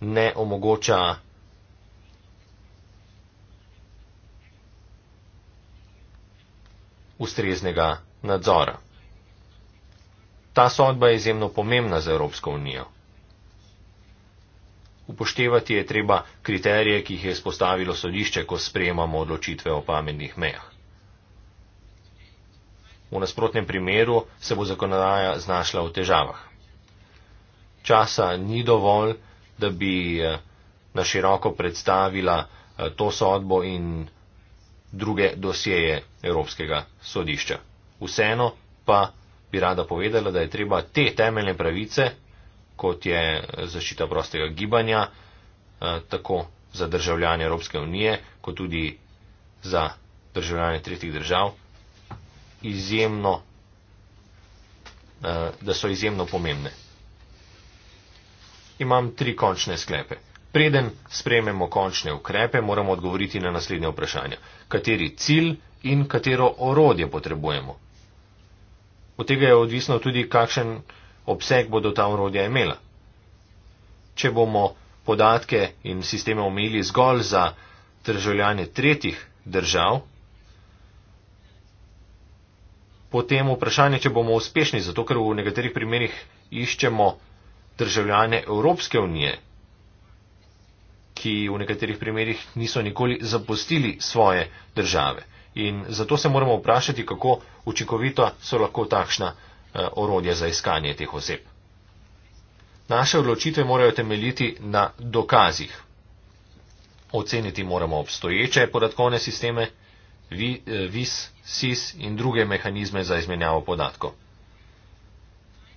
ne omogoča ustreznega nadzora. Ta sodba je izjemno pomembna za Evropsko unijo. Upoštevati je treba kriterije, ki jih je spostavilo sodišče, ko sprejemamo odločitve o pametnih mejah. V nasprotnem primeru se bo zakonodaja znašla v težavah. Časa ni dovolj, da bi eh, na široko predstavila eh, to sodbo in druge dosjeje Evropskega sodišča. Vseeno pa bi rada povedala, da je treba te temeljne pravice, kot je eh, zaščita prostega gibanja, tako za državljane Evropske unije, kot tudi za državljane tretjih držav, izjemno, eh, da so izjemno pomembne. Imam tri končne sklepe. Preden sprejmemo končne ukrepe, moramo odgovoriti na naslednje vprašanje. Kateri cilj in katero orodje potrebujemo? Od tega je odvisno tudi, kakšen obseg bodo ta orodja imela. Če bomo podatke in sisteme omejili zgolj za državljane tretjih držav, potem vprašanje, če bomo uspešni, zato ker v nekaterih primerjih iščemo državljane Evropske unije, ki v nekaterih primerjih niso nikoli zapustili svoje države. In zato se moramo vprašati, kako učinkovito so lahko takšna eh, orodja za iskanje teh oseb. Naše odločitve morajo temeljiti na dokazih. Oceniti moramo obstoječe podatkovne sisteme, Eh, VIS, SIS in druge mehanizme za izmenjavo podatkov.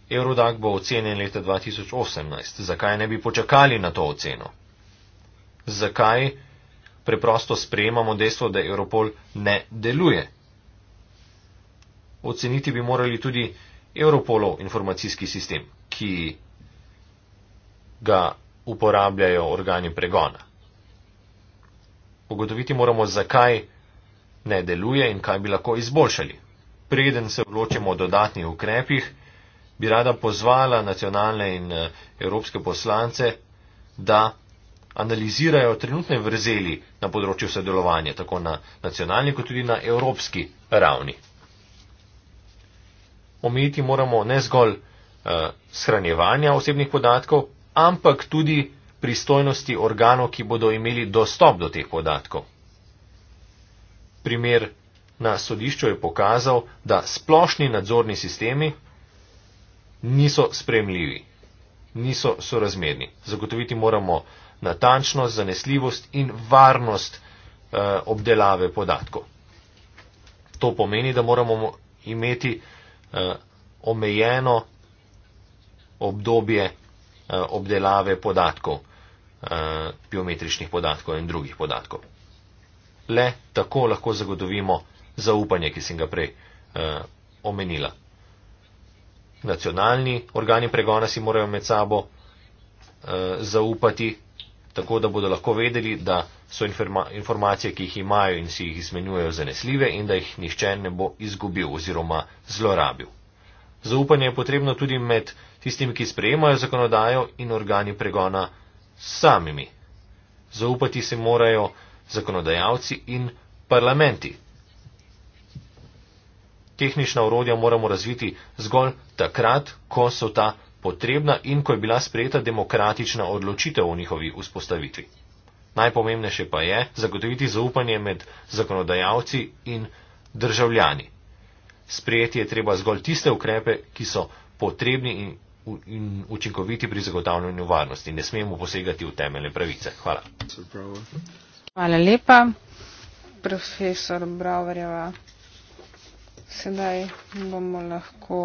Eurodag bo ocenjen leta 2018. Zakaj ne bi počakali na to oceno? Zakaj preprosto sprejemamo dejstvo, da Europol ne deluje? Oceniti bi morali tudi Europolov informacijski sistem, ki ga uporabljajo organi pregona. Pogotoviti moramo, zakaj ne deluje in kaj bi lahko izboljšali. Preden se odločimo o dodatnih ukrepih, bi rada pozvala nacionalne in eh, evropske poslance, da analizirajo trenutne vrzeli na področju sodelovanja, tako na nacionalni kot tudi na evropski ravni. Omejiti moramo ne zgolj eh, shranjevanja osebnih podatkov, ampak tudi pristojnosti organov, ki bodo imeli dostop do teh podatkov. Primer na sodišču je pokazal, da splošni nadzorni sistemi niso spremljivi, niso sorazmerni. Zagotoviti moramo natančnost, zanesljivost in varnost eh, obdelave podatkov. To pomeni, da moramo imeti eh, omejeno obdobje eh, obdelave podatkov, eh, biometričnih podatkov in drugih podatkov le tako lahko zagotovimo zaupanje, ki sem ga prej eh, omenila. Nacionalni organi pregona si morajo med sabo eh, zaupati, tako da bodo lahko vedeli, da so informa informacije, ki jih imajo in si jih izmenjujejo, zanesljive in da jih nihče ne bo izgubil oziroma zlorabil. Zaupanje je potrebno tudi med tistimi, ki sprejemajo zakonodajo in organi pregona samimi. Zaupati se morajo zakonodajalci in parlamenti. Tehnična urodja moramo razviti zgolj takrat, ko so ta potrebna in ko je bila sprejeta demokratična odločitev o njihovi vzpostavitvi. Najpomembnejše pa je zagotoviti zaupanje med zakonodajalci in državljani. Sprejeti je treba zgolj tiste ukrepe, ki so potrebni in, in učinkoviti pri zagotavljanju varnosti. Ne smemo posegati v temeljne pravice. Hvala. Super. Hvala lepa. Profesor Braverjeva, sedaj bomo lahko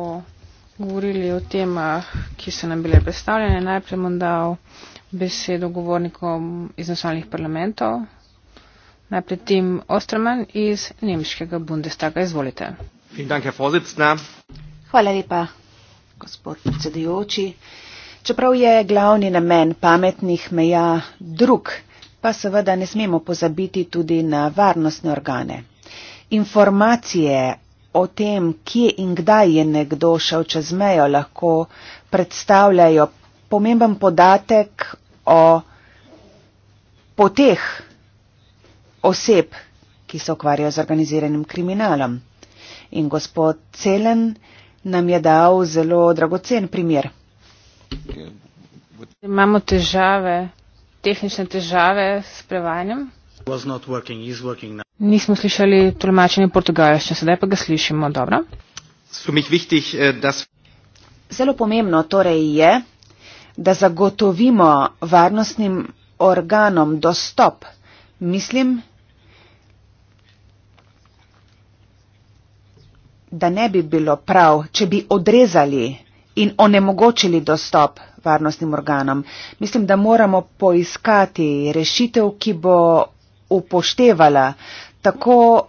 govorili o temah, ki so nam bile predstavljene. Najprej bom dal besedo govornikom iz nacionalnih parlamentov. Najprej Tim Osterman iz nemškega Bundestaga. Izvolite. Hvala lepa, gospod predsedujoči. Čeprav je glavni namen pametnih meja drug, pa seveda ne smemo pozabiti tudi na varnostne organe. Informacije o tem, kje in kdaj je nekdo šel čez mejo, lahko predstavljajo pomemben podatek o poteh oseb, ki se ukvarjajo z organiziranim kriminalom. In gospod Celen nam je dal zelo dragocen primer. Imamo težave tehnične težave s prevajanjem. Nismo slišali tolmačenja portugalščine, sedaj pa ga slišimo dobro. Eh, Zelo pomembno torej je, da zagotovimo varnostnim organom dostop. Mislim, da ne bi bilo prav, če bi odrezali in onemogočili dostop varnostnim organom. Mislim, da moramo poiskati rešitev, ki bo upoštevala tako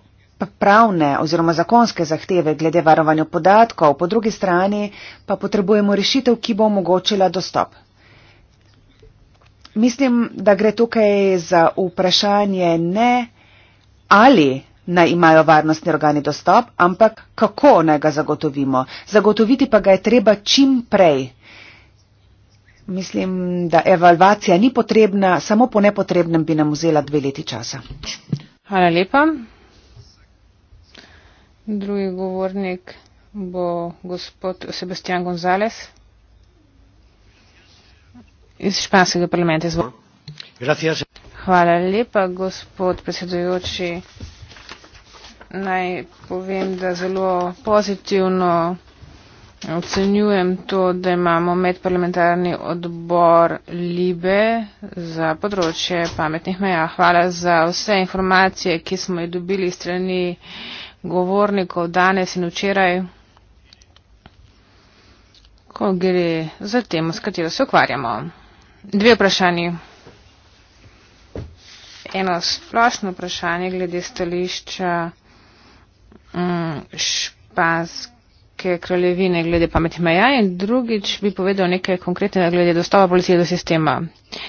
pravne oziroma zakonske zahteve glede varovanja podatkov, po drugi strani pa potrebujemo rešitev, ki bo omogočila dostop. Mislim, da gre tukaj za vprašanje ne ali Naj imajo varnostni organi dostop, ampak kako naj ga zagotovimo? Zagotoviti pa ga je treba čim prej. Mislim, da evalvacija ni potrebna, samo po nepotrebnem bi nam vzela dve leti časa. Hvala lepa. Drugi govornik bo gospod Sebastian Gonzales iz španskega parlamenta. Hvala lepa, gospod predsedujoči naj povem, da zelo pozitivno ocenjujem to, da imamo medparlamentarni odbor Libe za področje pametnih meja. Hvala za vse informacije, ki smo jih dobili strani govornikov danes in včeraj, ko gre za temo, s katero se ukvarjamo. Dve vprašanji. Eno splošno vprašanje glede stališča Mm, španske kraljevine glede pameti meja in drugič bi povedal nekaj konkretnega glede dostava policije do sistema.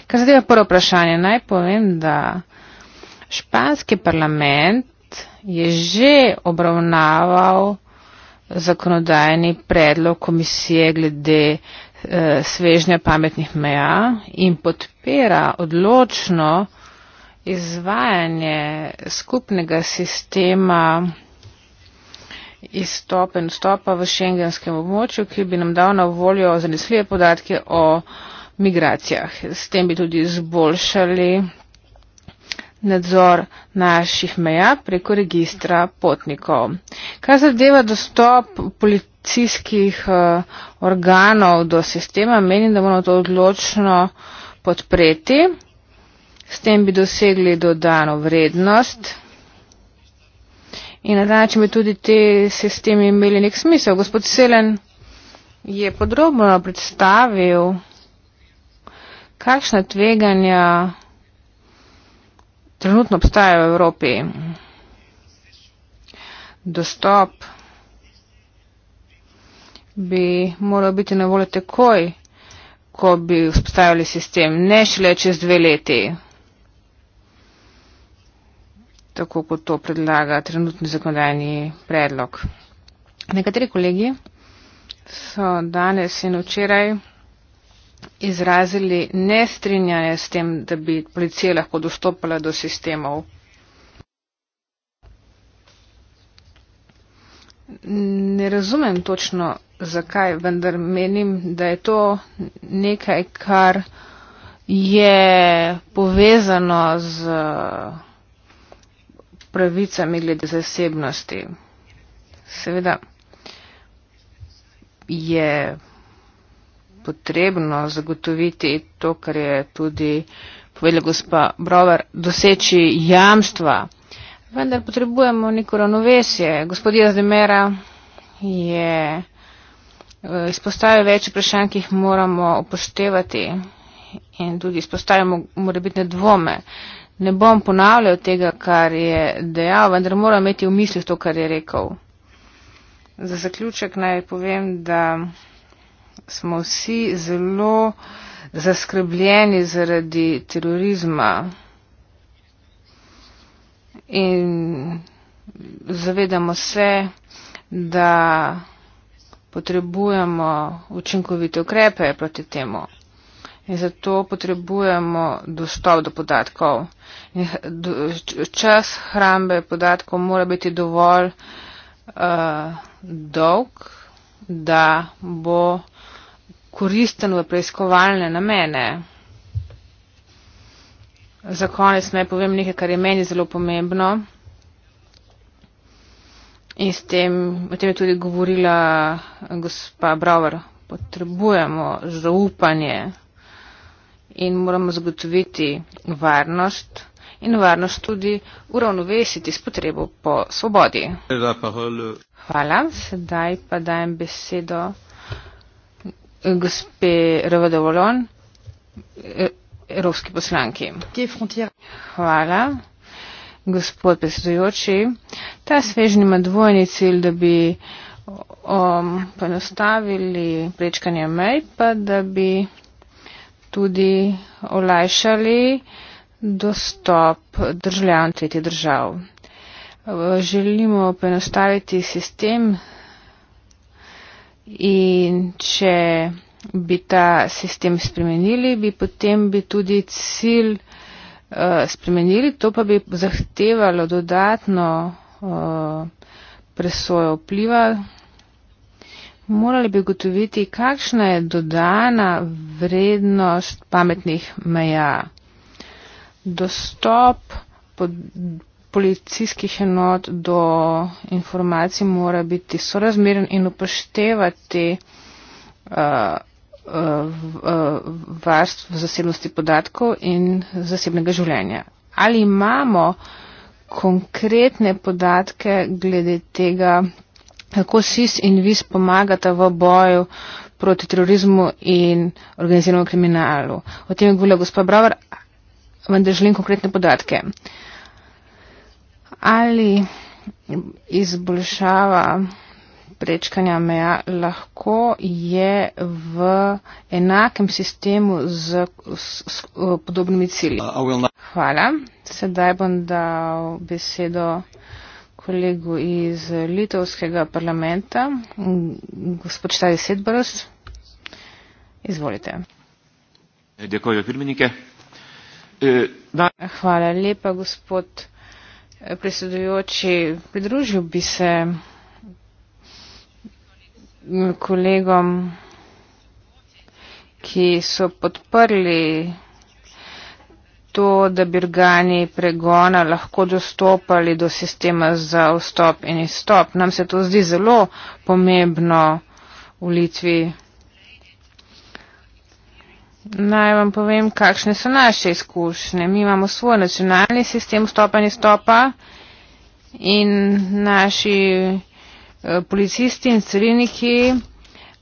Kar zadeva prvo vprašanje, naj povem, da španski parlament je že obravnaval zakonodajni predlog komisije glede eh, svežnja pametnih meja in podpira odločno izvajanje skupnega sistema izstop in vstopa v šengenskem območju, ki bi nam dal na voljo zanesljive podatke o migracijah. S tem bi tudi zboljšali nadzor naših meja preko registra potnikov. Kar zadeva dostop policijskih uh, organov do sistema, menim, da moramo to odločno podpreti. S tem bi dosegli dodano vrednost in na ta način bi tudi te sistemi imeli nek smisel. Gospod Selen je podrobno predstavil, kakšna tveganja trenutno obstajajo v Evropi. Dostop bi moral biti na voljo takoj, ko bi vzpostavili sistem, ne šele čez dve leti tako kot to predlaga trenutni zakonodajni predlog. Nekateri kolegi so danes in včeraj izrazili nestrinjanje s tem, da bi policija lahko dostopala do sistemov. Ne razumem točno, zakaj, vendar menim, da je to nekaj, kar je povezano z. Uh, pravicami glede zasebnosti. Seveda je potrebno zagotoviti to, kar je tudi povedala gospa Brover, doseči jamstva. Vendar potrebujemo neko ravnovesje. Gospod Jazdemera je eh, izpostavil več vprašanj, ki jih moramo upoštevati in tudi izpostavljamo morebitne dvome. Ne bom ponavljal tega, kar je dejal, vendar moram imeti v misli to, kar je rekel. Za zaključek naj povem, da smo vsi zelo zaskrbljeni zaradi terorizma in zavedamo se, da potrebujemo učinkovite ukrepe proti temu. In zato potrebujemo dostop do podatkov. In čas hrambe podatkov mora biti dovolj uh, dolg, da bo koristen v preiskovalne namene. Za konec naj povem nekaj, kar je meni zelo pomembno. In s tem, o tem je tudi govorila gospa Brower, potrebujemo zaupanje in moramo zagotoviti varnost in varnost tudi uravnovesiti s potrebo po svobodi. Hvala. Sedaj pa dajem besedo eh, gospe Revadovolon, eh, evropski poslanki. Hvala. Gospod predsedujoči, ta svežnji ima dvojni cilj, da bi poenostavili prečkanje mej, pa da bi tudi olajšali dostop državljanov tretjih držav. Želimo poenostaviti sistem in če bi ta sistem spremenili, bi potem bi tudi cilj uh, spremenili, to pa bi zahtevalo dodatno uh, presojo vpliva morali bi ugotoviti, kakšna je dodana vrednost pametnih meja. Dostop policijskih enot do informacij mora biti sorazmeren in upoštevati uh, uh, uh, varstvo zasebnosti podatkov in zasebnega življenja. Ali imamo konkretne podatke glede tega, kako SIS in VIS pomagata v boju proti terorizmu in organiziranemu kriminalu. O tem je govorila gospod Braver, vendar želim konkretne podatke. Ali izboljšava prečkanja meja lahko je v enakem sistemu z, z, z podobnimi cilji? Hvala. Sedaj bom dal besedo kolegu iz litovskega parlamenta, gospod Štaj Sedbrus. Izvolite. Dekoljo, e, na... Hvala lepa, gospod eh, predsedujoči. Pridružil bi se mm, kolegom, ki so podprli to, da bi organi pregona lahko dostopali do sistema za vstop in izstop. Nam se to zdi zelo pomembno v Litvi. Naj vam povem, kakšne so naše izkušnje. Mi imamo svoj nacionalni sistem vstopa in izstopa in naši eh, policisti in celiniki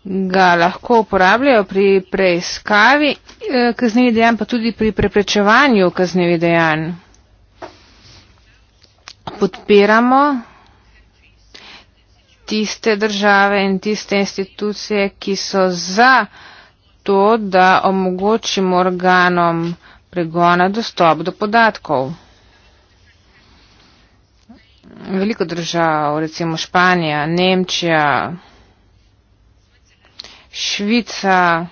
ga lahko uporabljajo pri preiskavi eh, kaznevih dejanj, pa tudi pri preprečevanju kaznevih dejanj. Podpiramo tiste države in tiste institucije, ki so za to, da omogočimo organom pregona dostop do podatkov. Veliko držav, recimo Španija, Nemčija, Švica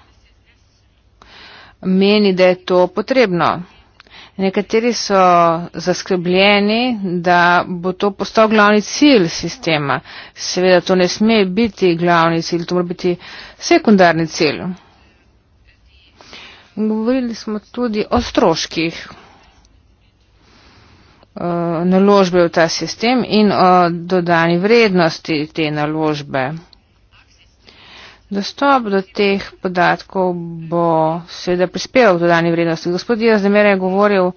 meni, da je to potrebno. Nekateri so zaskrbljeni, da bo to postal glavni cilj sistema. Seveda to ne sme biti glavni cilj, to mora biti sekundarni cilj. Govorili smo tudi o stroških eh, naložbe v ta sistem in o dodani vrednosti te naložbe. Dostop do teh podatkov bo seveda prispeval v dodani vrednosti. Gospod Dias zamere je govoril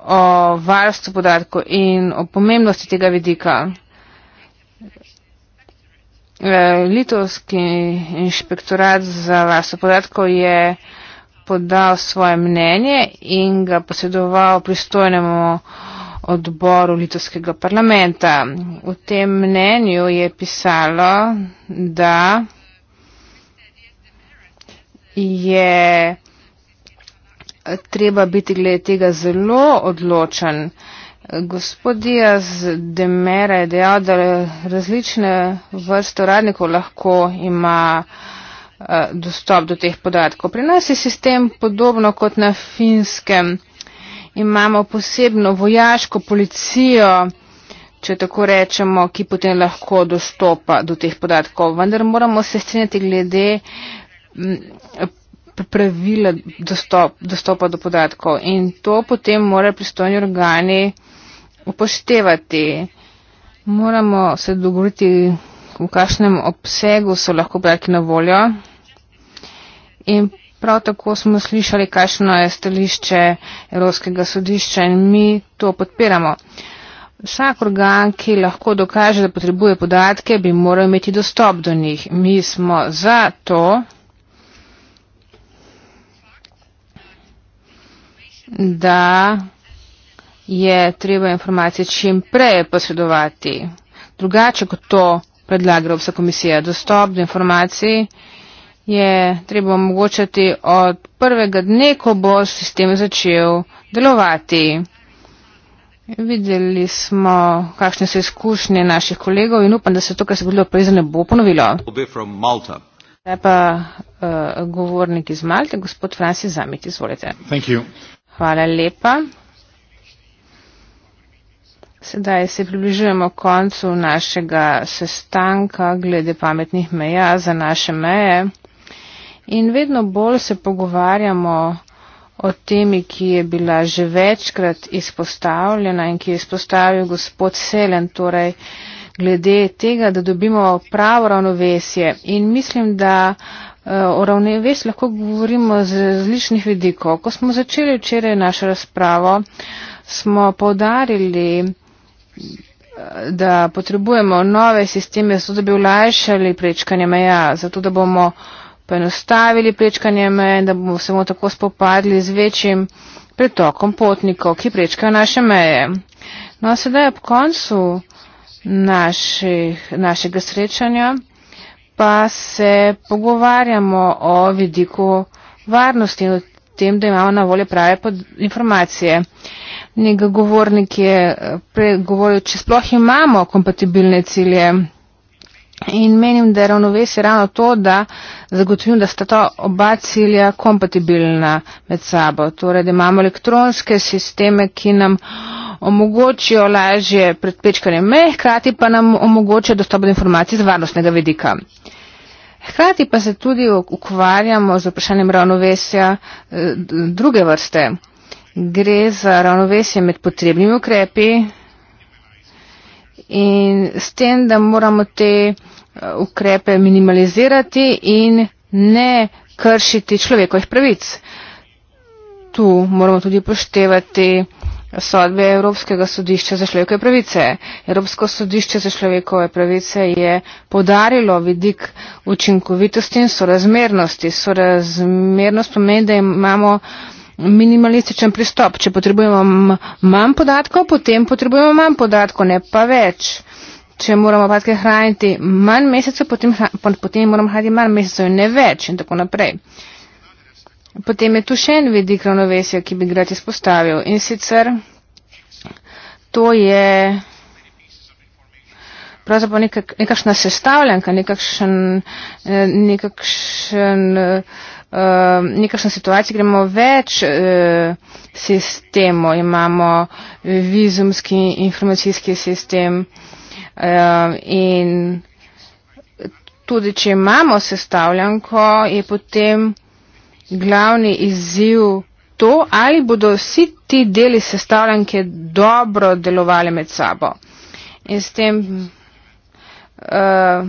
o varstvu podatkov in o pomembnosti tega vidika. E, Litovski inšpektorat za varstvo podatkov je podal svoje mnenje in ga posedoval pristojnemu odboru litovskega parlamenta. V tem mnenju je pisalo, da je treba biti glede tega zelo odločen. Gospodija z Demera je dejal, da različne vrste uradnikov lahko ima eh, dostop do teh podatkov. Pri nas je sistem podobno kot na finskem. Imamo posebno vojaško policijo, če tako rečemo, ki potem lahko dostopa do teh podatkov. Vendar moramo se strinjati glede pravila dostop, dostopa do podatkov in to potem morajo pristojni organi upoštevati. Moramo se dogovoriti, v kakšnem obsegu so lahko podatki na voljo in prav tako smo slišali, kakšno je stališče Evropskega sodišča in mi to podpiramo. Vsak organ, ki lahko dokaže, da potrebuje podatke, bi moral imeti dostop do njih. Mi smo za to. da je treba informacije čim prej posredovati. Drugače, kot to predlaga Evropska komisija, dostop do informacij je treba omogočati od prvega dne, ko bo sistem začel delovati. Videli smo, kakšne so izkušnje naših kolegov in upam, da se to, kar se bo zgodilo, ne bo ponovilo. Zdaj pa uh, govornik iz Malte, gospod Francis Zamit, izvolite. Thank you. Hvala lepa. Sedaj se približujemo koncu našega sestanka glede pametnih meja za naše meje in vedno bolj se pogovarjamo o temi, ki je bila že večkrat izpostavljena in ki je izpostavil gospod Selen, torej glede tega, da dobimo pravo ravnovesje. In mislim, da. Eh, o ravnovesju lahko govorimo z različnih vidikov. Ko smo začeli včeraj našo razpravo, smo povdarili, eh, da potrebujemo nove sisteme, zato da bi ulajšali prečkanje meja, zato da bomo poenostavili prečkanje meja in da bomo samo tako spopadli z večjim pretokom potnikov, ki prečkajo naše meje. No, sedaj ob koncu naših, našega srečanja pa se pogovarjamo o vidiku varnosti in o tem, da imamo na voljo prave informacije. Nek govornik je pregovoril, če sploh imamo kompatibilne cilje. In menim, da je ravnovesje ravno to, da zagotovim, da sta ta oba cilja kompatibilna med sabo. Torej, da imamo elektronske sisteme, ki nam. Uh, omogočijo lažje predpečkanje meje, hkrati pa nam omogočajo dostop do informacij z varnostnega vidika. Hkrati pa se tudi ukvarjamo z vprašanjem ravnovesja eh, druge vrste. Gre za ravnovesje med potrebnimi ukrepi in s tem, da moramo te eh, ukrepe minimalizirati in ne kršiti človekovih pravic. Tu moramo tudi poštevati sodbe Evropskega sodišča za človekove pravice. Evropsko sodišče za človekove pravice je podarilo vidik učinkovitosti in sorazmernosti. Sorazmernost pomeni, da imamo minimalističen pristop. Če potrebujemo manj podatkov, potem potrebujemo manj podatkov, ne pa več. Če moramo odpadke hraniti manj mesecev, potem, potem moramo hraniti manj mesecev in ne več in tako naprej. Potem je tu še en vidik ravnovesja, ki bi ga rad izpostavil. In sicer to je pravzaprav nekak, nekakšna sestavljanka, nekakšen, eh, nekakšen, eh, eh, nekakšna situacija, kjer imamo več sistemov. Imamo vizumski informacijski sistem in tudi, če imamo sestavljanko, je potem glavni izziv to, ali bodo vsi ti deli sestavljanke dobro delovali med sabo. In s tem uh,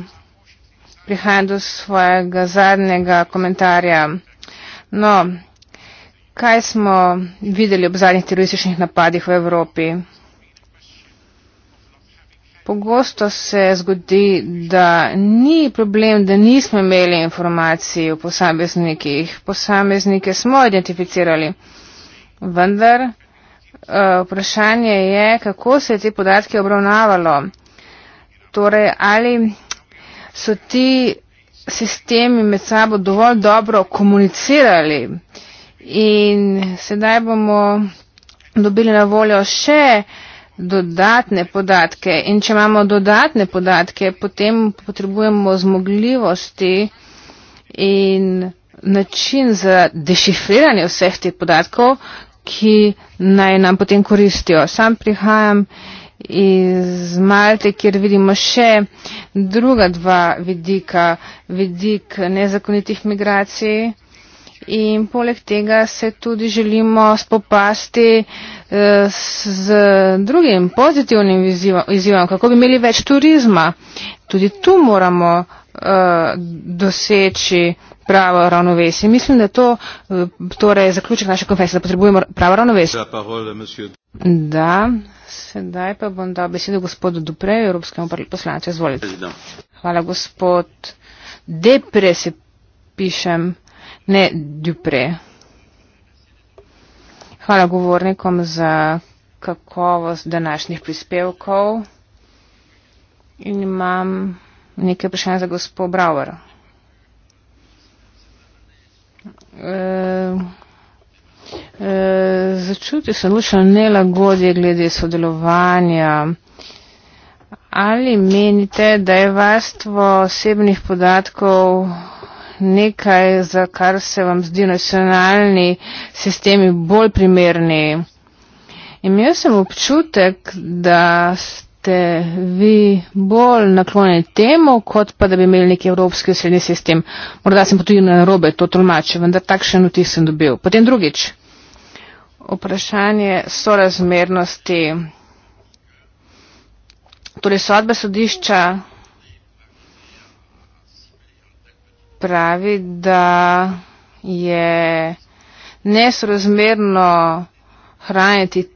prihajam do svojega zadnjega komentarja. No, kaj smo videli ob zadnjih terorističnih napadih v Evropi? Pogosto se zgodi, da ni problem, da nismo imeli informacij o posameznikih. Posameznike smo identificirali. Vendar eh, vprašanje je, kako se je te podatke obravnavalo. Torej, ali so ti sistemi med sabo dovolj dobro komunicirali. In sedaj bomo dobili na voljo še dodatne podatke. In če imamo dodatne podatke, potem potrebujemo zmogljivosti in način za dešifriranje vseh teh podatkov, ki naj nam potem koristijo. Sam prihajam iz Malte, kjer vidimo še druga dva vidika, vidik nezakonitih migracij in poleg tega se tudi želimo spopasti uh, z e, drugim pozitivnim izzivom, kako bi imeli več turizma. Tudi tu moramo e, doseči pravo ravnovesje. Mislim, da to e, torej zaključek naše konfesije, da potrebujemo pravo ravnovesje. Da, sedaj pa bom dal besedo gospodu Dupreju, Evropskemu poslancu. Izvolite. Hvala, gospod Depre, se pišem, ne Dupreju. Hvala govornikom za kakovost današnjih prispevkov. In imam nekaj vprašanja za gospo Brauer. E, e, začuti se lušno nelagodje glede sodelovanja. Ali menite, da je varstvo osebnih podatkov nekaj, za kar se vam zdi nacionalni sistemi bolj primerni. Imel sem občutek, da ste vi bolj naklonjeni temu, kot pa da bi imeli neki evropski srednji sistem. Morda sem pa tudi na robe to tolmačil, vendar takšen vtis sem dobil. Potem drugič. Vprašanje sorazmernosti. Torej sodbe sodišča pravi, da je nesrazmerno hraniti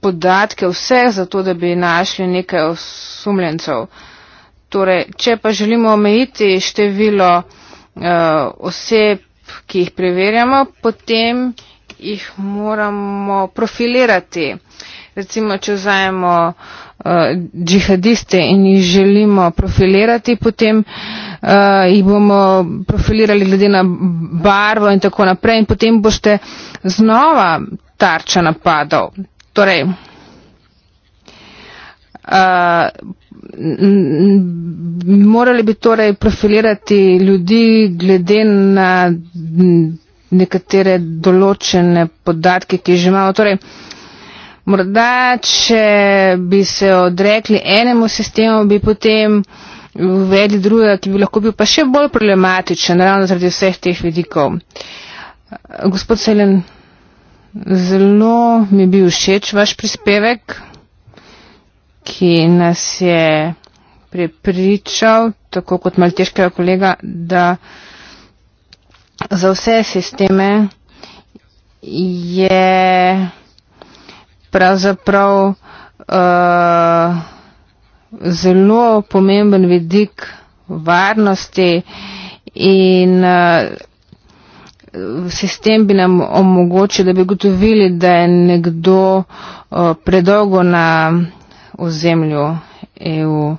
podatke vse zato, da bi našli nekaj osumljencev. Torej, če pa želimo omejiti število uh, oseb, ki jih preverjamo, potem jih moramo profilirati. Recimo, če vzajemo uh, eh, džihadiste in jih želimo profilirati, potem uh, uh, jih bomo profilirali glede na barvo in tako naprej in potem boste znova tarča napadov. Torej, uh, morali bi torej profilirati ljudi glede na nekatere določene podatke, ki jih že imamo. Torej, morda, če bi se odrekli enemu sistemu, bi potem uh, uvedli drugega, ki bi lahko bil pa še bolj problematičen, ravno zaradi vseh teh vidikov. Gospod Selen, zelo mi je bil všeč vaš prispevek, ki nas je prepričal, tako kot malteškega kolega, da za vse sisteme je pravzaprav uh, zelo pomemben vidik varnosti in eh, sistem bi nam omogočil, da bi gotovili, da je nekdo eh, predolgo na ozemlju EU.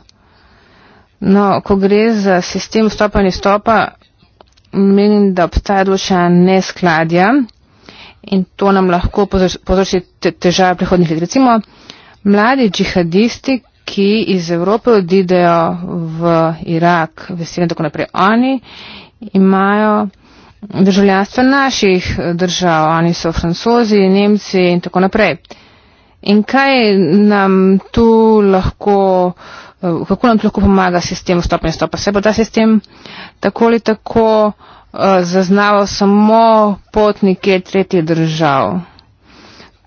No, ko gre za sistem stopanja in stopa, menim, da obstaja določena neskladja in to nam lahko povzroči težave prihodnih let. Recimo, mladi džihadisti, ki iz Evrope odidejo v Irak, v Sirijo in tako naprej. Oni imajo državljanstvo naših držav, oni so francozi, nemci in tako naprej. In kaj nam tu lahko, kako nam tu lahko pomaga sistem vstopanja stopa? Se bo ta sistem tako ali tako uh, zaznaval samo potnike tretjih držav?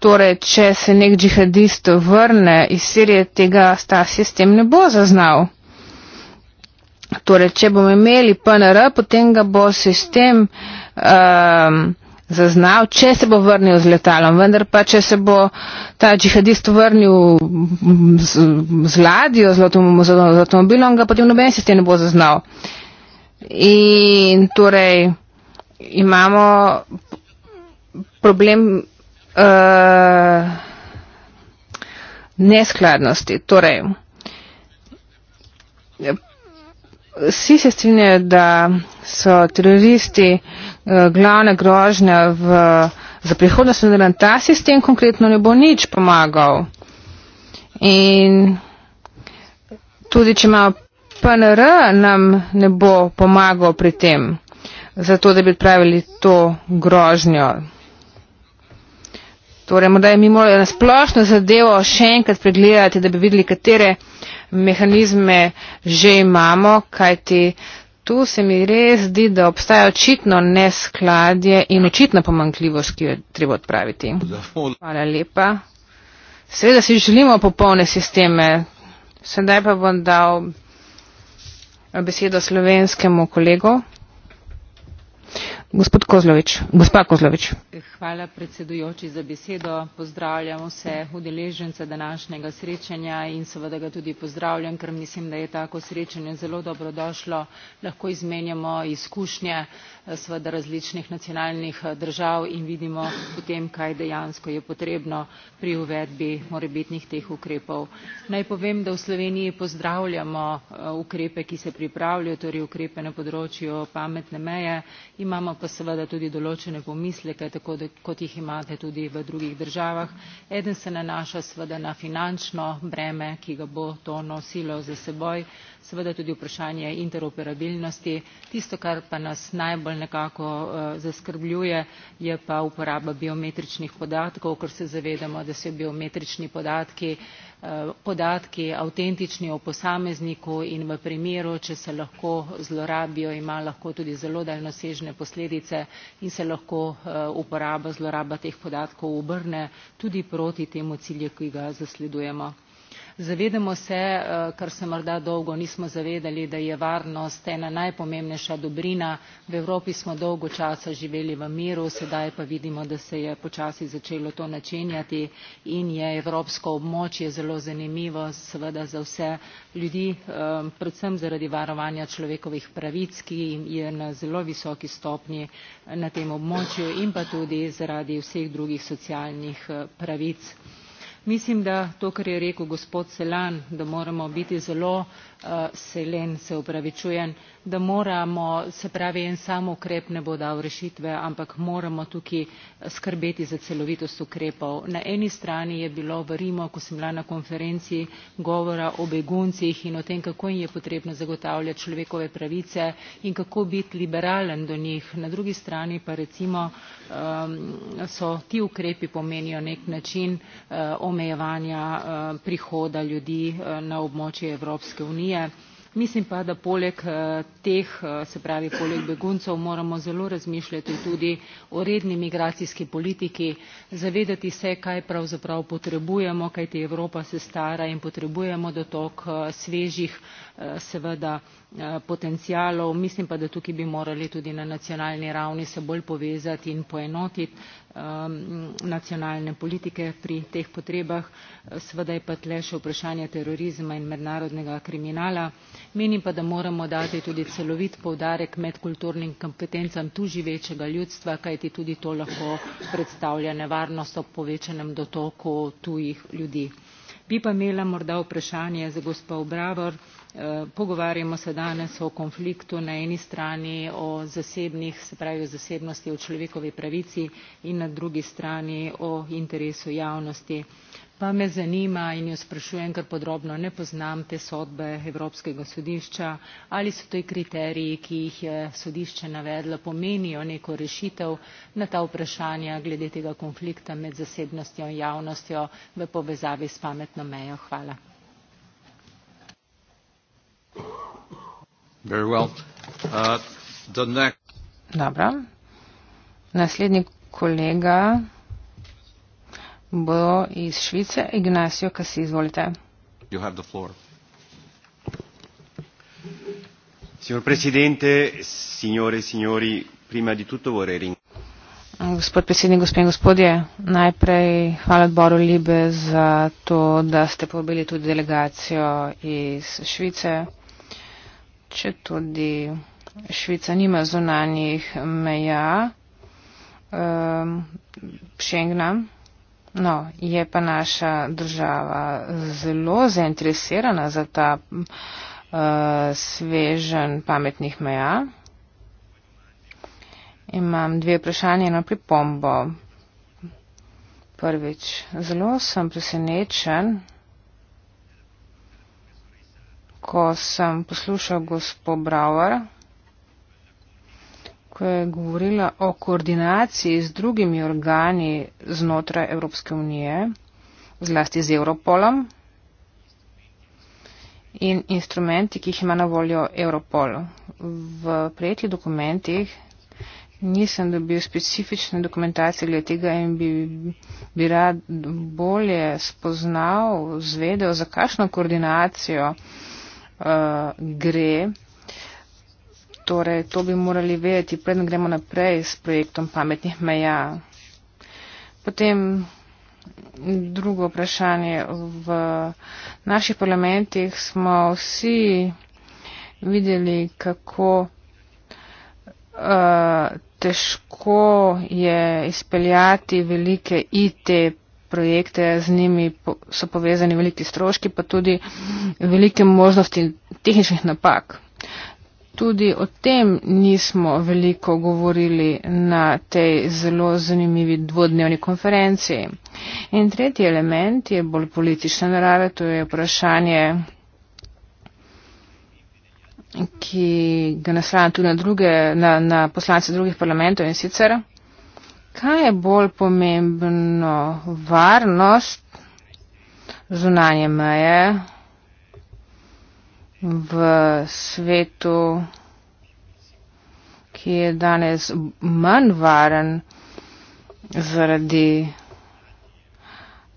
Torej, če se nek džihadist vrne iz Sirije, tega sta sistem ne bo zaznal. Torej, če bomo imeli PNR, potem ga bo sistem um, zaznal, če se bo vrnil z letalom. Vendar pa, če se bo ta džihadist vrnil mm, z, z ladjo, z, avtom, z, z avtomobilom, ga potem noben sistem ne bo zaznal. In torej, imamo problem uh, neskladnosti. Torej, vsi se strinjajo, da so teroristi uh, glavna grožnja v, za prihodnost, vendar nam ta sistem konkretno ne bo nič pomagal. In tudi, če ima PNR, nam ne bo pomagal pri tem. Zato, da bi odpravili to grožnjo. Torej, morda je mi moralo na splošno zadevo še enkrat pregledati, da bi videli, katere mehanizme že imamo, kajti tu se mi res zdi, da obstaja očitno neskladje in očitna pomankljivost, ki jo treba odpraviti. Hvala lepa. Seveda si želimo popolne sisteme. Sedaj pa bom dal besedo slovenskemu kolegu hvala predsedujoči za besedo pozdravljam vse udeležence današnjega srečanja in seveda ga tudi pozdravljam ker mislim da je tako srečanje zelo dobrodošlo lahko izmenjamo izkušnje seveda različnih nacionalnih eh, držav in vidimo potem kaj dejansko je potrebno pri uvedbi morebitnih teh ukrepov. naj povem da v sloveniji pozdravljamo eh, ukrepe ki se pripravljajo torej ukrepe na področju pametne meje imamo pa seveda tudi določene pomisleke tako da kot jih imate tudi v drugih državah. eden se nanaša seveda na finančno breme ki ga bo to nosilo za seboj seveda tudi vprašanje interoperabilnosti. Tisto, kar pa nas najbolj nekako eh, zaskrbljuje, je pa uporaba biometričnih podatkov, ker se zavedamo, da so biometrični podatki eh, podatki avtentični o posamezniku in v primeru, če se lahko zlorabijo, ima lahko tudi zelo daljnosežne posledice in se lahko eh, uporaba, zloraba teh podatkov obrne tudi proti temu cilju, ki ga zasledujemo zavedamo se eh, kar se morda dolgo nismo zavedali da je varnost ena najpomembnejša dobrina v evropi smo dolgo časa živeli v miru sedaj pa vidimo da se je počasi začelo to načenjati in je evropsko območje zelo zanimivo seveda za vse ljudi eh, predvsem zaradi varovanja človekovih pravic ki je na zelo visoki stopnji na tem območju in pa tudi zaradi vseh drugih socialnih eh, pravic mislim da to kar je rekel gospod celan da moramo biti zelo previdni pri tem. Eh, selen se opravičujem da moramo se pravi en sam ukrep ne bo dal rešitve ampak moramo tukaj skrbeti za celovitost ukrepov. na eni strani je bilo v rimu ko sem bila na konferenci govora o beguncih in o tem kako jim je potrebno zagotavljati človekove pravice in kako biti liberalen do njih na drugi strani pa recimo so ti ukrepi pomenijo nek način eh, omejevanja eh, prihoda ljudi na območje evropske unije unije mislim pa da poleg eh, teh eh, se pravi poleg beguncev moramo zelo razmišljati tudi o redni migracijski politiki zavedati se kaj pravzaprav potrebujemo kajti evropa se stara in potrebujemo dotok eh, svežih seveda Eh, potencialov mislim pa da tukaj bi morali tudi na nacionalni ravni se bolj povezati in poenotiti ehm, nacionalne politike pri teh potrebah seveda je pa tle še vprašanje terorizma in mednarodnega kriminala menim pa da moramo dati tudi celovit poudarek medkulturnim kompetencam tu živečega ljudstva kajti tudi to lahko predstavlja nevarnost ob povečanem dotoku tujih ljudi bi pa imela morda vprašanje za gospo obravor eh, pogovarjamo se danes o konfliktu na eni strani o zasebnih se pravi o zasebnosti o človekovi pravici in na drugi strani o interesu javnosti pa me zanima in jo sprašujem ker podrobno ne poznam te sodbe evropskega sodišča ali so ti kriteriji ki jih je sodišče navedlo pomenijo neko rešitev na ta vprašanja glede tega konflikta med zasebnostjo in javnostjo v povezavi s pametno mejo hvala Very well. uh, the next... Dobro. Naslednji kolega bo iz Švice Ignacio Kasi. Izvolite. You have the floor. Signor Presidente, signore e signori, prima di tutto vorrei ringraziare. Gospod predsednik, gospe in gospodje, najprej hvala odboru Libe za to, da ste pobili tudi delegacijo iz Švice. Če tudi Švica nima zunanjih meja, um, ehm, Schengna, No, je pa naša država zelo zainteresirana za ta uh, svežen pametnih meja. Imam dve vprašanje in pripombo. Prvič, zelo sem presenečen, ko sem poslušal gospod Brauer ko je govorila o koordinaciji z drugimi organi znotraj Evropske unije, zlasti z Europolom in instrumenti, ki jih ima na voljo Europol. V prejetih dokumentih nisem dobil specifične dokumentacije glede tega in bi, bi rad bolje spoznal, zvedel, za kakšno koordinacijo uh, gre. Torej, to bi morali vedeti, predem gremo naprej s projektom pametnih meja. Potem drugo vprašanje. V naših parlamentih smo vsi videli, kako uh, težko je izpeljati velike IT projekte, z njimi so povezani veliki stroški, pa tudi velike možnosti tehničnih napak. Tudi o tem nismo veliko govorili na tej zelo zanimivi dvodnevni konferenci. In tretji element je bolj politične narave, to je vprašanje, ki ga naslanja tudi na, druge, na, na poslance drugih parlamentov in sicer, kaj je bolj pomembno varnost zunanje meje v svetu, ki je danes manj varen zaradi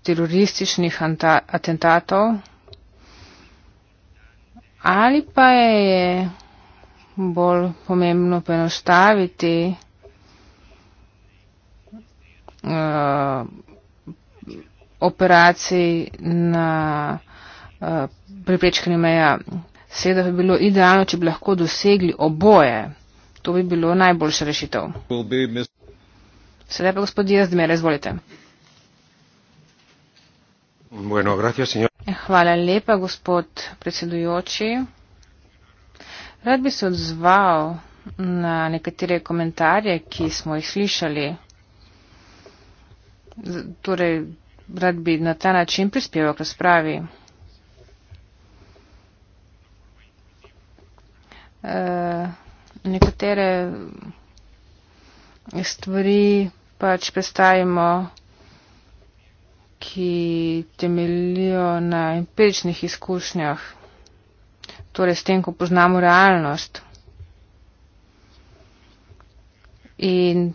terorističnih atentatov, ali pa je bolj pomembno poenostaviti uh, eh, operaciji na uh, preprečkanju meja. Seveda bi bilo idealno, če bi lahko dosegli oboje. To bi bilo najboljša rešitev. Sedaj pa gospod Jazdmer, izvolite. Bueno, gracias, ja, Hvala lepa, gospod predsedujoči. Rad bi se odzval na nekatere komentarje, ki smo jih slišali. Torej, rad bi na ta način prispeval k razpravi. Eh, nekatere stvari pač predstavimo, ki temelijo na empiričnih izkušnjah, torej s tem, ko poznamo realnost. In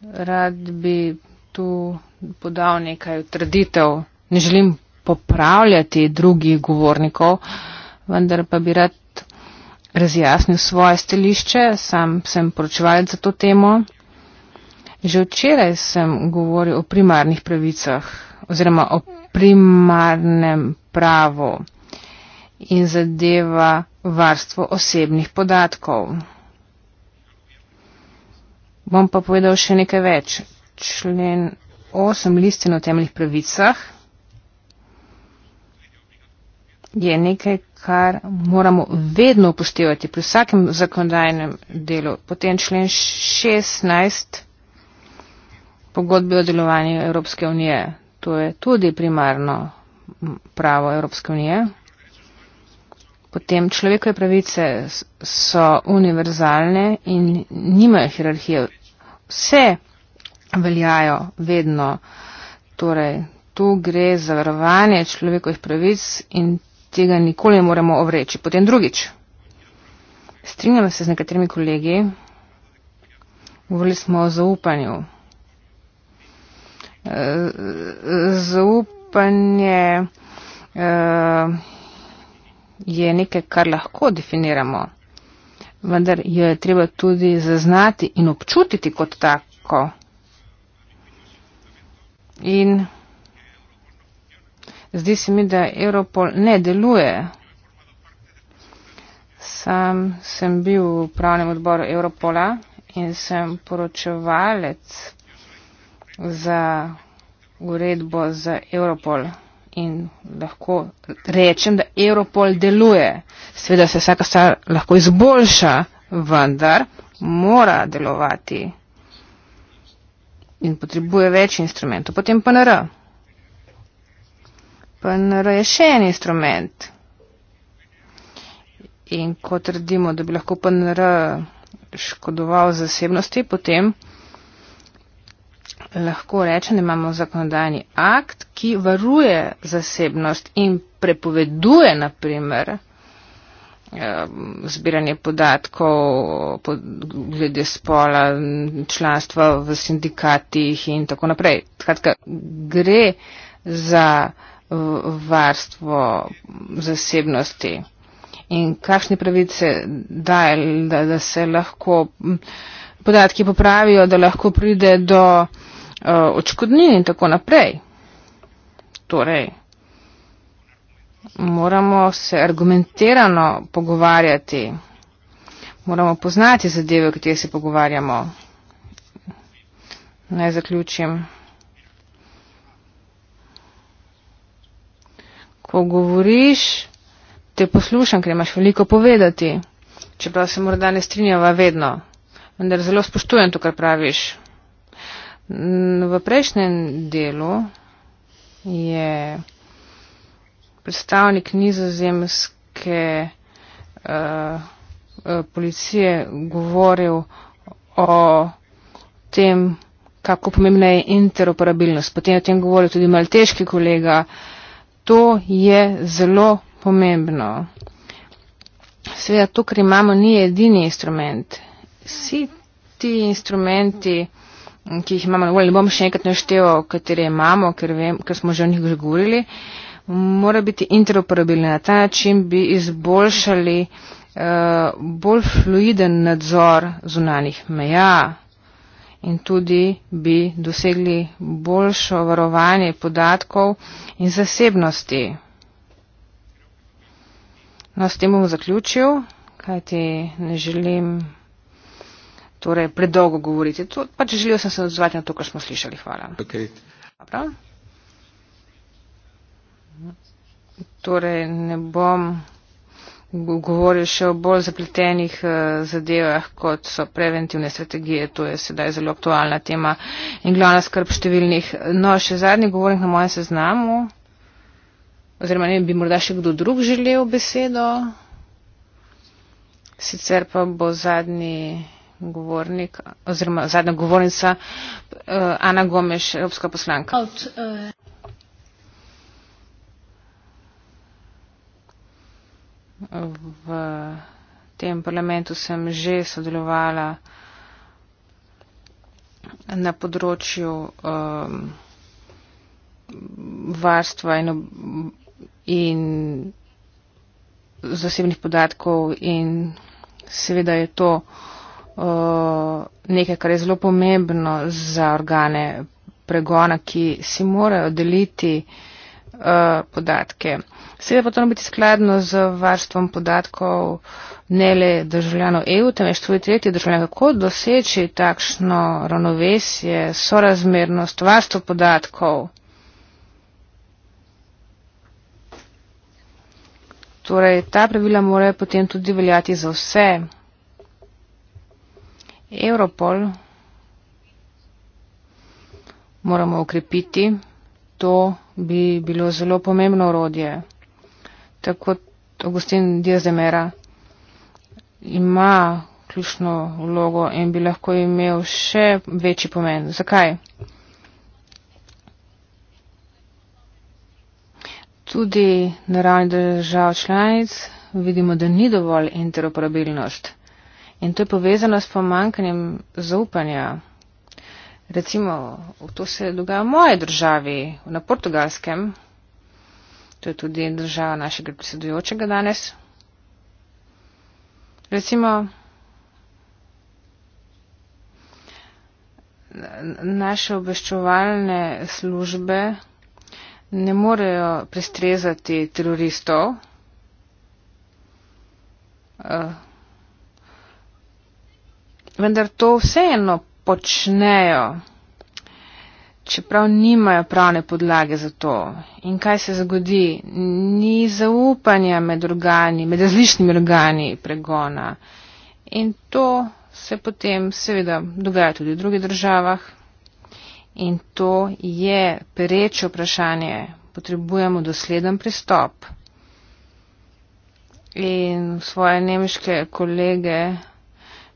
rad bi tu podal nekaj utrditev. Ne želim popravljati drugih govornikov, vendar pa bi rad razjasnil svoje stališče, sam sem poročevalec za to temo. Že včeraj sem govoril o primarnih pravicah oziroma o primarnem pravu in zadeva varstvo osebnih podatkov. Bom pa povedal še nekaj več. Člen 8 listin o temeljih pravicah je nekaj, kar moramo vedno upoštevati pri vsakem zakonodajnem delu. Potem člen 16 pogodbe o delovanju Evropske unije. To je tudi primarno pravo Evropske unije. Potem človekove pravice so univerzalne in nimajo hierarhije. Vse veljajo vedno. Torej, tu gre za varovanje človekovih pravic in tega nikoli ne moremo ovreči. Potem drugič. Strinjam se z nekaterimi kolegi. Govorili smo o zaupanju. Eh, zaupanje eh, je nekaj, kar lahko definiramo, vendar jo je treba tudi zaznati in občutiti kot tako. In Zdi se mi, da Europol ne deluje. Sam sem bil v pravnem odboru Europola in sem poročevalec za uredbo za Europol. In lahko rečem, da Europol deluje. Sveda se vsaka stvar lahko izboljša, vendar mora delovati in potrebuje več instrumentov. Potem pa naravno pomemben rešen instrument. In ko trdimo, da bi lahko PNR škodoval zasebnosti, potem lahko rečemo, da imamo zakonodajni akt, ki varuje zasebnost in prepoveduje, naprimer, zbiranje podatkov glede spola, članstva v sindikatih in tako naprej. Skratka, gre za varstvo zasebnosti in kakšne pravice daje, da, da se lahko podatki popravijo, da lahko pride do uh, eh, očkodnin in tako naprej. Torej, moramo se argumentirano pogovarjati, moramo poznati zadeve, o katerih se pogovarjamo. Naj zaključim. pogovoriš, te poslušam, ker imaš veliko povedati. Čeprav se morda ne strinjava vedno, vendar zelo spoštujem to, kar praviš. V prejšnjem delu je predstavnik nizozemske uh, policije govoril o tem, kako pomembna je interoperabilnost. Potem je o tem govoril tudi malteški kolega uh, to je zelo pomembno. Seveda to, kar imamo, ni edini instrument. Vsi ti instrumenti, ki jih imamo, ne bom še enkrat našteval, katere imamo, ker, vem, ker smo že o njih govorili, mora biti interoperabilni. Na ta način bi izboljšali uh, bolj fluiden nadzor zunanih meja, in tudi bi dosegli boljšo varovanje podatkov in zasebnosti. No, s tem bom zaključil, kajti ne želim torej, predolgo govoriti. To, pač želel sem se odzvati na to, kar smo slišali. Hvala. Okay. Torej, ne bom govoril še o bolj zapletenih eh, zadevah, kot so preventivne strategije. To je sedaj zelo aktualna tema in glavna skrb številnih. No, še zadnji govornik na mojem seznamu. Oziroma, ne bi morda še kdo drug želel besedo. Sicer pa bo zadnji govornik, oziroma zadnja govornica, eh, Ana Gomeš, evropska poslanka. Out, uh... Eh, v tem parlamentu sem že sodelovala na področju um, varstva in, in zasebnih podatkov in seveda je to uh, nekaj, kar je zelo pomembno za organe pregona, ki si morajo deliti uh, podatke. Seveda pa to mora biti skladno z varstvom podatkov ne le državljanov EU, temveč tudi tretji državljan. Kako doseči takšno ravnovesje, sorazmernost, varstvo podatkov? Torej, ta pravila morajo potem tudi veljati za vse. Europol moramo ukrepiti, to bi bilo zelo pomembno urodje tako kot Augustin Diazemera ima ključno vlogo in bi lahko imel še večji pomen. Zakaj? Tudi na ravni držav članic vidimo, da ni dovolj interoperabilnost. In to je povezano s pomankanjem zaupanja. Recimo, to se dogaja v moji državi, na portugalskem, To je tudi država našega predsedujočega danes. Recimo, naše obveščevalne službe ne morejo prestrezati teroristov. Eh, vendar to vseeno počnejo čeprav nimajo pravne podlage za to. In kaj se zgodi? Ni zaupanja med organi, med različnimi organi pregona. In to se potem seveda dogaja tudi v drugih državah. In to je pereče vprašanje. Potrebujemo dosleden pristop. In svoje nemške kolege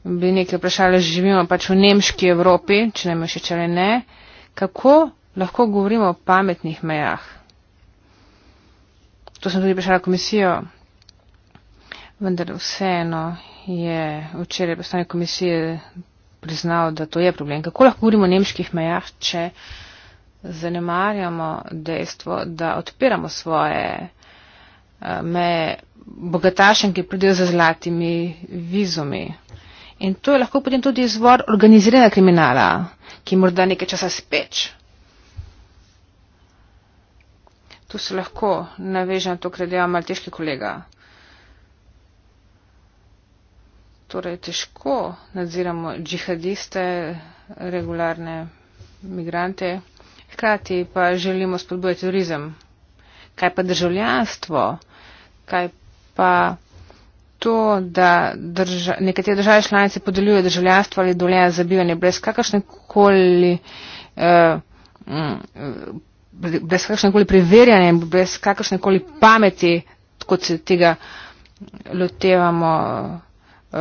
bi nekaj vprašali, živimo pač v nemški Evropi, če ne me še čele ne kako lahko govorimo o pametnih mejah. To sem tudi vprašala komisijo, vendar vseeno je včeraj postanje komisije priznal, da to je problem. Kako lahko govorimo o nemških mejah, če zanemarjamo dejstvo, da odpiramo svoje eh, meje bogatašem, ki pridejo za zlatimi vizumi. In to je lahko potem tudi izvor organiziranega kriminala ki morda nekaj časa speč. Tu se lahko naveže na to, kar je dejal malteški kolega. Torej, težko nadziramo džihadiste, regularne migrante, hkrati pa želimo spodbojati turizem. Kaj pa državljanstvo? Kaj pa to, da drža, nekatere države članice podeljujejo državljanstvo ali dolje za bivanje brez kakršne koli. Uh, eh, mm, brez kakršnekoli preverjanja, brez kakršnekoli pameti, kot se tega lotevamo, uh,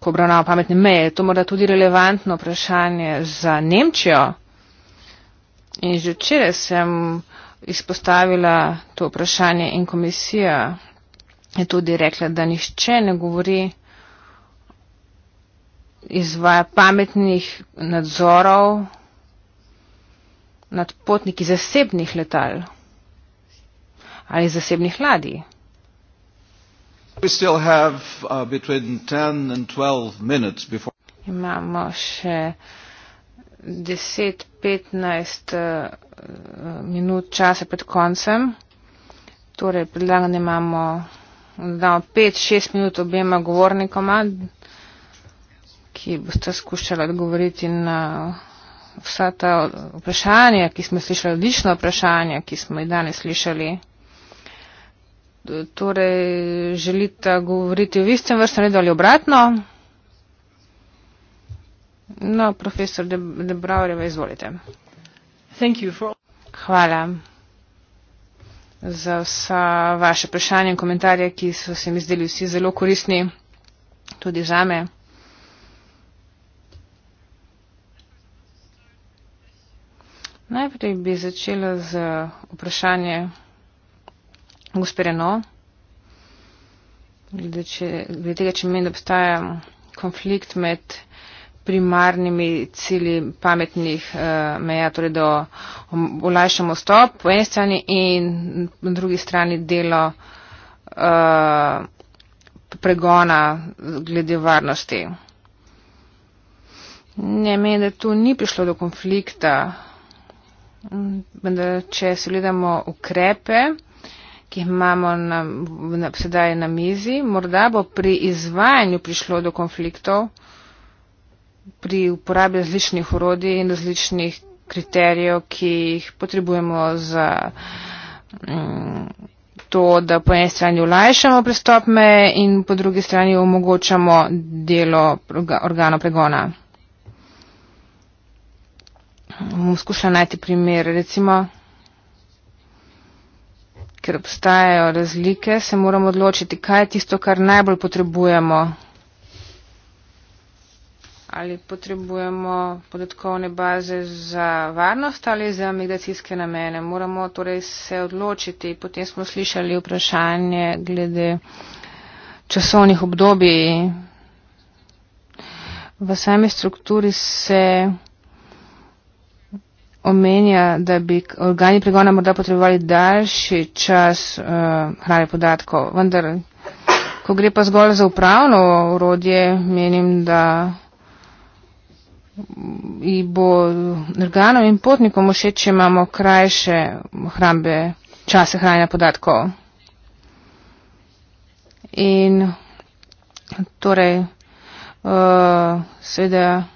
ko obravnava pametne meje. To mora tudi relevantno vprašanje za Nemčijo. In že včeraj sem izpostavila to vprašanje in komisija je tudi rekla, da nišče ne govori izvaja pametnih nadzorov nad potniki zasebnih letal ali zasebnih ladij. Uh, imamo še 10-15 uh, minut časa pred koncem, torej predlagam, da imamo dal 5-6 minut objema govornikoma, ki boste skušali odgovoriti na vsa ta vprašanja, ki smo slišali, odlična vprašanja, ki smo jih danes slišali. Torej, želite govoriti v istem vrstem redu ali obratno? No, profesor Debravreva, izvolite. Hvala za vsa vaše vprašanja in komentarje, ki so se mi zdeli vsi zelo koristni, tudi za me. Najprej bi začela z vprašanje gospe Reno, glede tega, če meni, da obstaja konflikt med primarnimi cilji pametnih uh, meja, torej da um, olajšamo stop po eni strani in na drugi strani delo uh, pregona glede varnosti. Ne meni, da tu ni prišlo do konflikta, vendar če se gledamo ukrepe, ki jih imamo na, na, sedaj na mizi, morda bo pri izvajanju prišlo do konfliktov pri uporabi različnih urodij in različnih kriterijev, ki jih potrebujemo za mm, to, da po eni strani olajšamo pristop meje in po drugi strani omogočamo delo organov pregona. Bom skušala najti primer, recimo, ker obstajajo razlike, se moramo odločiti, kaj je tisto, kar najbolj potrebujemo ali potrebujemo podatkovne baze za varnost ali za migracijske namene. Moramo torej se odločiti. Potem smo slišali vprašanje glede časovnih obdobij. V sami strukturi se omenja, da bi organi pregona morda potrebovali daljši čas uh, hrane podatkov, vendar ko gre pa zgolj za upravno urodje, menim, da in bo organom in potnikom všeč, če imamo krajše hrambe, čase hranja podatkov. In torej, uh, seveda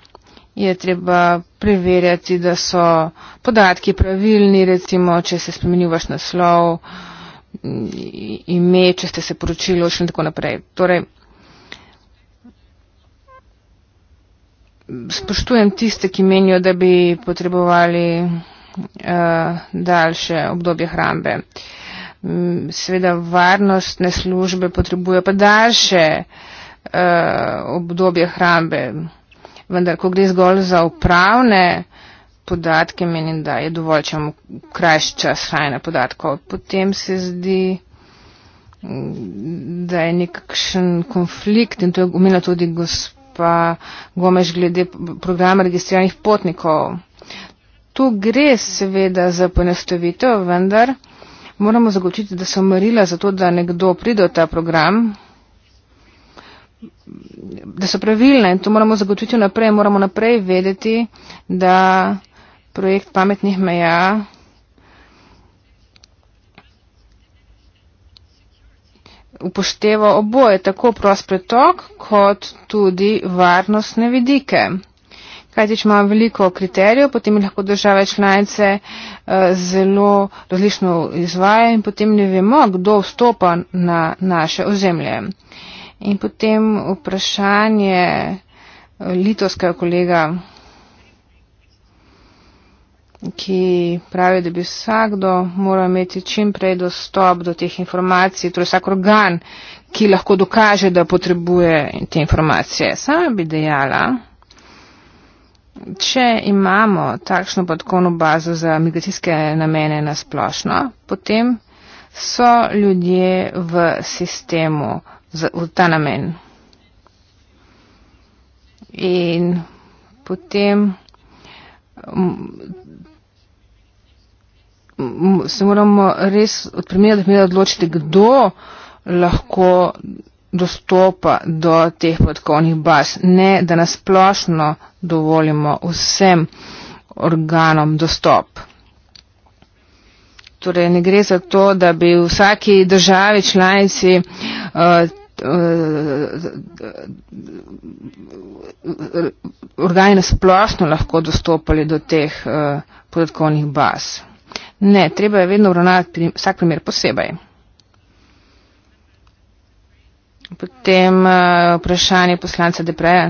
je treba preverjati, da so podatki pravilni, recimo, če se spremeni vaš naslov, ime, če ste se poročili, in tako naprej. Torej, spoštujem tiste, ki menijo, da bi potrebovali uh, daljše obdobje hrambe. Mm, seveda varnostne službe potrebujejo pa daljše uh, obdobje hrambe, vendar ko gre zgolj za upravne podatke, menim, da je dovolj, če imamo krajši čas hrajne podatkov. Potem se zdi, mm, da je nekakšen konflikt in to je omenila tudi gospod pa Gomeš glede programa registriranih potnikov. Tu gre seveda za ponestavitev, vendar moramo zagotoviti, da so merila za to, da nekdo pride v ta program, da so pravilne in to moramo zagotoviti naprej. Moramo naprej vedeti, da projekt pametnih meja. upošteva oboje, tako prost pretok, kot tudi varnostne vidike. Kaj tiče imamo veliko kriterijev, potem lahko države članice uh, zelo različno izvaja in potem ne vemo, kdo vstopa na naše ozemlje. In potem vprašanje eh, litovskega kolega ki pravi, da bi vsakdo moral imeti čim prej dostop do teh informacij, torej vsak organ, ki lahko dokaže, da potrebuje te informacije. Sama bi dejala, če imamo takšno podkovno bazo za medicinske namene na splošno, potem so ljudje v sistemu za, v ta namen. In potem se moramo res od primera do primera odločiti, kdo lahko dostopa do teh podkovnih baz. Ne, da nasplošno dovolimo vsem organom dostop. Torej, ne gre za to, da bi v vsaki državi članici uh, uh, organi nasplošno lahko dostopali do teh uh, podkovnih baz. Ne, treba je vedno obravnavati pri, vsak primer posebej. Potem uh, vprašanje poslanca Depreja.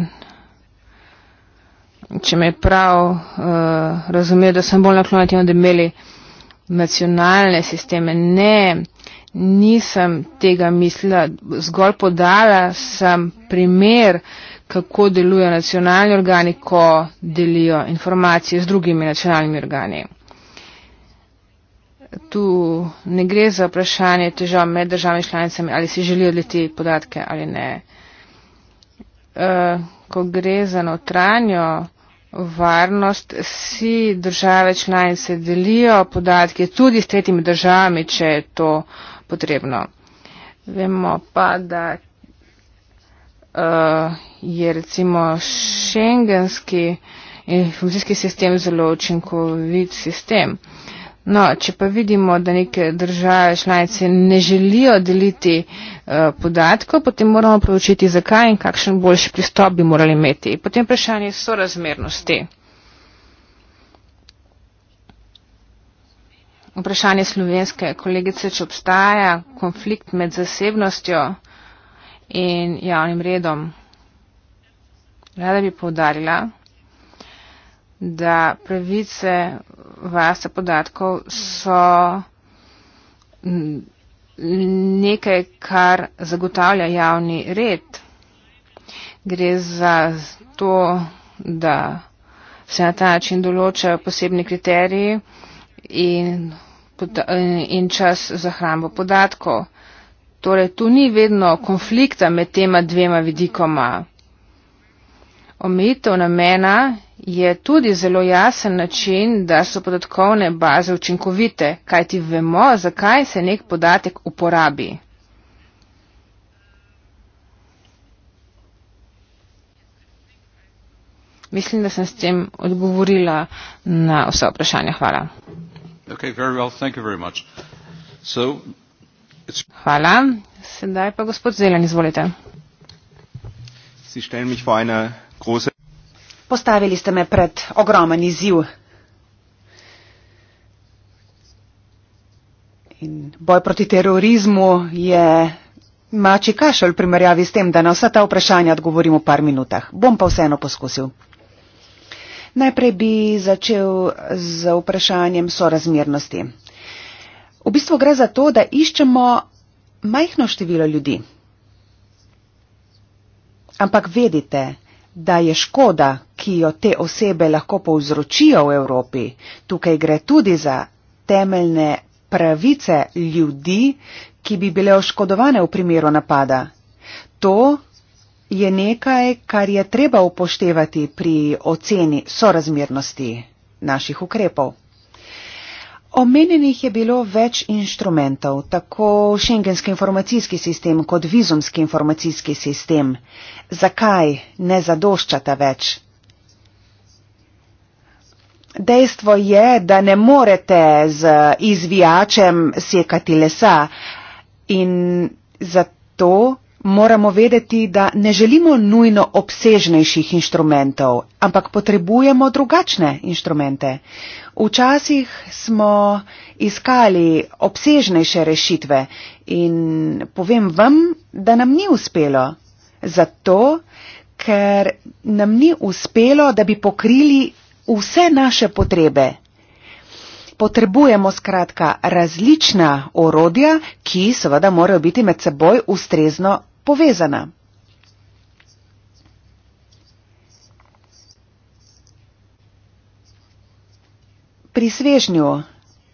Če me je prav uh, eh, razumel, da sem bolj naklonjen temu, da imeli nacionalne sisteme. Ne, nisem tega mislila. Zgolj podala sem primer, kako delujejo nacionalni organi, ko delijo informacije z drugimi nacionalnimi organi tu ne gre za vprašanje težav med državami članicami, ali si želijo deliti podatke ali ne. Uh, ko gre za notranjo varnost, si države članice delijo podatke tudi s tretjimi državami, če je to potrebno. Vemo pa, da uh, je recimo šengenski informacijski sistem zelo učinkovit sistem. No, če pa vidimo, da neke države članice ne želijo deliti eh, podatkov, potem moramo preučiti, zakaj in kakšen boljši pristop bi morali imeti. Potem vprašanje sorazmernosti. Vprašanje slovenske kolegice, če obstaja konflikt med zasebnostjo in javnim redom. Rada bi povdarila da pravice vase podatkov so nekaj, kar zagotavlja javni red. Gre za to, da se na ta način določajo posebni kriteriji in, in čas za hrambo podatkov. Torej, tu ni vedno konflikta med tema dvema vidikoma. Omejitev namena je tudi zelo jasen način, da so podatkovne baze učinkovite, kajti vemo, zakaj se nek podatek uporabi. Mislim, da sem s tem odgovorila na vsa vprašanja. Hvala. Okay, very well. Thank you very much. So, it's... Hvala. Sedaj pa gospod Zelen, izvolite. Si stellen mich vor eine große. Postavili ste me pred ogromen izziv. In boj proti terorizmu je mači kašelj primerjavi s tem, da na vsa ta vprašanja odgovorim v par minutah. Bom pa vseeno poskusil. Najprej bi začel z vprašanjem sorazmernosti. V bistvu gre za to, da iščemo majhno število ljudi. Ampak vedite, da je škoda, ki jo te osebe lahko povzročijo v Evropi. Tukaj gre tudi za temeljne pravice ljudi, ki bi bile oškodovane v primeru napada. To je nekaj, kar je treba upoštevati pri oceni sorazmernosti naših ukrepov. Omenjenih je bilo več inštrumentov, tako šengenski informacijski sistem kot vizumski informacijski sistem. Zakaj ne zadoščata več? Dejstvo je, da ne morete z izvijačem sekati lesa in zato moramo vedeti, da ne želimo nujno obsežnejših inštrumentov, ampak potrebujemo drugačne inštrumente. Včasih smo iskali obsežnejše rešitve in povem vam, da nam ni uspelo. Zato, ker nam ni uspelo, da bi pokrili vse naše potrebe. Potrebujemo skratka različna orodja, ki seveda morajo biti med seboj ustrezno povezana. Pri svežnju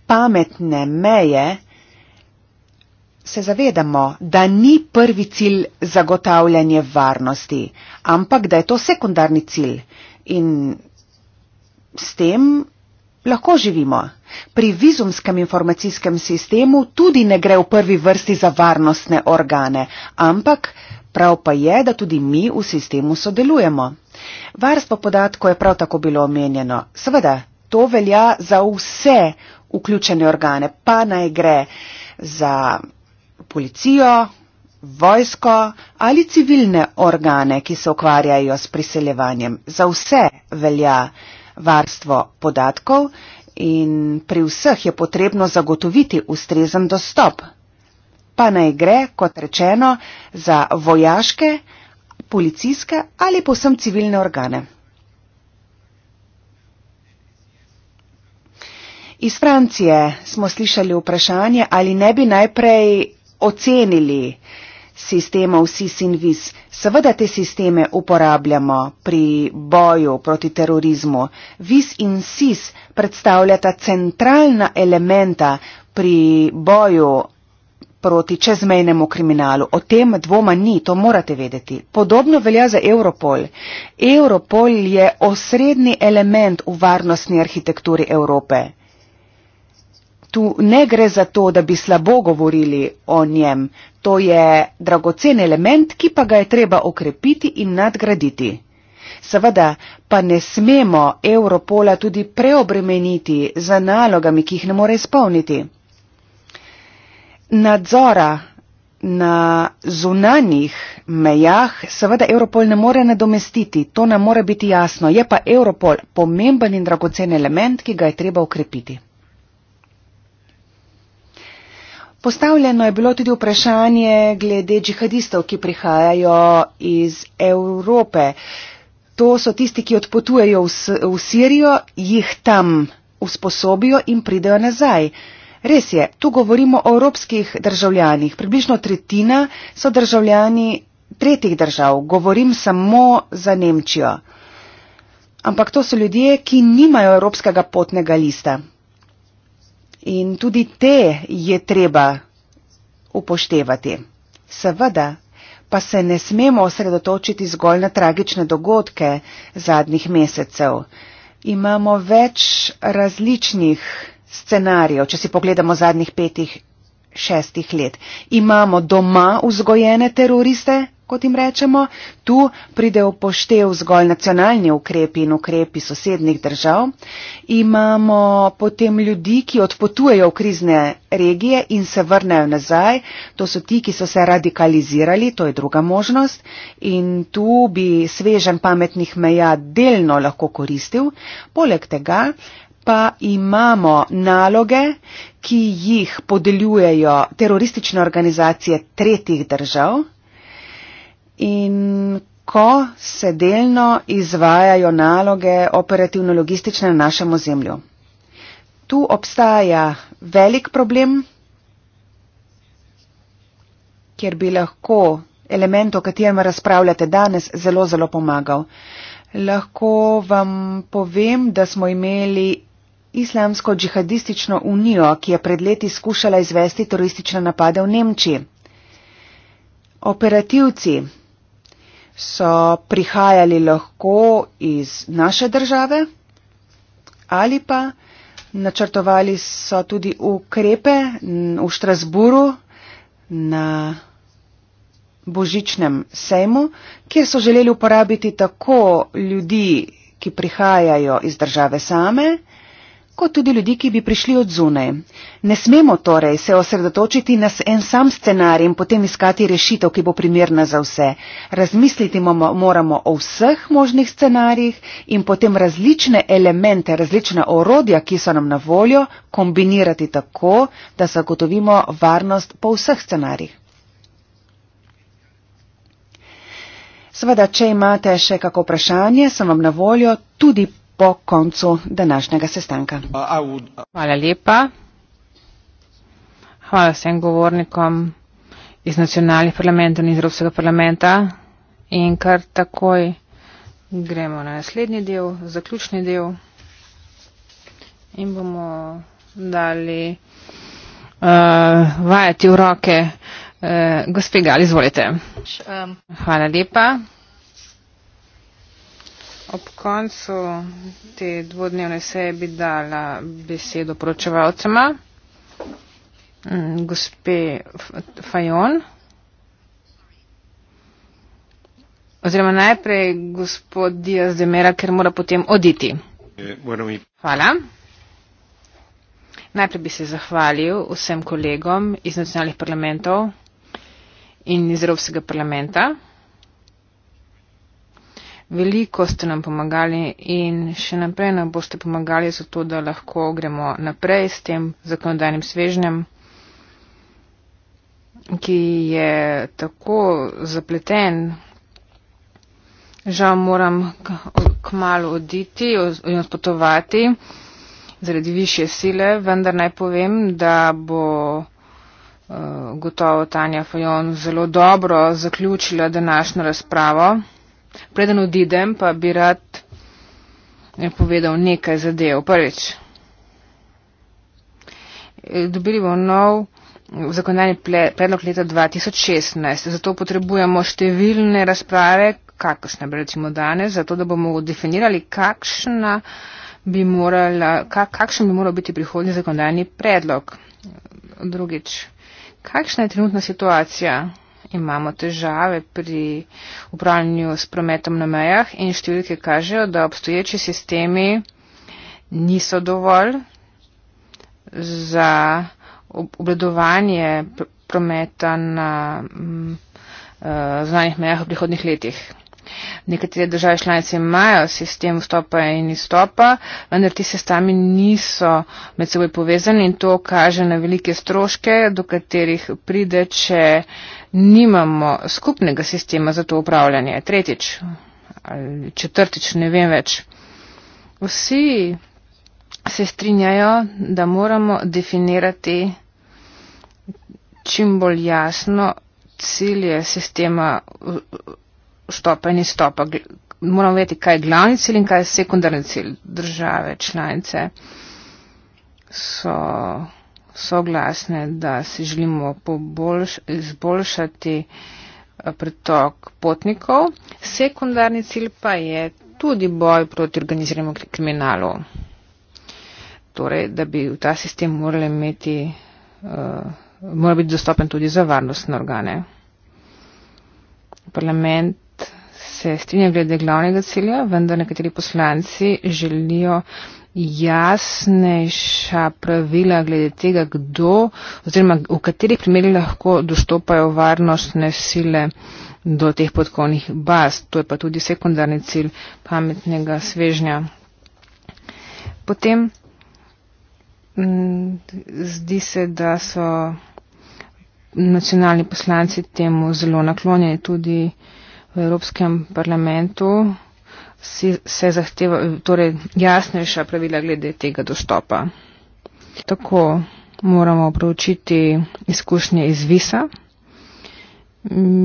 pametne meje se zavedamo, da ni prvi cilj zagotavljanje varnosti, ampak da je to sekundarni cilj. In s tem lahko živimo. Pri vizumskem informacijskem sistemu tudi ne gre v prvi vrsti za varnostne organe, ampak prav pa je, da tudi mi v sistemu sodelujemo. Varstvo podatkov je prav tako bilo omenjeno. Seveda, to velja za vse vključene organe, pa naj gre za policijo, vojsko ali civilne organe, ki se ukvarjajo s priseljevanjem. Za vse velja varstvo podatkov in pri vseh je potrebno zagotoviti ustrezen dostop. Pa naj gre, kot rečeno, za vojaške, policijske ali posem civilne organe. Iz Francije smo slišali vprašanje, ali ne bi najprej ocenili, uh, sistemov SIS in VIS. Seveda te sisteme uporabljamo pri boju proti terorizmu. VIS in SIS predstavljata centralna elementa pri boju proti čezmejnemu kriminalu. O tem dvoma ni, to morate vedeti. Podobno velja za Europol. Europol je osrednji element v varnostni arhitekturi Evrope tu ne gre za to, da bi slabo govorili o njem. To je dragocen element, ki pa ga je treba okrepiti in nadgraditi. Seveda pa ne smemo Europola tudi preobremeniti z nalogami, ki jih ne more izpolniti. Nadzora na zunanjih mejah seveda Europol ne more nadomestiti, to nam mora biti jasno. Je pa Europol pomemben in dragocen element, ki ga je treba okrepiti. Postavljeno je bilo tudi vprašanje glede džihadistov, ki prihajajo iz Evrope. To so tisti, ki odpotujejo v, v Sirijo, jih tam usposobijo in pridejo nazaj. Res je, tu govorimo o evropskih državljanih. Približno tretjina so državljani tretjih držav. Govorim samo za Nemčijo. Ampak to so ljudje, ki nimajo evropskega potnega lista. In tudi te je treba upoštevati. Seveda pa se ne smemo osredotočiti zgolj na tragične dogodke zadnjih mesecev. Imamo več različnih scenarijev, če si pogledamo zadnjih petih, šestih let. Imamo doma vzgojene teroriste, kot jim rečemo, tu pride v poštev zgolj nacionalni ukrepi in ukrepi sosednih držav. Imamo potem ljudi, ki odpotujejo v krizne regije in se vrnejo nazaj. To so ti, ki so se radikalizirali, to je druga možnost. In tu bi svežen pametnih meja delno lahko koristil. Poleg tega pa imamo naloge, ki jih podeljujejo teroristične organizacije tretjih držav. In ko se delno izvajajo naloge operativno-logistične na našem ozemlju. Tu obstaja velik problem, kjer bi lahko element, o katerem razpravljate danes, zelo, zelo pomagal. Lahko vam povem, da smo imeli Islamsko džihadistično unijo, ki je pred leti skušala izvesti teroristične napade v Nemčiji. Operativci so prihajali lahko iz naše države ali pa načrtovali so tudi ukrepe v Štrasburu na božičnem sejmu, kjer so želeli uporabiti tako ljudi, ki prihajajo iz države same, kot tudi ljudi, ki bi prišli od zunaj. Ne smemo torej se osredotočiti na en sam scenarij in potem iskati rešitev, ki bo primerna za vse. Razmisliti moramo o vseh možnih scenarijih in potem različne elemente, različne orodja, ki so nam na voljo, kombinirati tako, da zagotovimo varnost po vseh scenarijih. Sveda, če imate še kako vprašanje, sem vam na voljo tudi po koncu današnjega sestanka. Hvala lepa. Hvala vsem govornikom iz nacionalnih parlamentov in iz Evropskega parlamenta. In kar takoj gremo na naslednji del, zaključni del. In bomo dali uh, vajati v roke uh, eh, gospega, ali izvolite. Hvala lepa. Ob koncu te dvodnevne seje bi dala besedo poročevalcema, mm, gospe Fajon. Oziroma najprej gospod Diaz de Mera, ker mora potem oditi. Eh, Hvala. Najprej bi se zahvalil vsem kolegom iz nacionalnih parlamentov in iz Evropskega parlamenta. Veliko ste nam pomagali in še naprej nam boste pomagali za to, da lahko gremo naprej s tem zakonodajnim svežnjem, ki je tako zapleten. Žal moram k malu oditi in odpotovati zaradi više sile, vendar naj povem, da bo eh, gotovo Tanja Fajon zelo dobro zaključila današnjo razpravo. Preden odidem, pa bi rad eh, povedal nekaj zadev. Prvič, eh, dobili bomo nov eh, zakonodajni predlog leta 2016. Zato potrebujemo številne razprave, kakšne bi recimo danes, zato da bomo definirali, kakšna bi morala, kak, kakšen bi moral biti prihodnji zakonodajni predlog. Drugič, kakšna je trenutna situacija? imamo težave pri upravljanju s prometom na mejah in številke kažejo, da obstoječi sistemi niso dovolj za obledovanje prometa na mm, eh, znanih mejah v prihodnih letih. Nekatere države članice imajo sistem vstopa in izstopa, vendar ti sistemi niso med seboj povezani in to kaže na velike stroške, do katerih pride, če nimamo skupnega sistema za to upravljanje. Tretjič ali četrtič, ne vem več. Vsi se strinjajo, da moramo definirati čim bolj jasno cilje sistema stopenj in stopa. Moramo vedeti, kaj je glavni cilj in kaj je sekundarni cilj države članice. So soglasne, da si želimo poboljš, izboljšati eh, pretok potnikov. Sekundarni cilj pa je tudi boj proti organiziranemu kriminalu. Torej, da bi v ta sistem morali imeti, uh, mora biti dostopen tudi za varnostne organe. Parlament se strinja glede glavnega cilja, vendar nekateri poslanci želijo jasnejša pravila glede tega, kdo oziroma v katerih primerjih lahko dostopajo varnostne sile do teh podkovnih baz. To je pa tudi sekundarni cilj pametnega svežnja. Potem mm, zdi se, da so nacionalni poslanci temu zelo naklonjeni tudi v Evropskem parlamentu se, se zahteva torej, jasnejša pravila glede tega dostopa. Tako moramo proučiti izkušnje iz visa.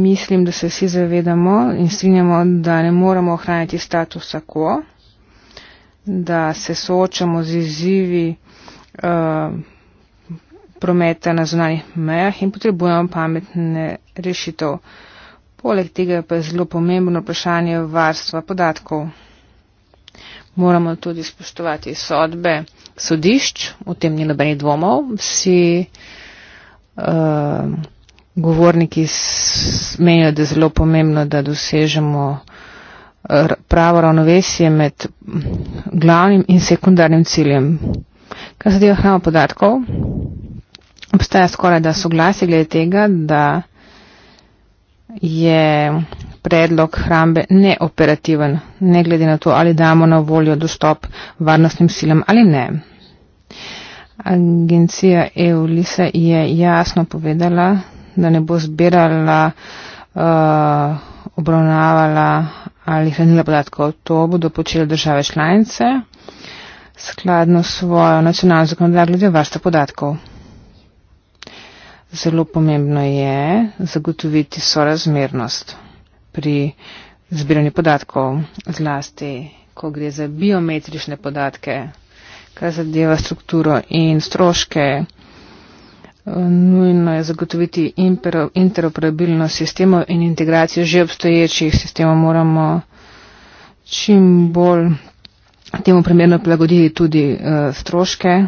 Mislim, da se vsi zavedamo in strinjamo, da ne moramo ohraniti statusa quo, da se soočamo z izzivi uh, prometa na zunanjih mejah in potrebujemo pametne rešitev. Poleg tega pa je zelo pomembno vprašanje varstva podatkov. Moramo tudi spoštovati sodbe sodišč, o tem ni nobenih dvomov. Vsi uh, govorniki menijo, da je zelo pomembno, da dosežemo pravo ravnovesje med glavnim in sekundarnim ciljem. Kar zadeva hrano podatkov, obstaja skoraj da soglasje glede tega, da je predlog hrambe neoperativen, ne glede na to, ali damo na voljo dostop varnostnim silam ali ne. Agencija EULISA je jasno povedala, da ne bo zbirala, uh, obravnavala ali hranila podatkov. To bodo počele države članice skladno s svojo nacionalno zakonodajo glede varstva podatkov zelo pomembno je zagotoviti sorazmernost pri zbiranju podatkov, zlasti ko gre za biometrične podatke, kar zadeva strukturo in stroške. Nujno je zagotoviti interoperabilnost sistemov in integracijo že obstoječih sistemov. Moramo čim bolj temu primerno prilagoditi tudi eh, stroške.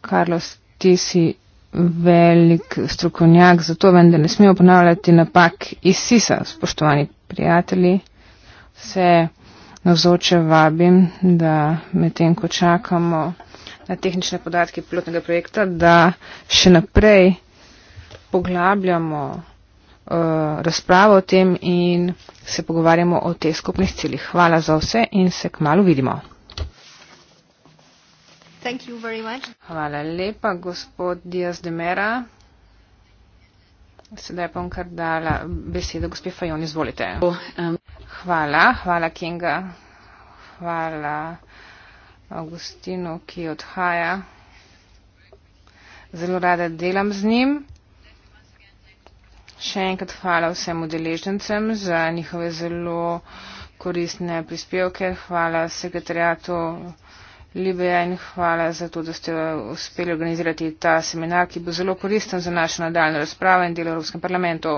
Karlos, ti si velik strokovnjak, zato vendar ne smemo ponavljati napak iz SISA. Spoštovani prijatelji, vse navzoče vabim, da medtem, ko čakamo na tehnične podatke pilotnega projekta, da še naprej poglabljamo uh, razpravo o tem in se pogovarjamo o teh skupnih ciljih. Hvala za vse in se k malu vidimo. Hvala lepa, gospod Diaz de Mera. Sedaj bom kar dala besedo gospe Fajon, izvolite. Hvala, hvala Kinga. Hvala Augustinu, ki odhaja. Zelo rada delam z njim. Še enkrat hvala vsem udeležencem za njihove zelo koristne prispevke. Hvala sekretarjatu. Libija in hvala za to, da ste uspeli organizirati ta seminar, ki bo zelo koristen za našo nadaljno razpravo in delo Evropskem parlamentu.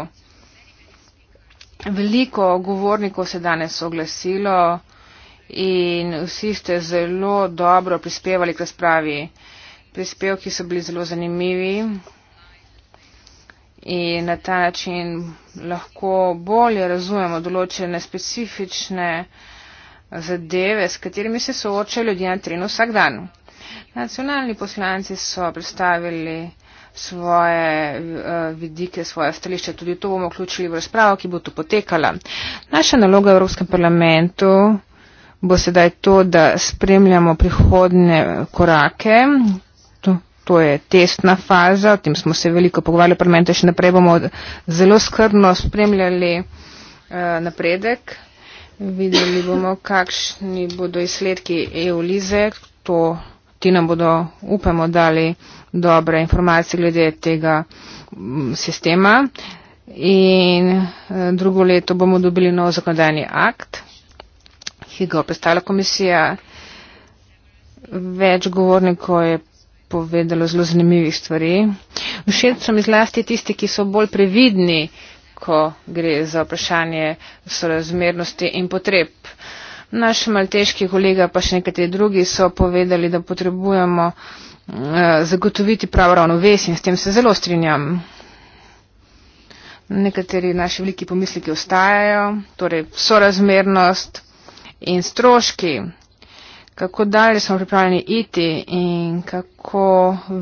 Veliko govornikov se danes oglasilo in vsi ste zelo dobro prispevali k razpravi. Prispevki so bili zelo zanimivi in na ta način lahko bolje razumemo določene specifične zadeve, s katerimi se soočajo ljudje na terenu vsak dan. Nacionalni poslanci so predstavili svoje eh, vidike, svoje stališče. Tudi to bomo vključili v razpravo, ki bo tu potekala. Naša naloga v Evropskem parlamentu bo sedaj to, da spremljamo prihodne korake. To, to je testna faza, o tem smo se veliko pogovarjali v parlamentu, še naprej bomo zelo skrbno spremljali uh, napredek. Videli bomo, kakšni bodo izsledki EU-lize. Ti nam bodo, upamo, dali dobre informacije glede tega mm, sistema. In eh, drugo leto bomo dobili nov zakonodajni akt, ki ga predstavlja komisija. Več govornikov je povedalo zelo zanimivih stvari. Všeč so mi zlasti tisti, ki so bolj previdni ko gre za vprašanje sorazmernosti in potreb. Naš malteški kolega pa še nekateri drugi so povedali, da potrebujemo eh, zagotoviti pravo ravnovesje in s tem se zelo strinjam. Nekateri naši veliki pomisliki ostajajo, torej sorazmernost in stroški, kako dalje smo pripravljeni iti in kako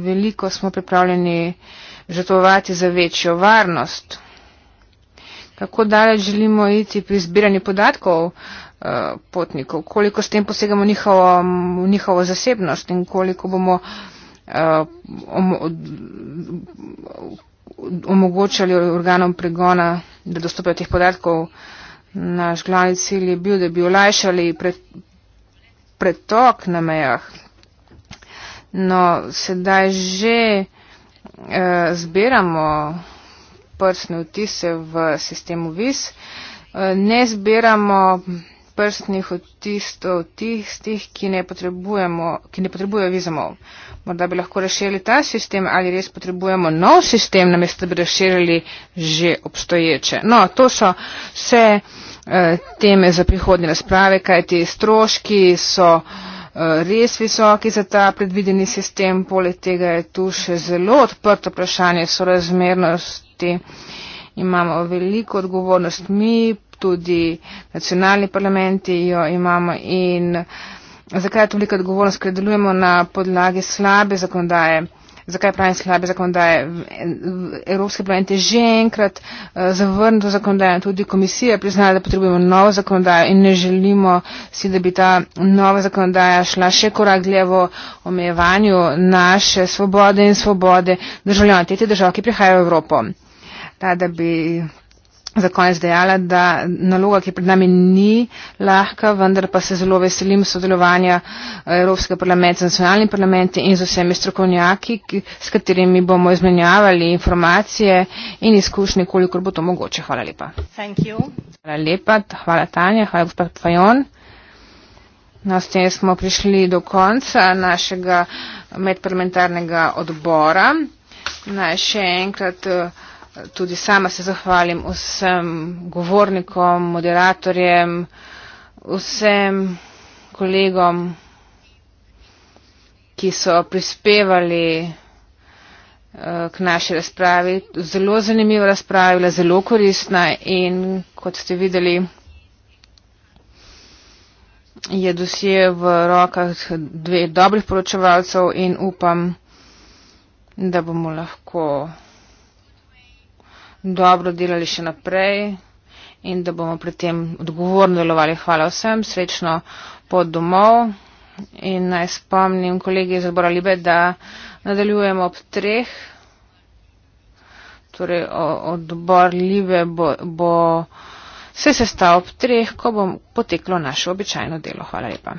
veliko smo pripravljeni žrtvovati za večjo varnost kako daleč želimo iti pri zbiranju podatkov eh, potnikov, koliko s tem posegamo njihovo, njihovo zasebnost in koliko bomo eh, omogočali organom pregona, da dostopajo teh podatkov. Naš glavni cilj je bil, da bi olajšali pretok na mejah. No, sedaj že eh, zbiramo prstne odtise v sistemu VIS. Eh, ne zbiramo prstnih odtistov tistih, ki ne, ki ne potrebujejo vizumov. Morda bi lahko rešili ta sistem ali res potrebujemo nov sistem, namesto da bi rešili že obstoječe. No, to so vse eh, teme za prihodnje razprave, kajti stroški so. Eh, Eh, res visoki za ta predvideni sistem, poleg tega je tu še zelo odprto vprašanje sorazmernosti. Imamo veliko odgovornost mi, tudi nacionalni parlamenti jo imamo in zakaj je tolika odgovornost, ker delujemo na podlagi slabe zakonodaje zakaj pravim slabe zakonodaje. Evropski parlament je že enkrat eh, zavrnil to zakonodajo, tudi komisija je priznala, da potrebujemo novo zakonodajo in ne želimo si, da bi ta nova zakonodaja šla še korak dlje v omejevanju naše svobode in svobode državljanov, tete države, ki prihajajo v Evropo. Ta, da bi za konec dejala, da naloga, ki pred nami ni lahka, vendar pa se zelo veselim sodelovanja eh, Evropskega parlamenta z nacionalnimi parlamenti in z vsemi strokovnjaki, s katerimi bomo izmenjavali informacije in izkušnje, kolikor bo to mogoče. Hvala lepa. Hvala lepa, hvala Tanja, hvala gospod Fajon. No, s tem smo prišli do konca našega medparlamentarnega odbora. Naj še enkrat. Uh, tudi sama se zahvalim vsem govornikom, moderatorjem, vsem kolegom, ki so prispevali eh, k naši razpravi. Zelo zanimiva razprava, bila zelo koristna in kot ste videli, je dosje v rokah dveh dobrih poročevalcev in upam, da bomo lahko dobro delali še naprej in da bomo pri tem odgovorno delovali. Hvala vsem, srečno pod domov in naj spomnim kolegi iz odbora Libe, da nadaljujemo ob treh. Torej odbor Libe bo, bo se sestal ob treh, ko bo poteklo naše običajno delo. Hvala lepa.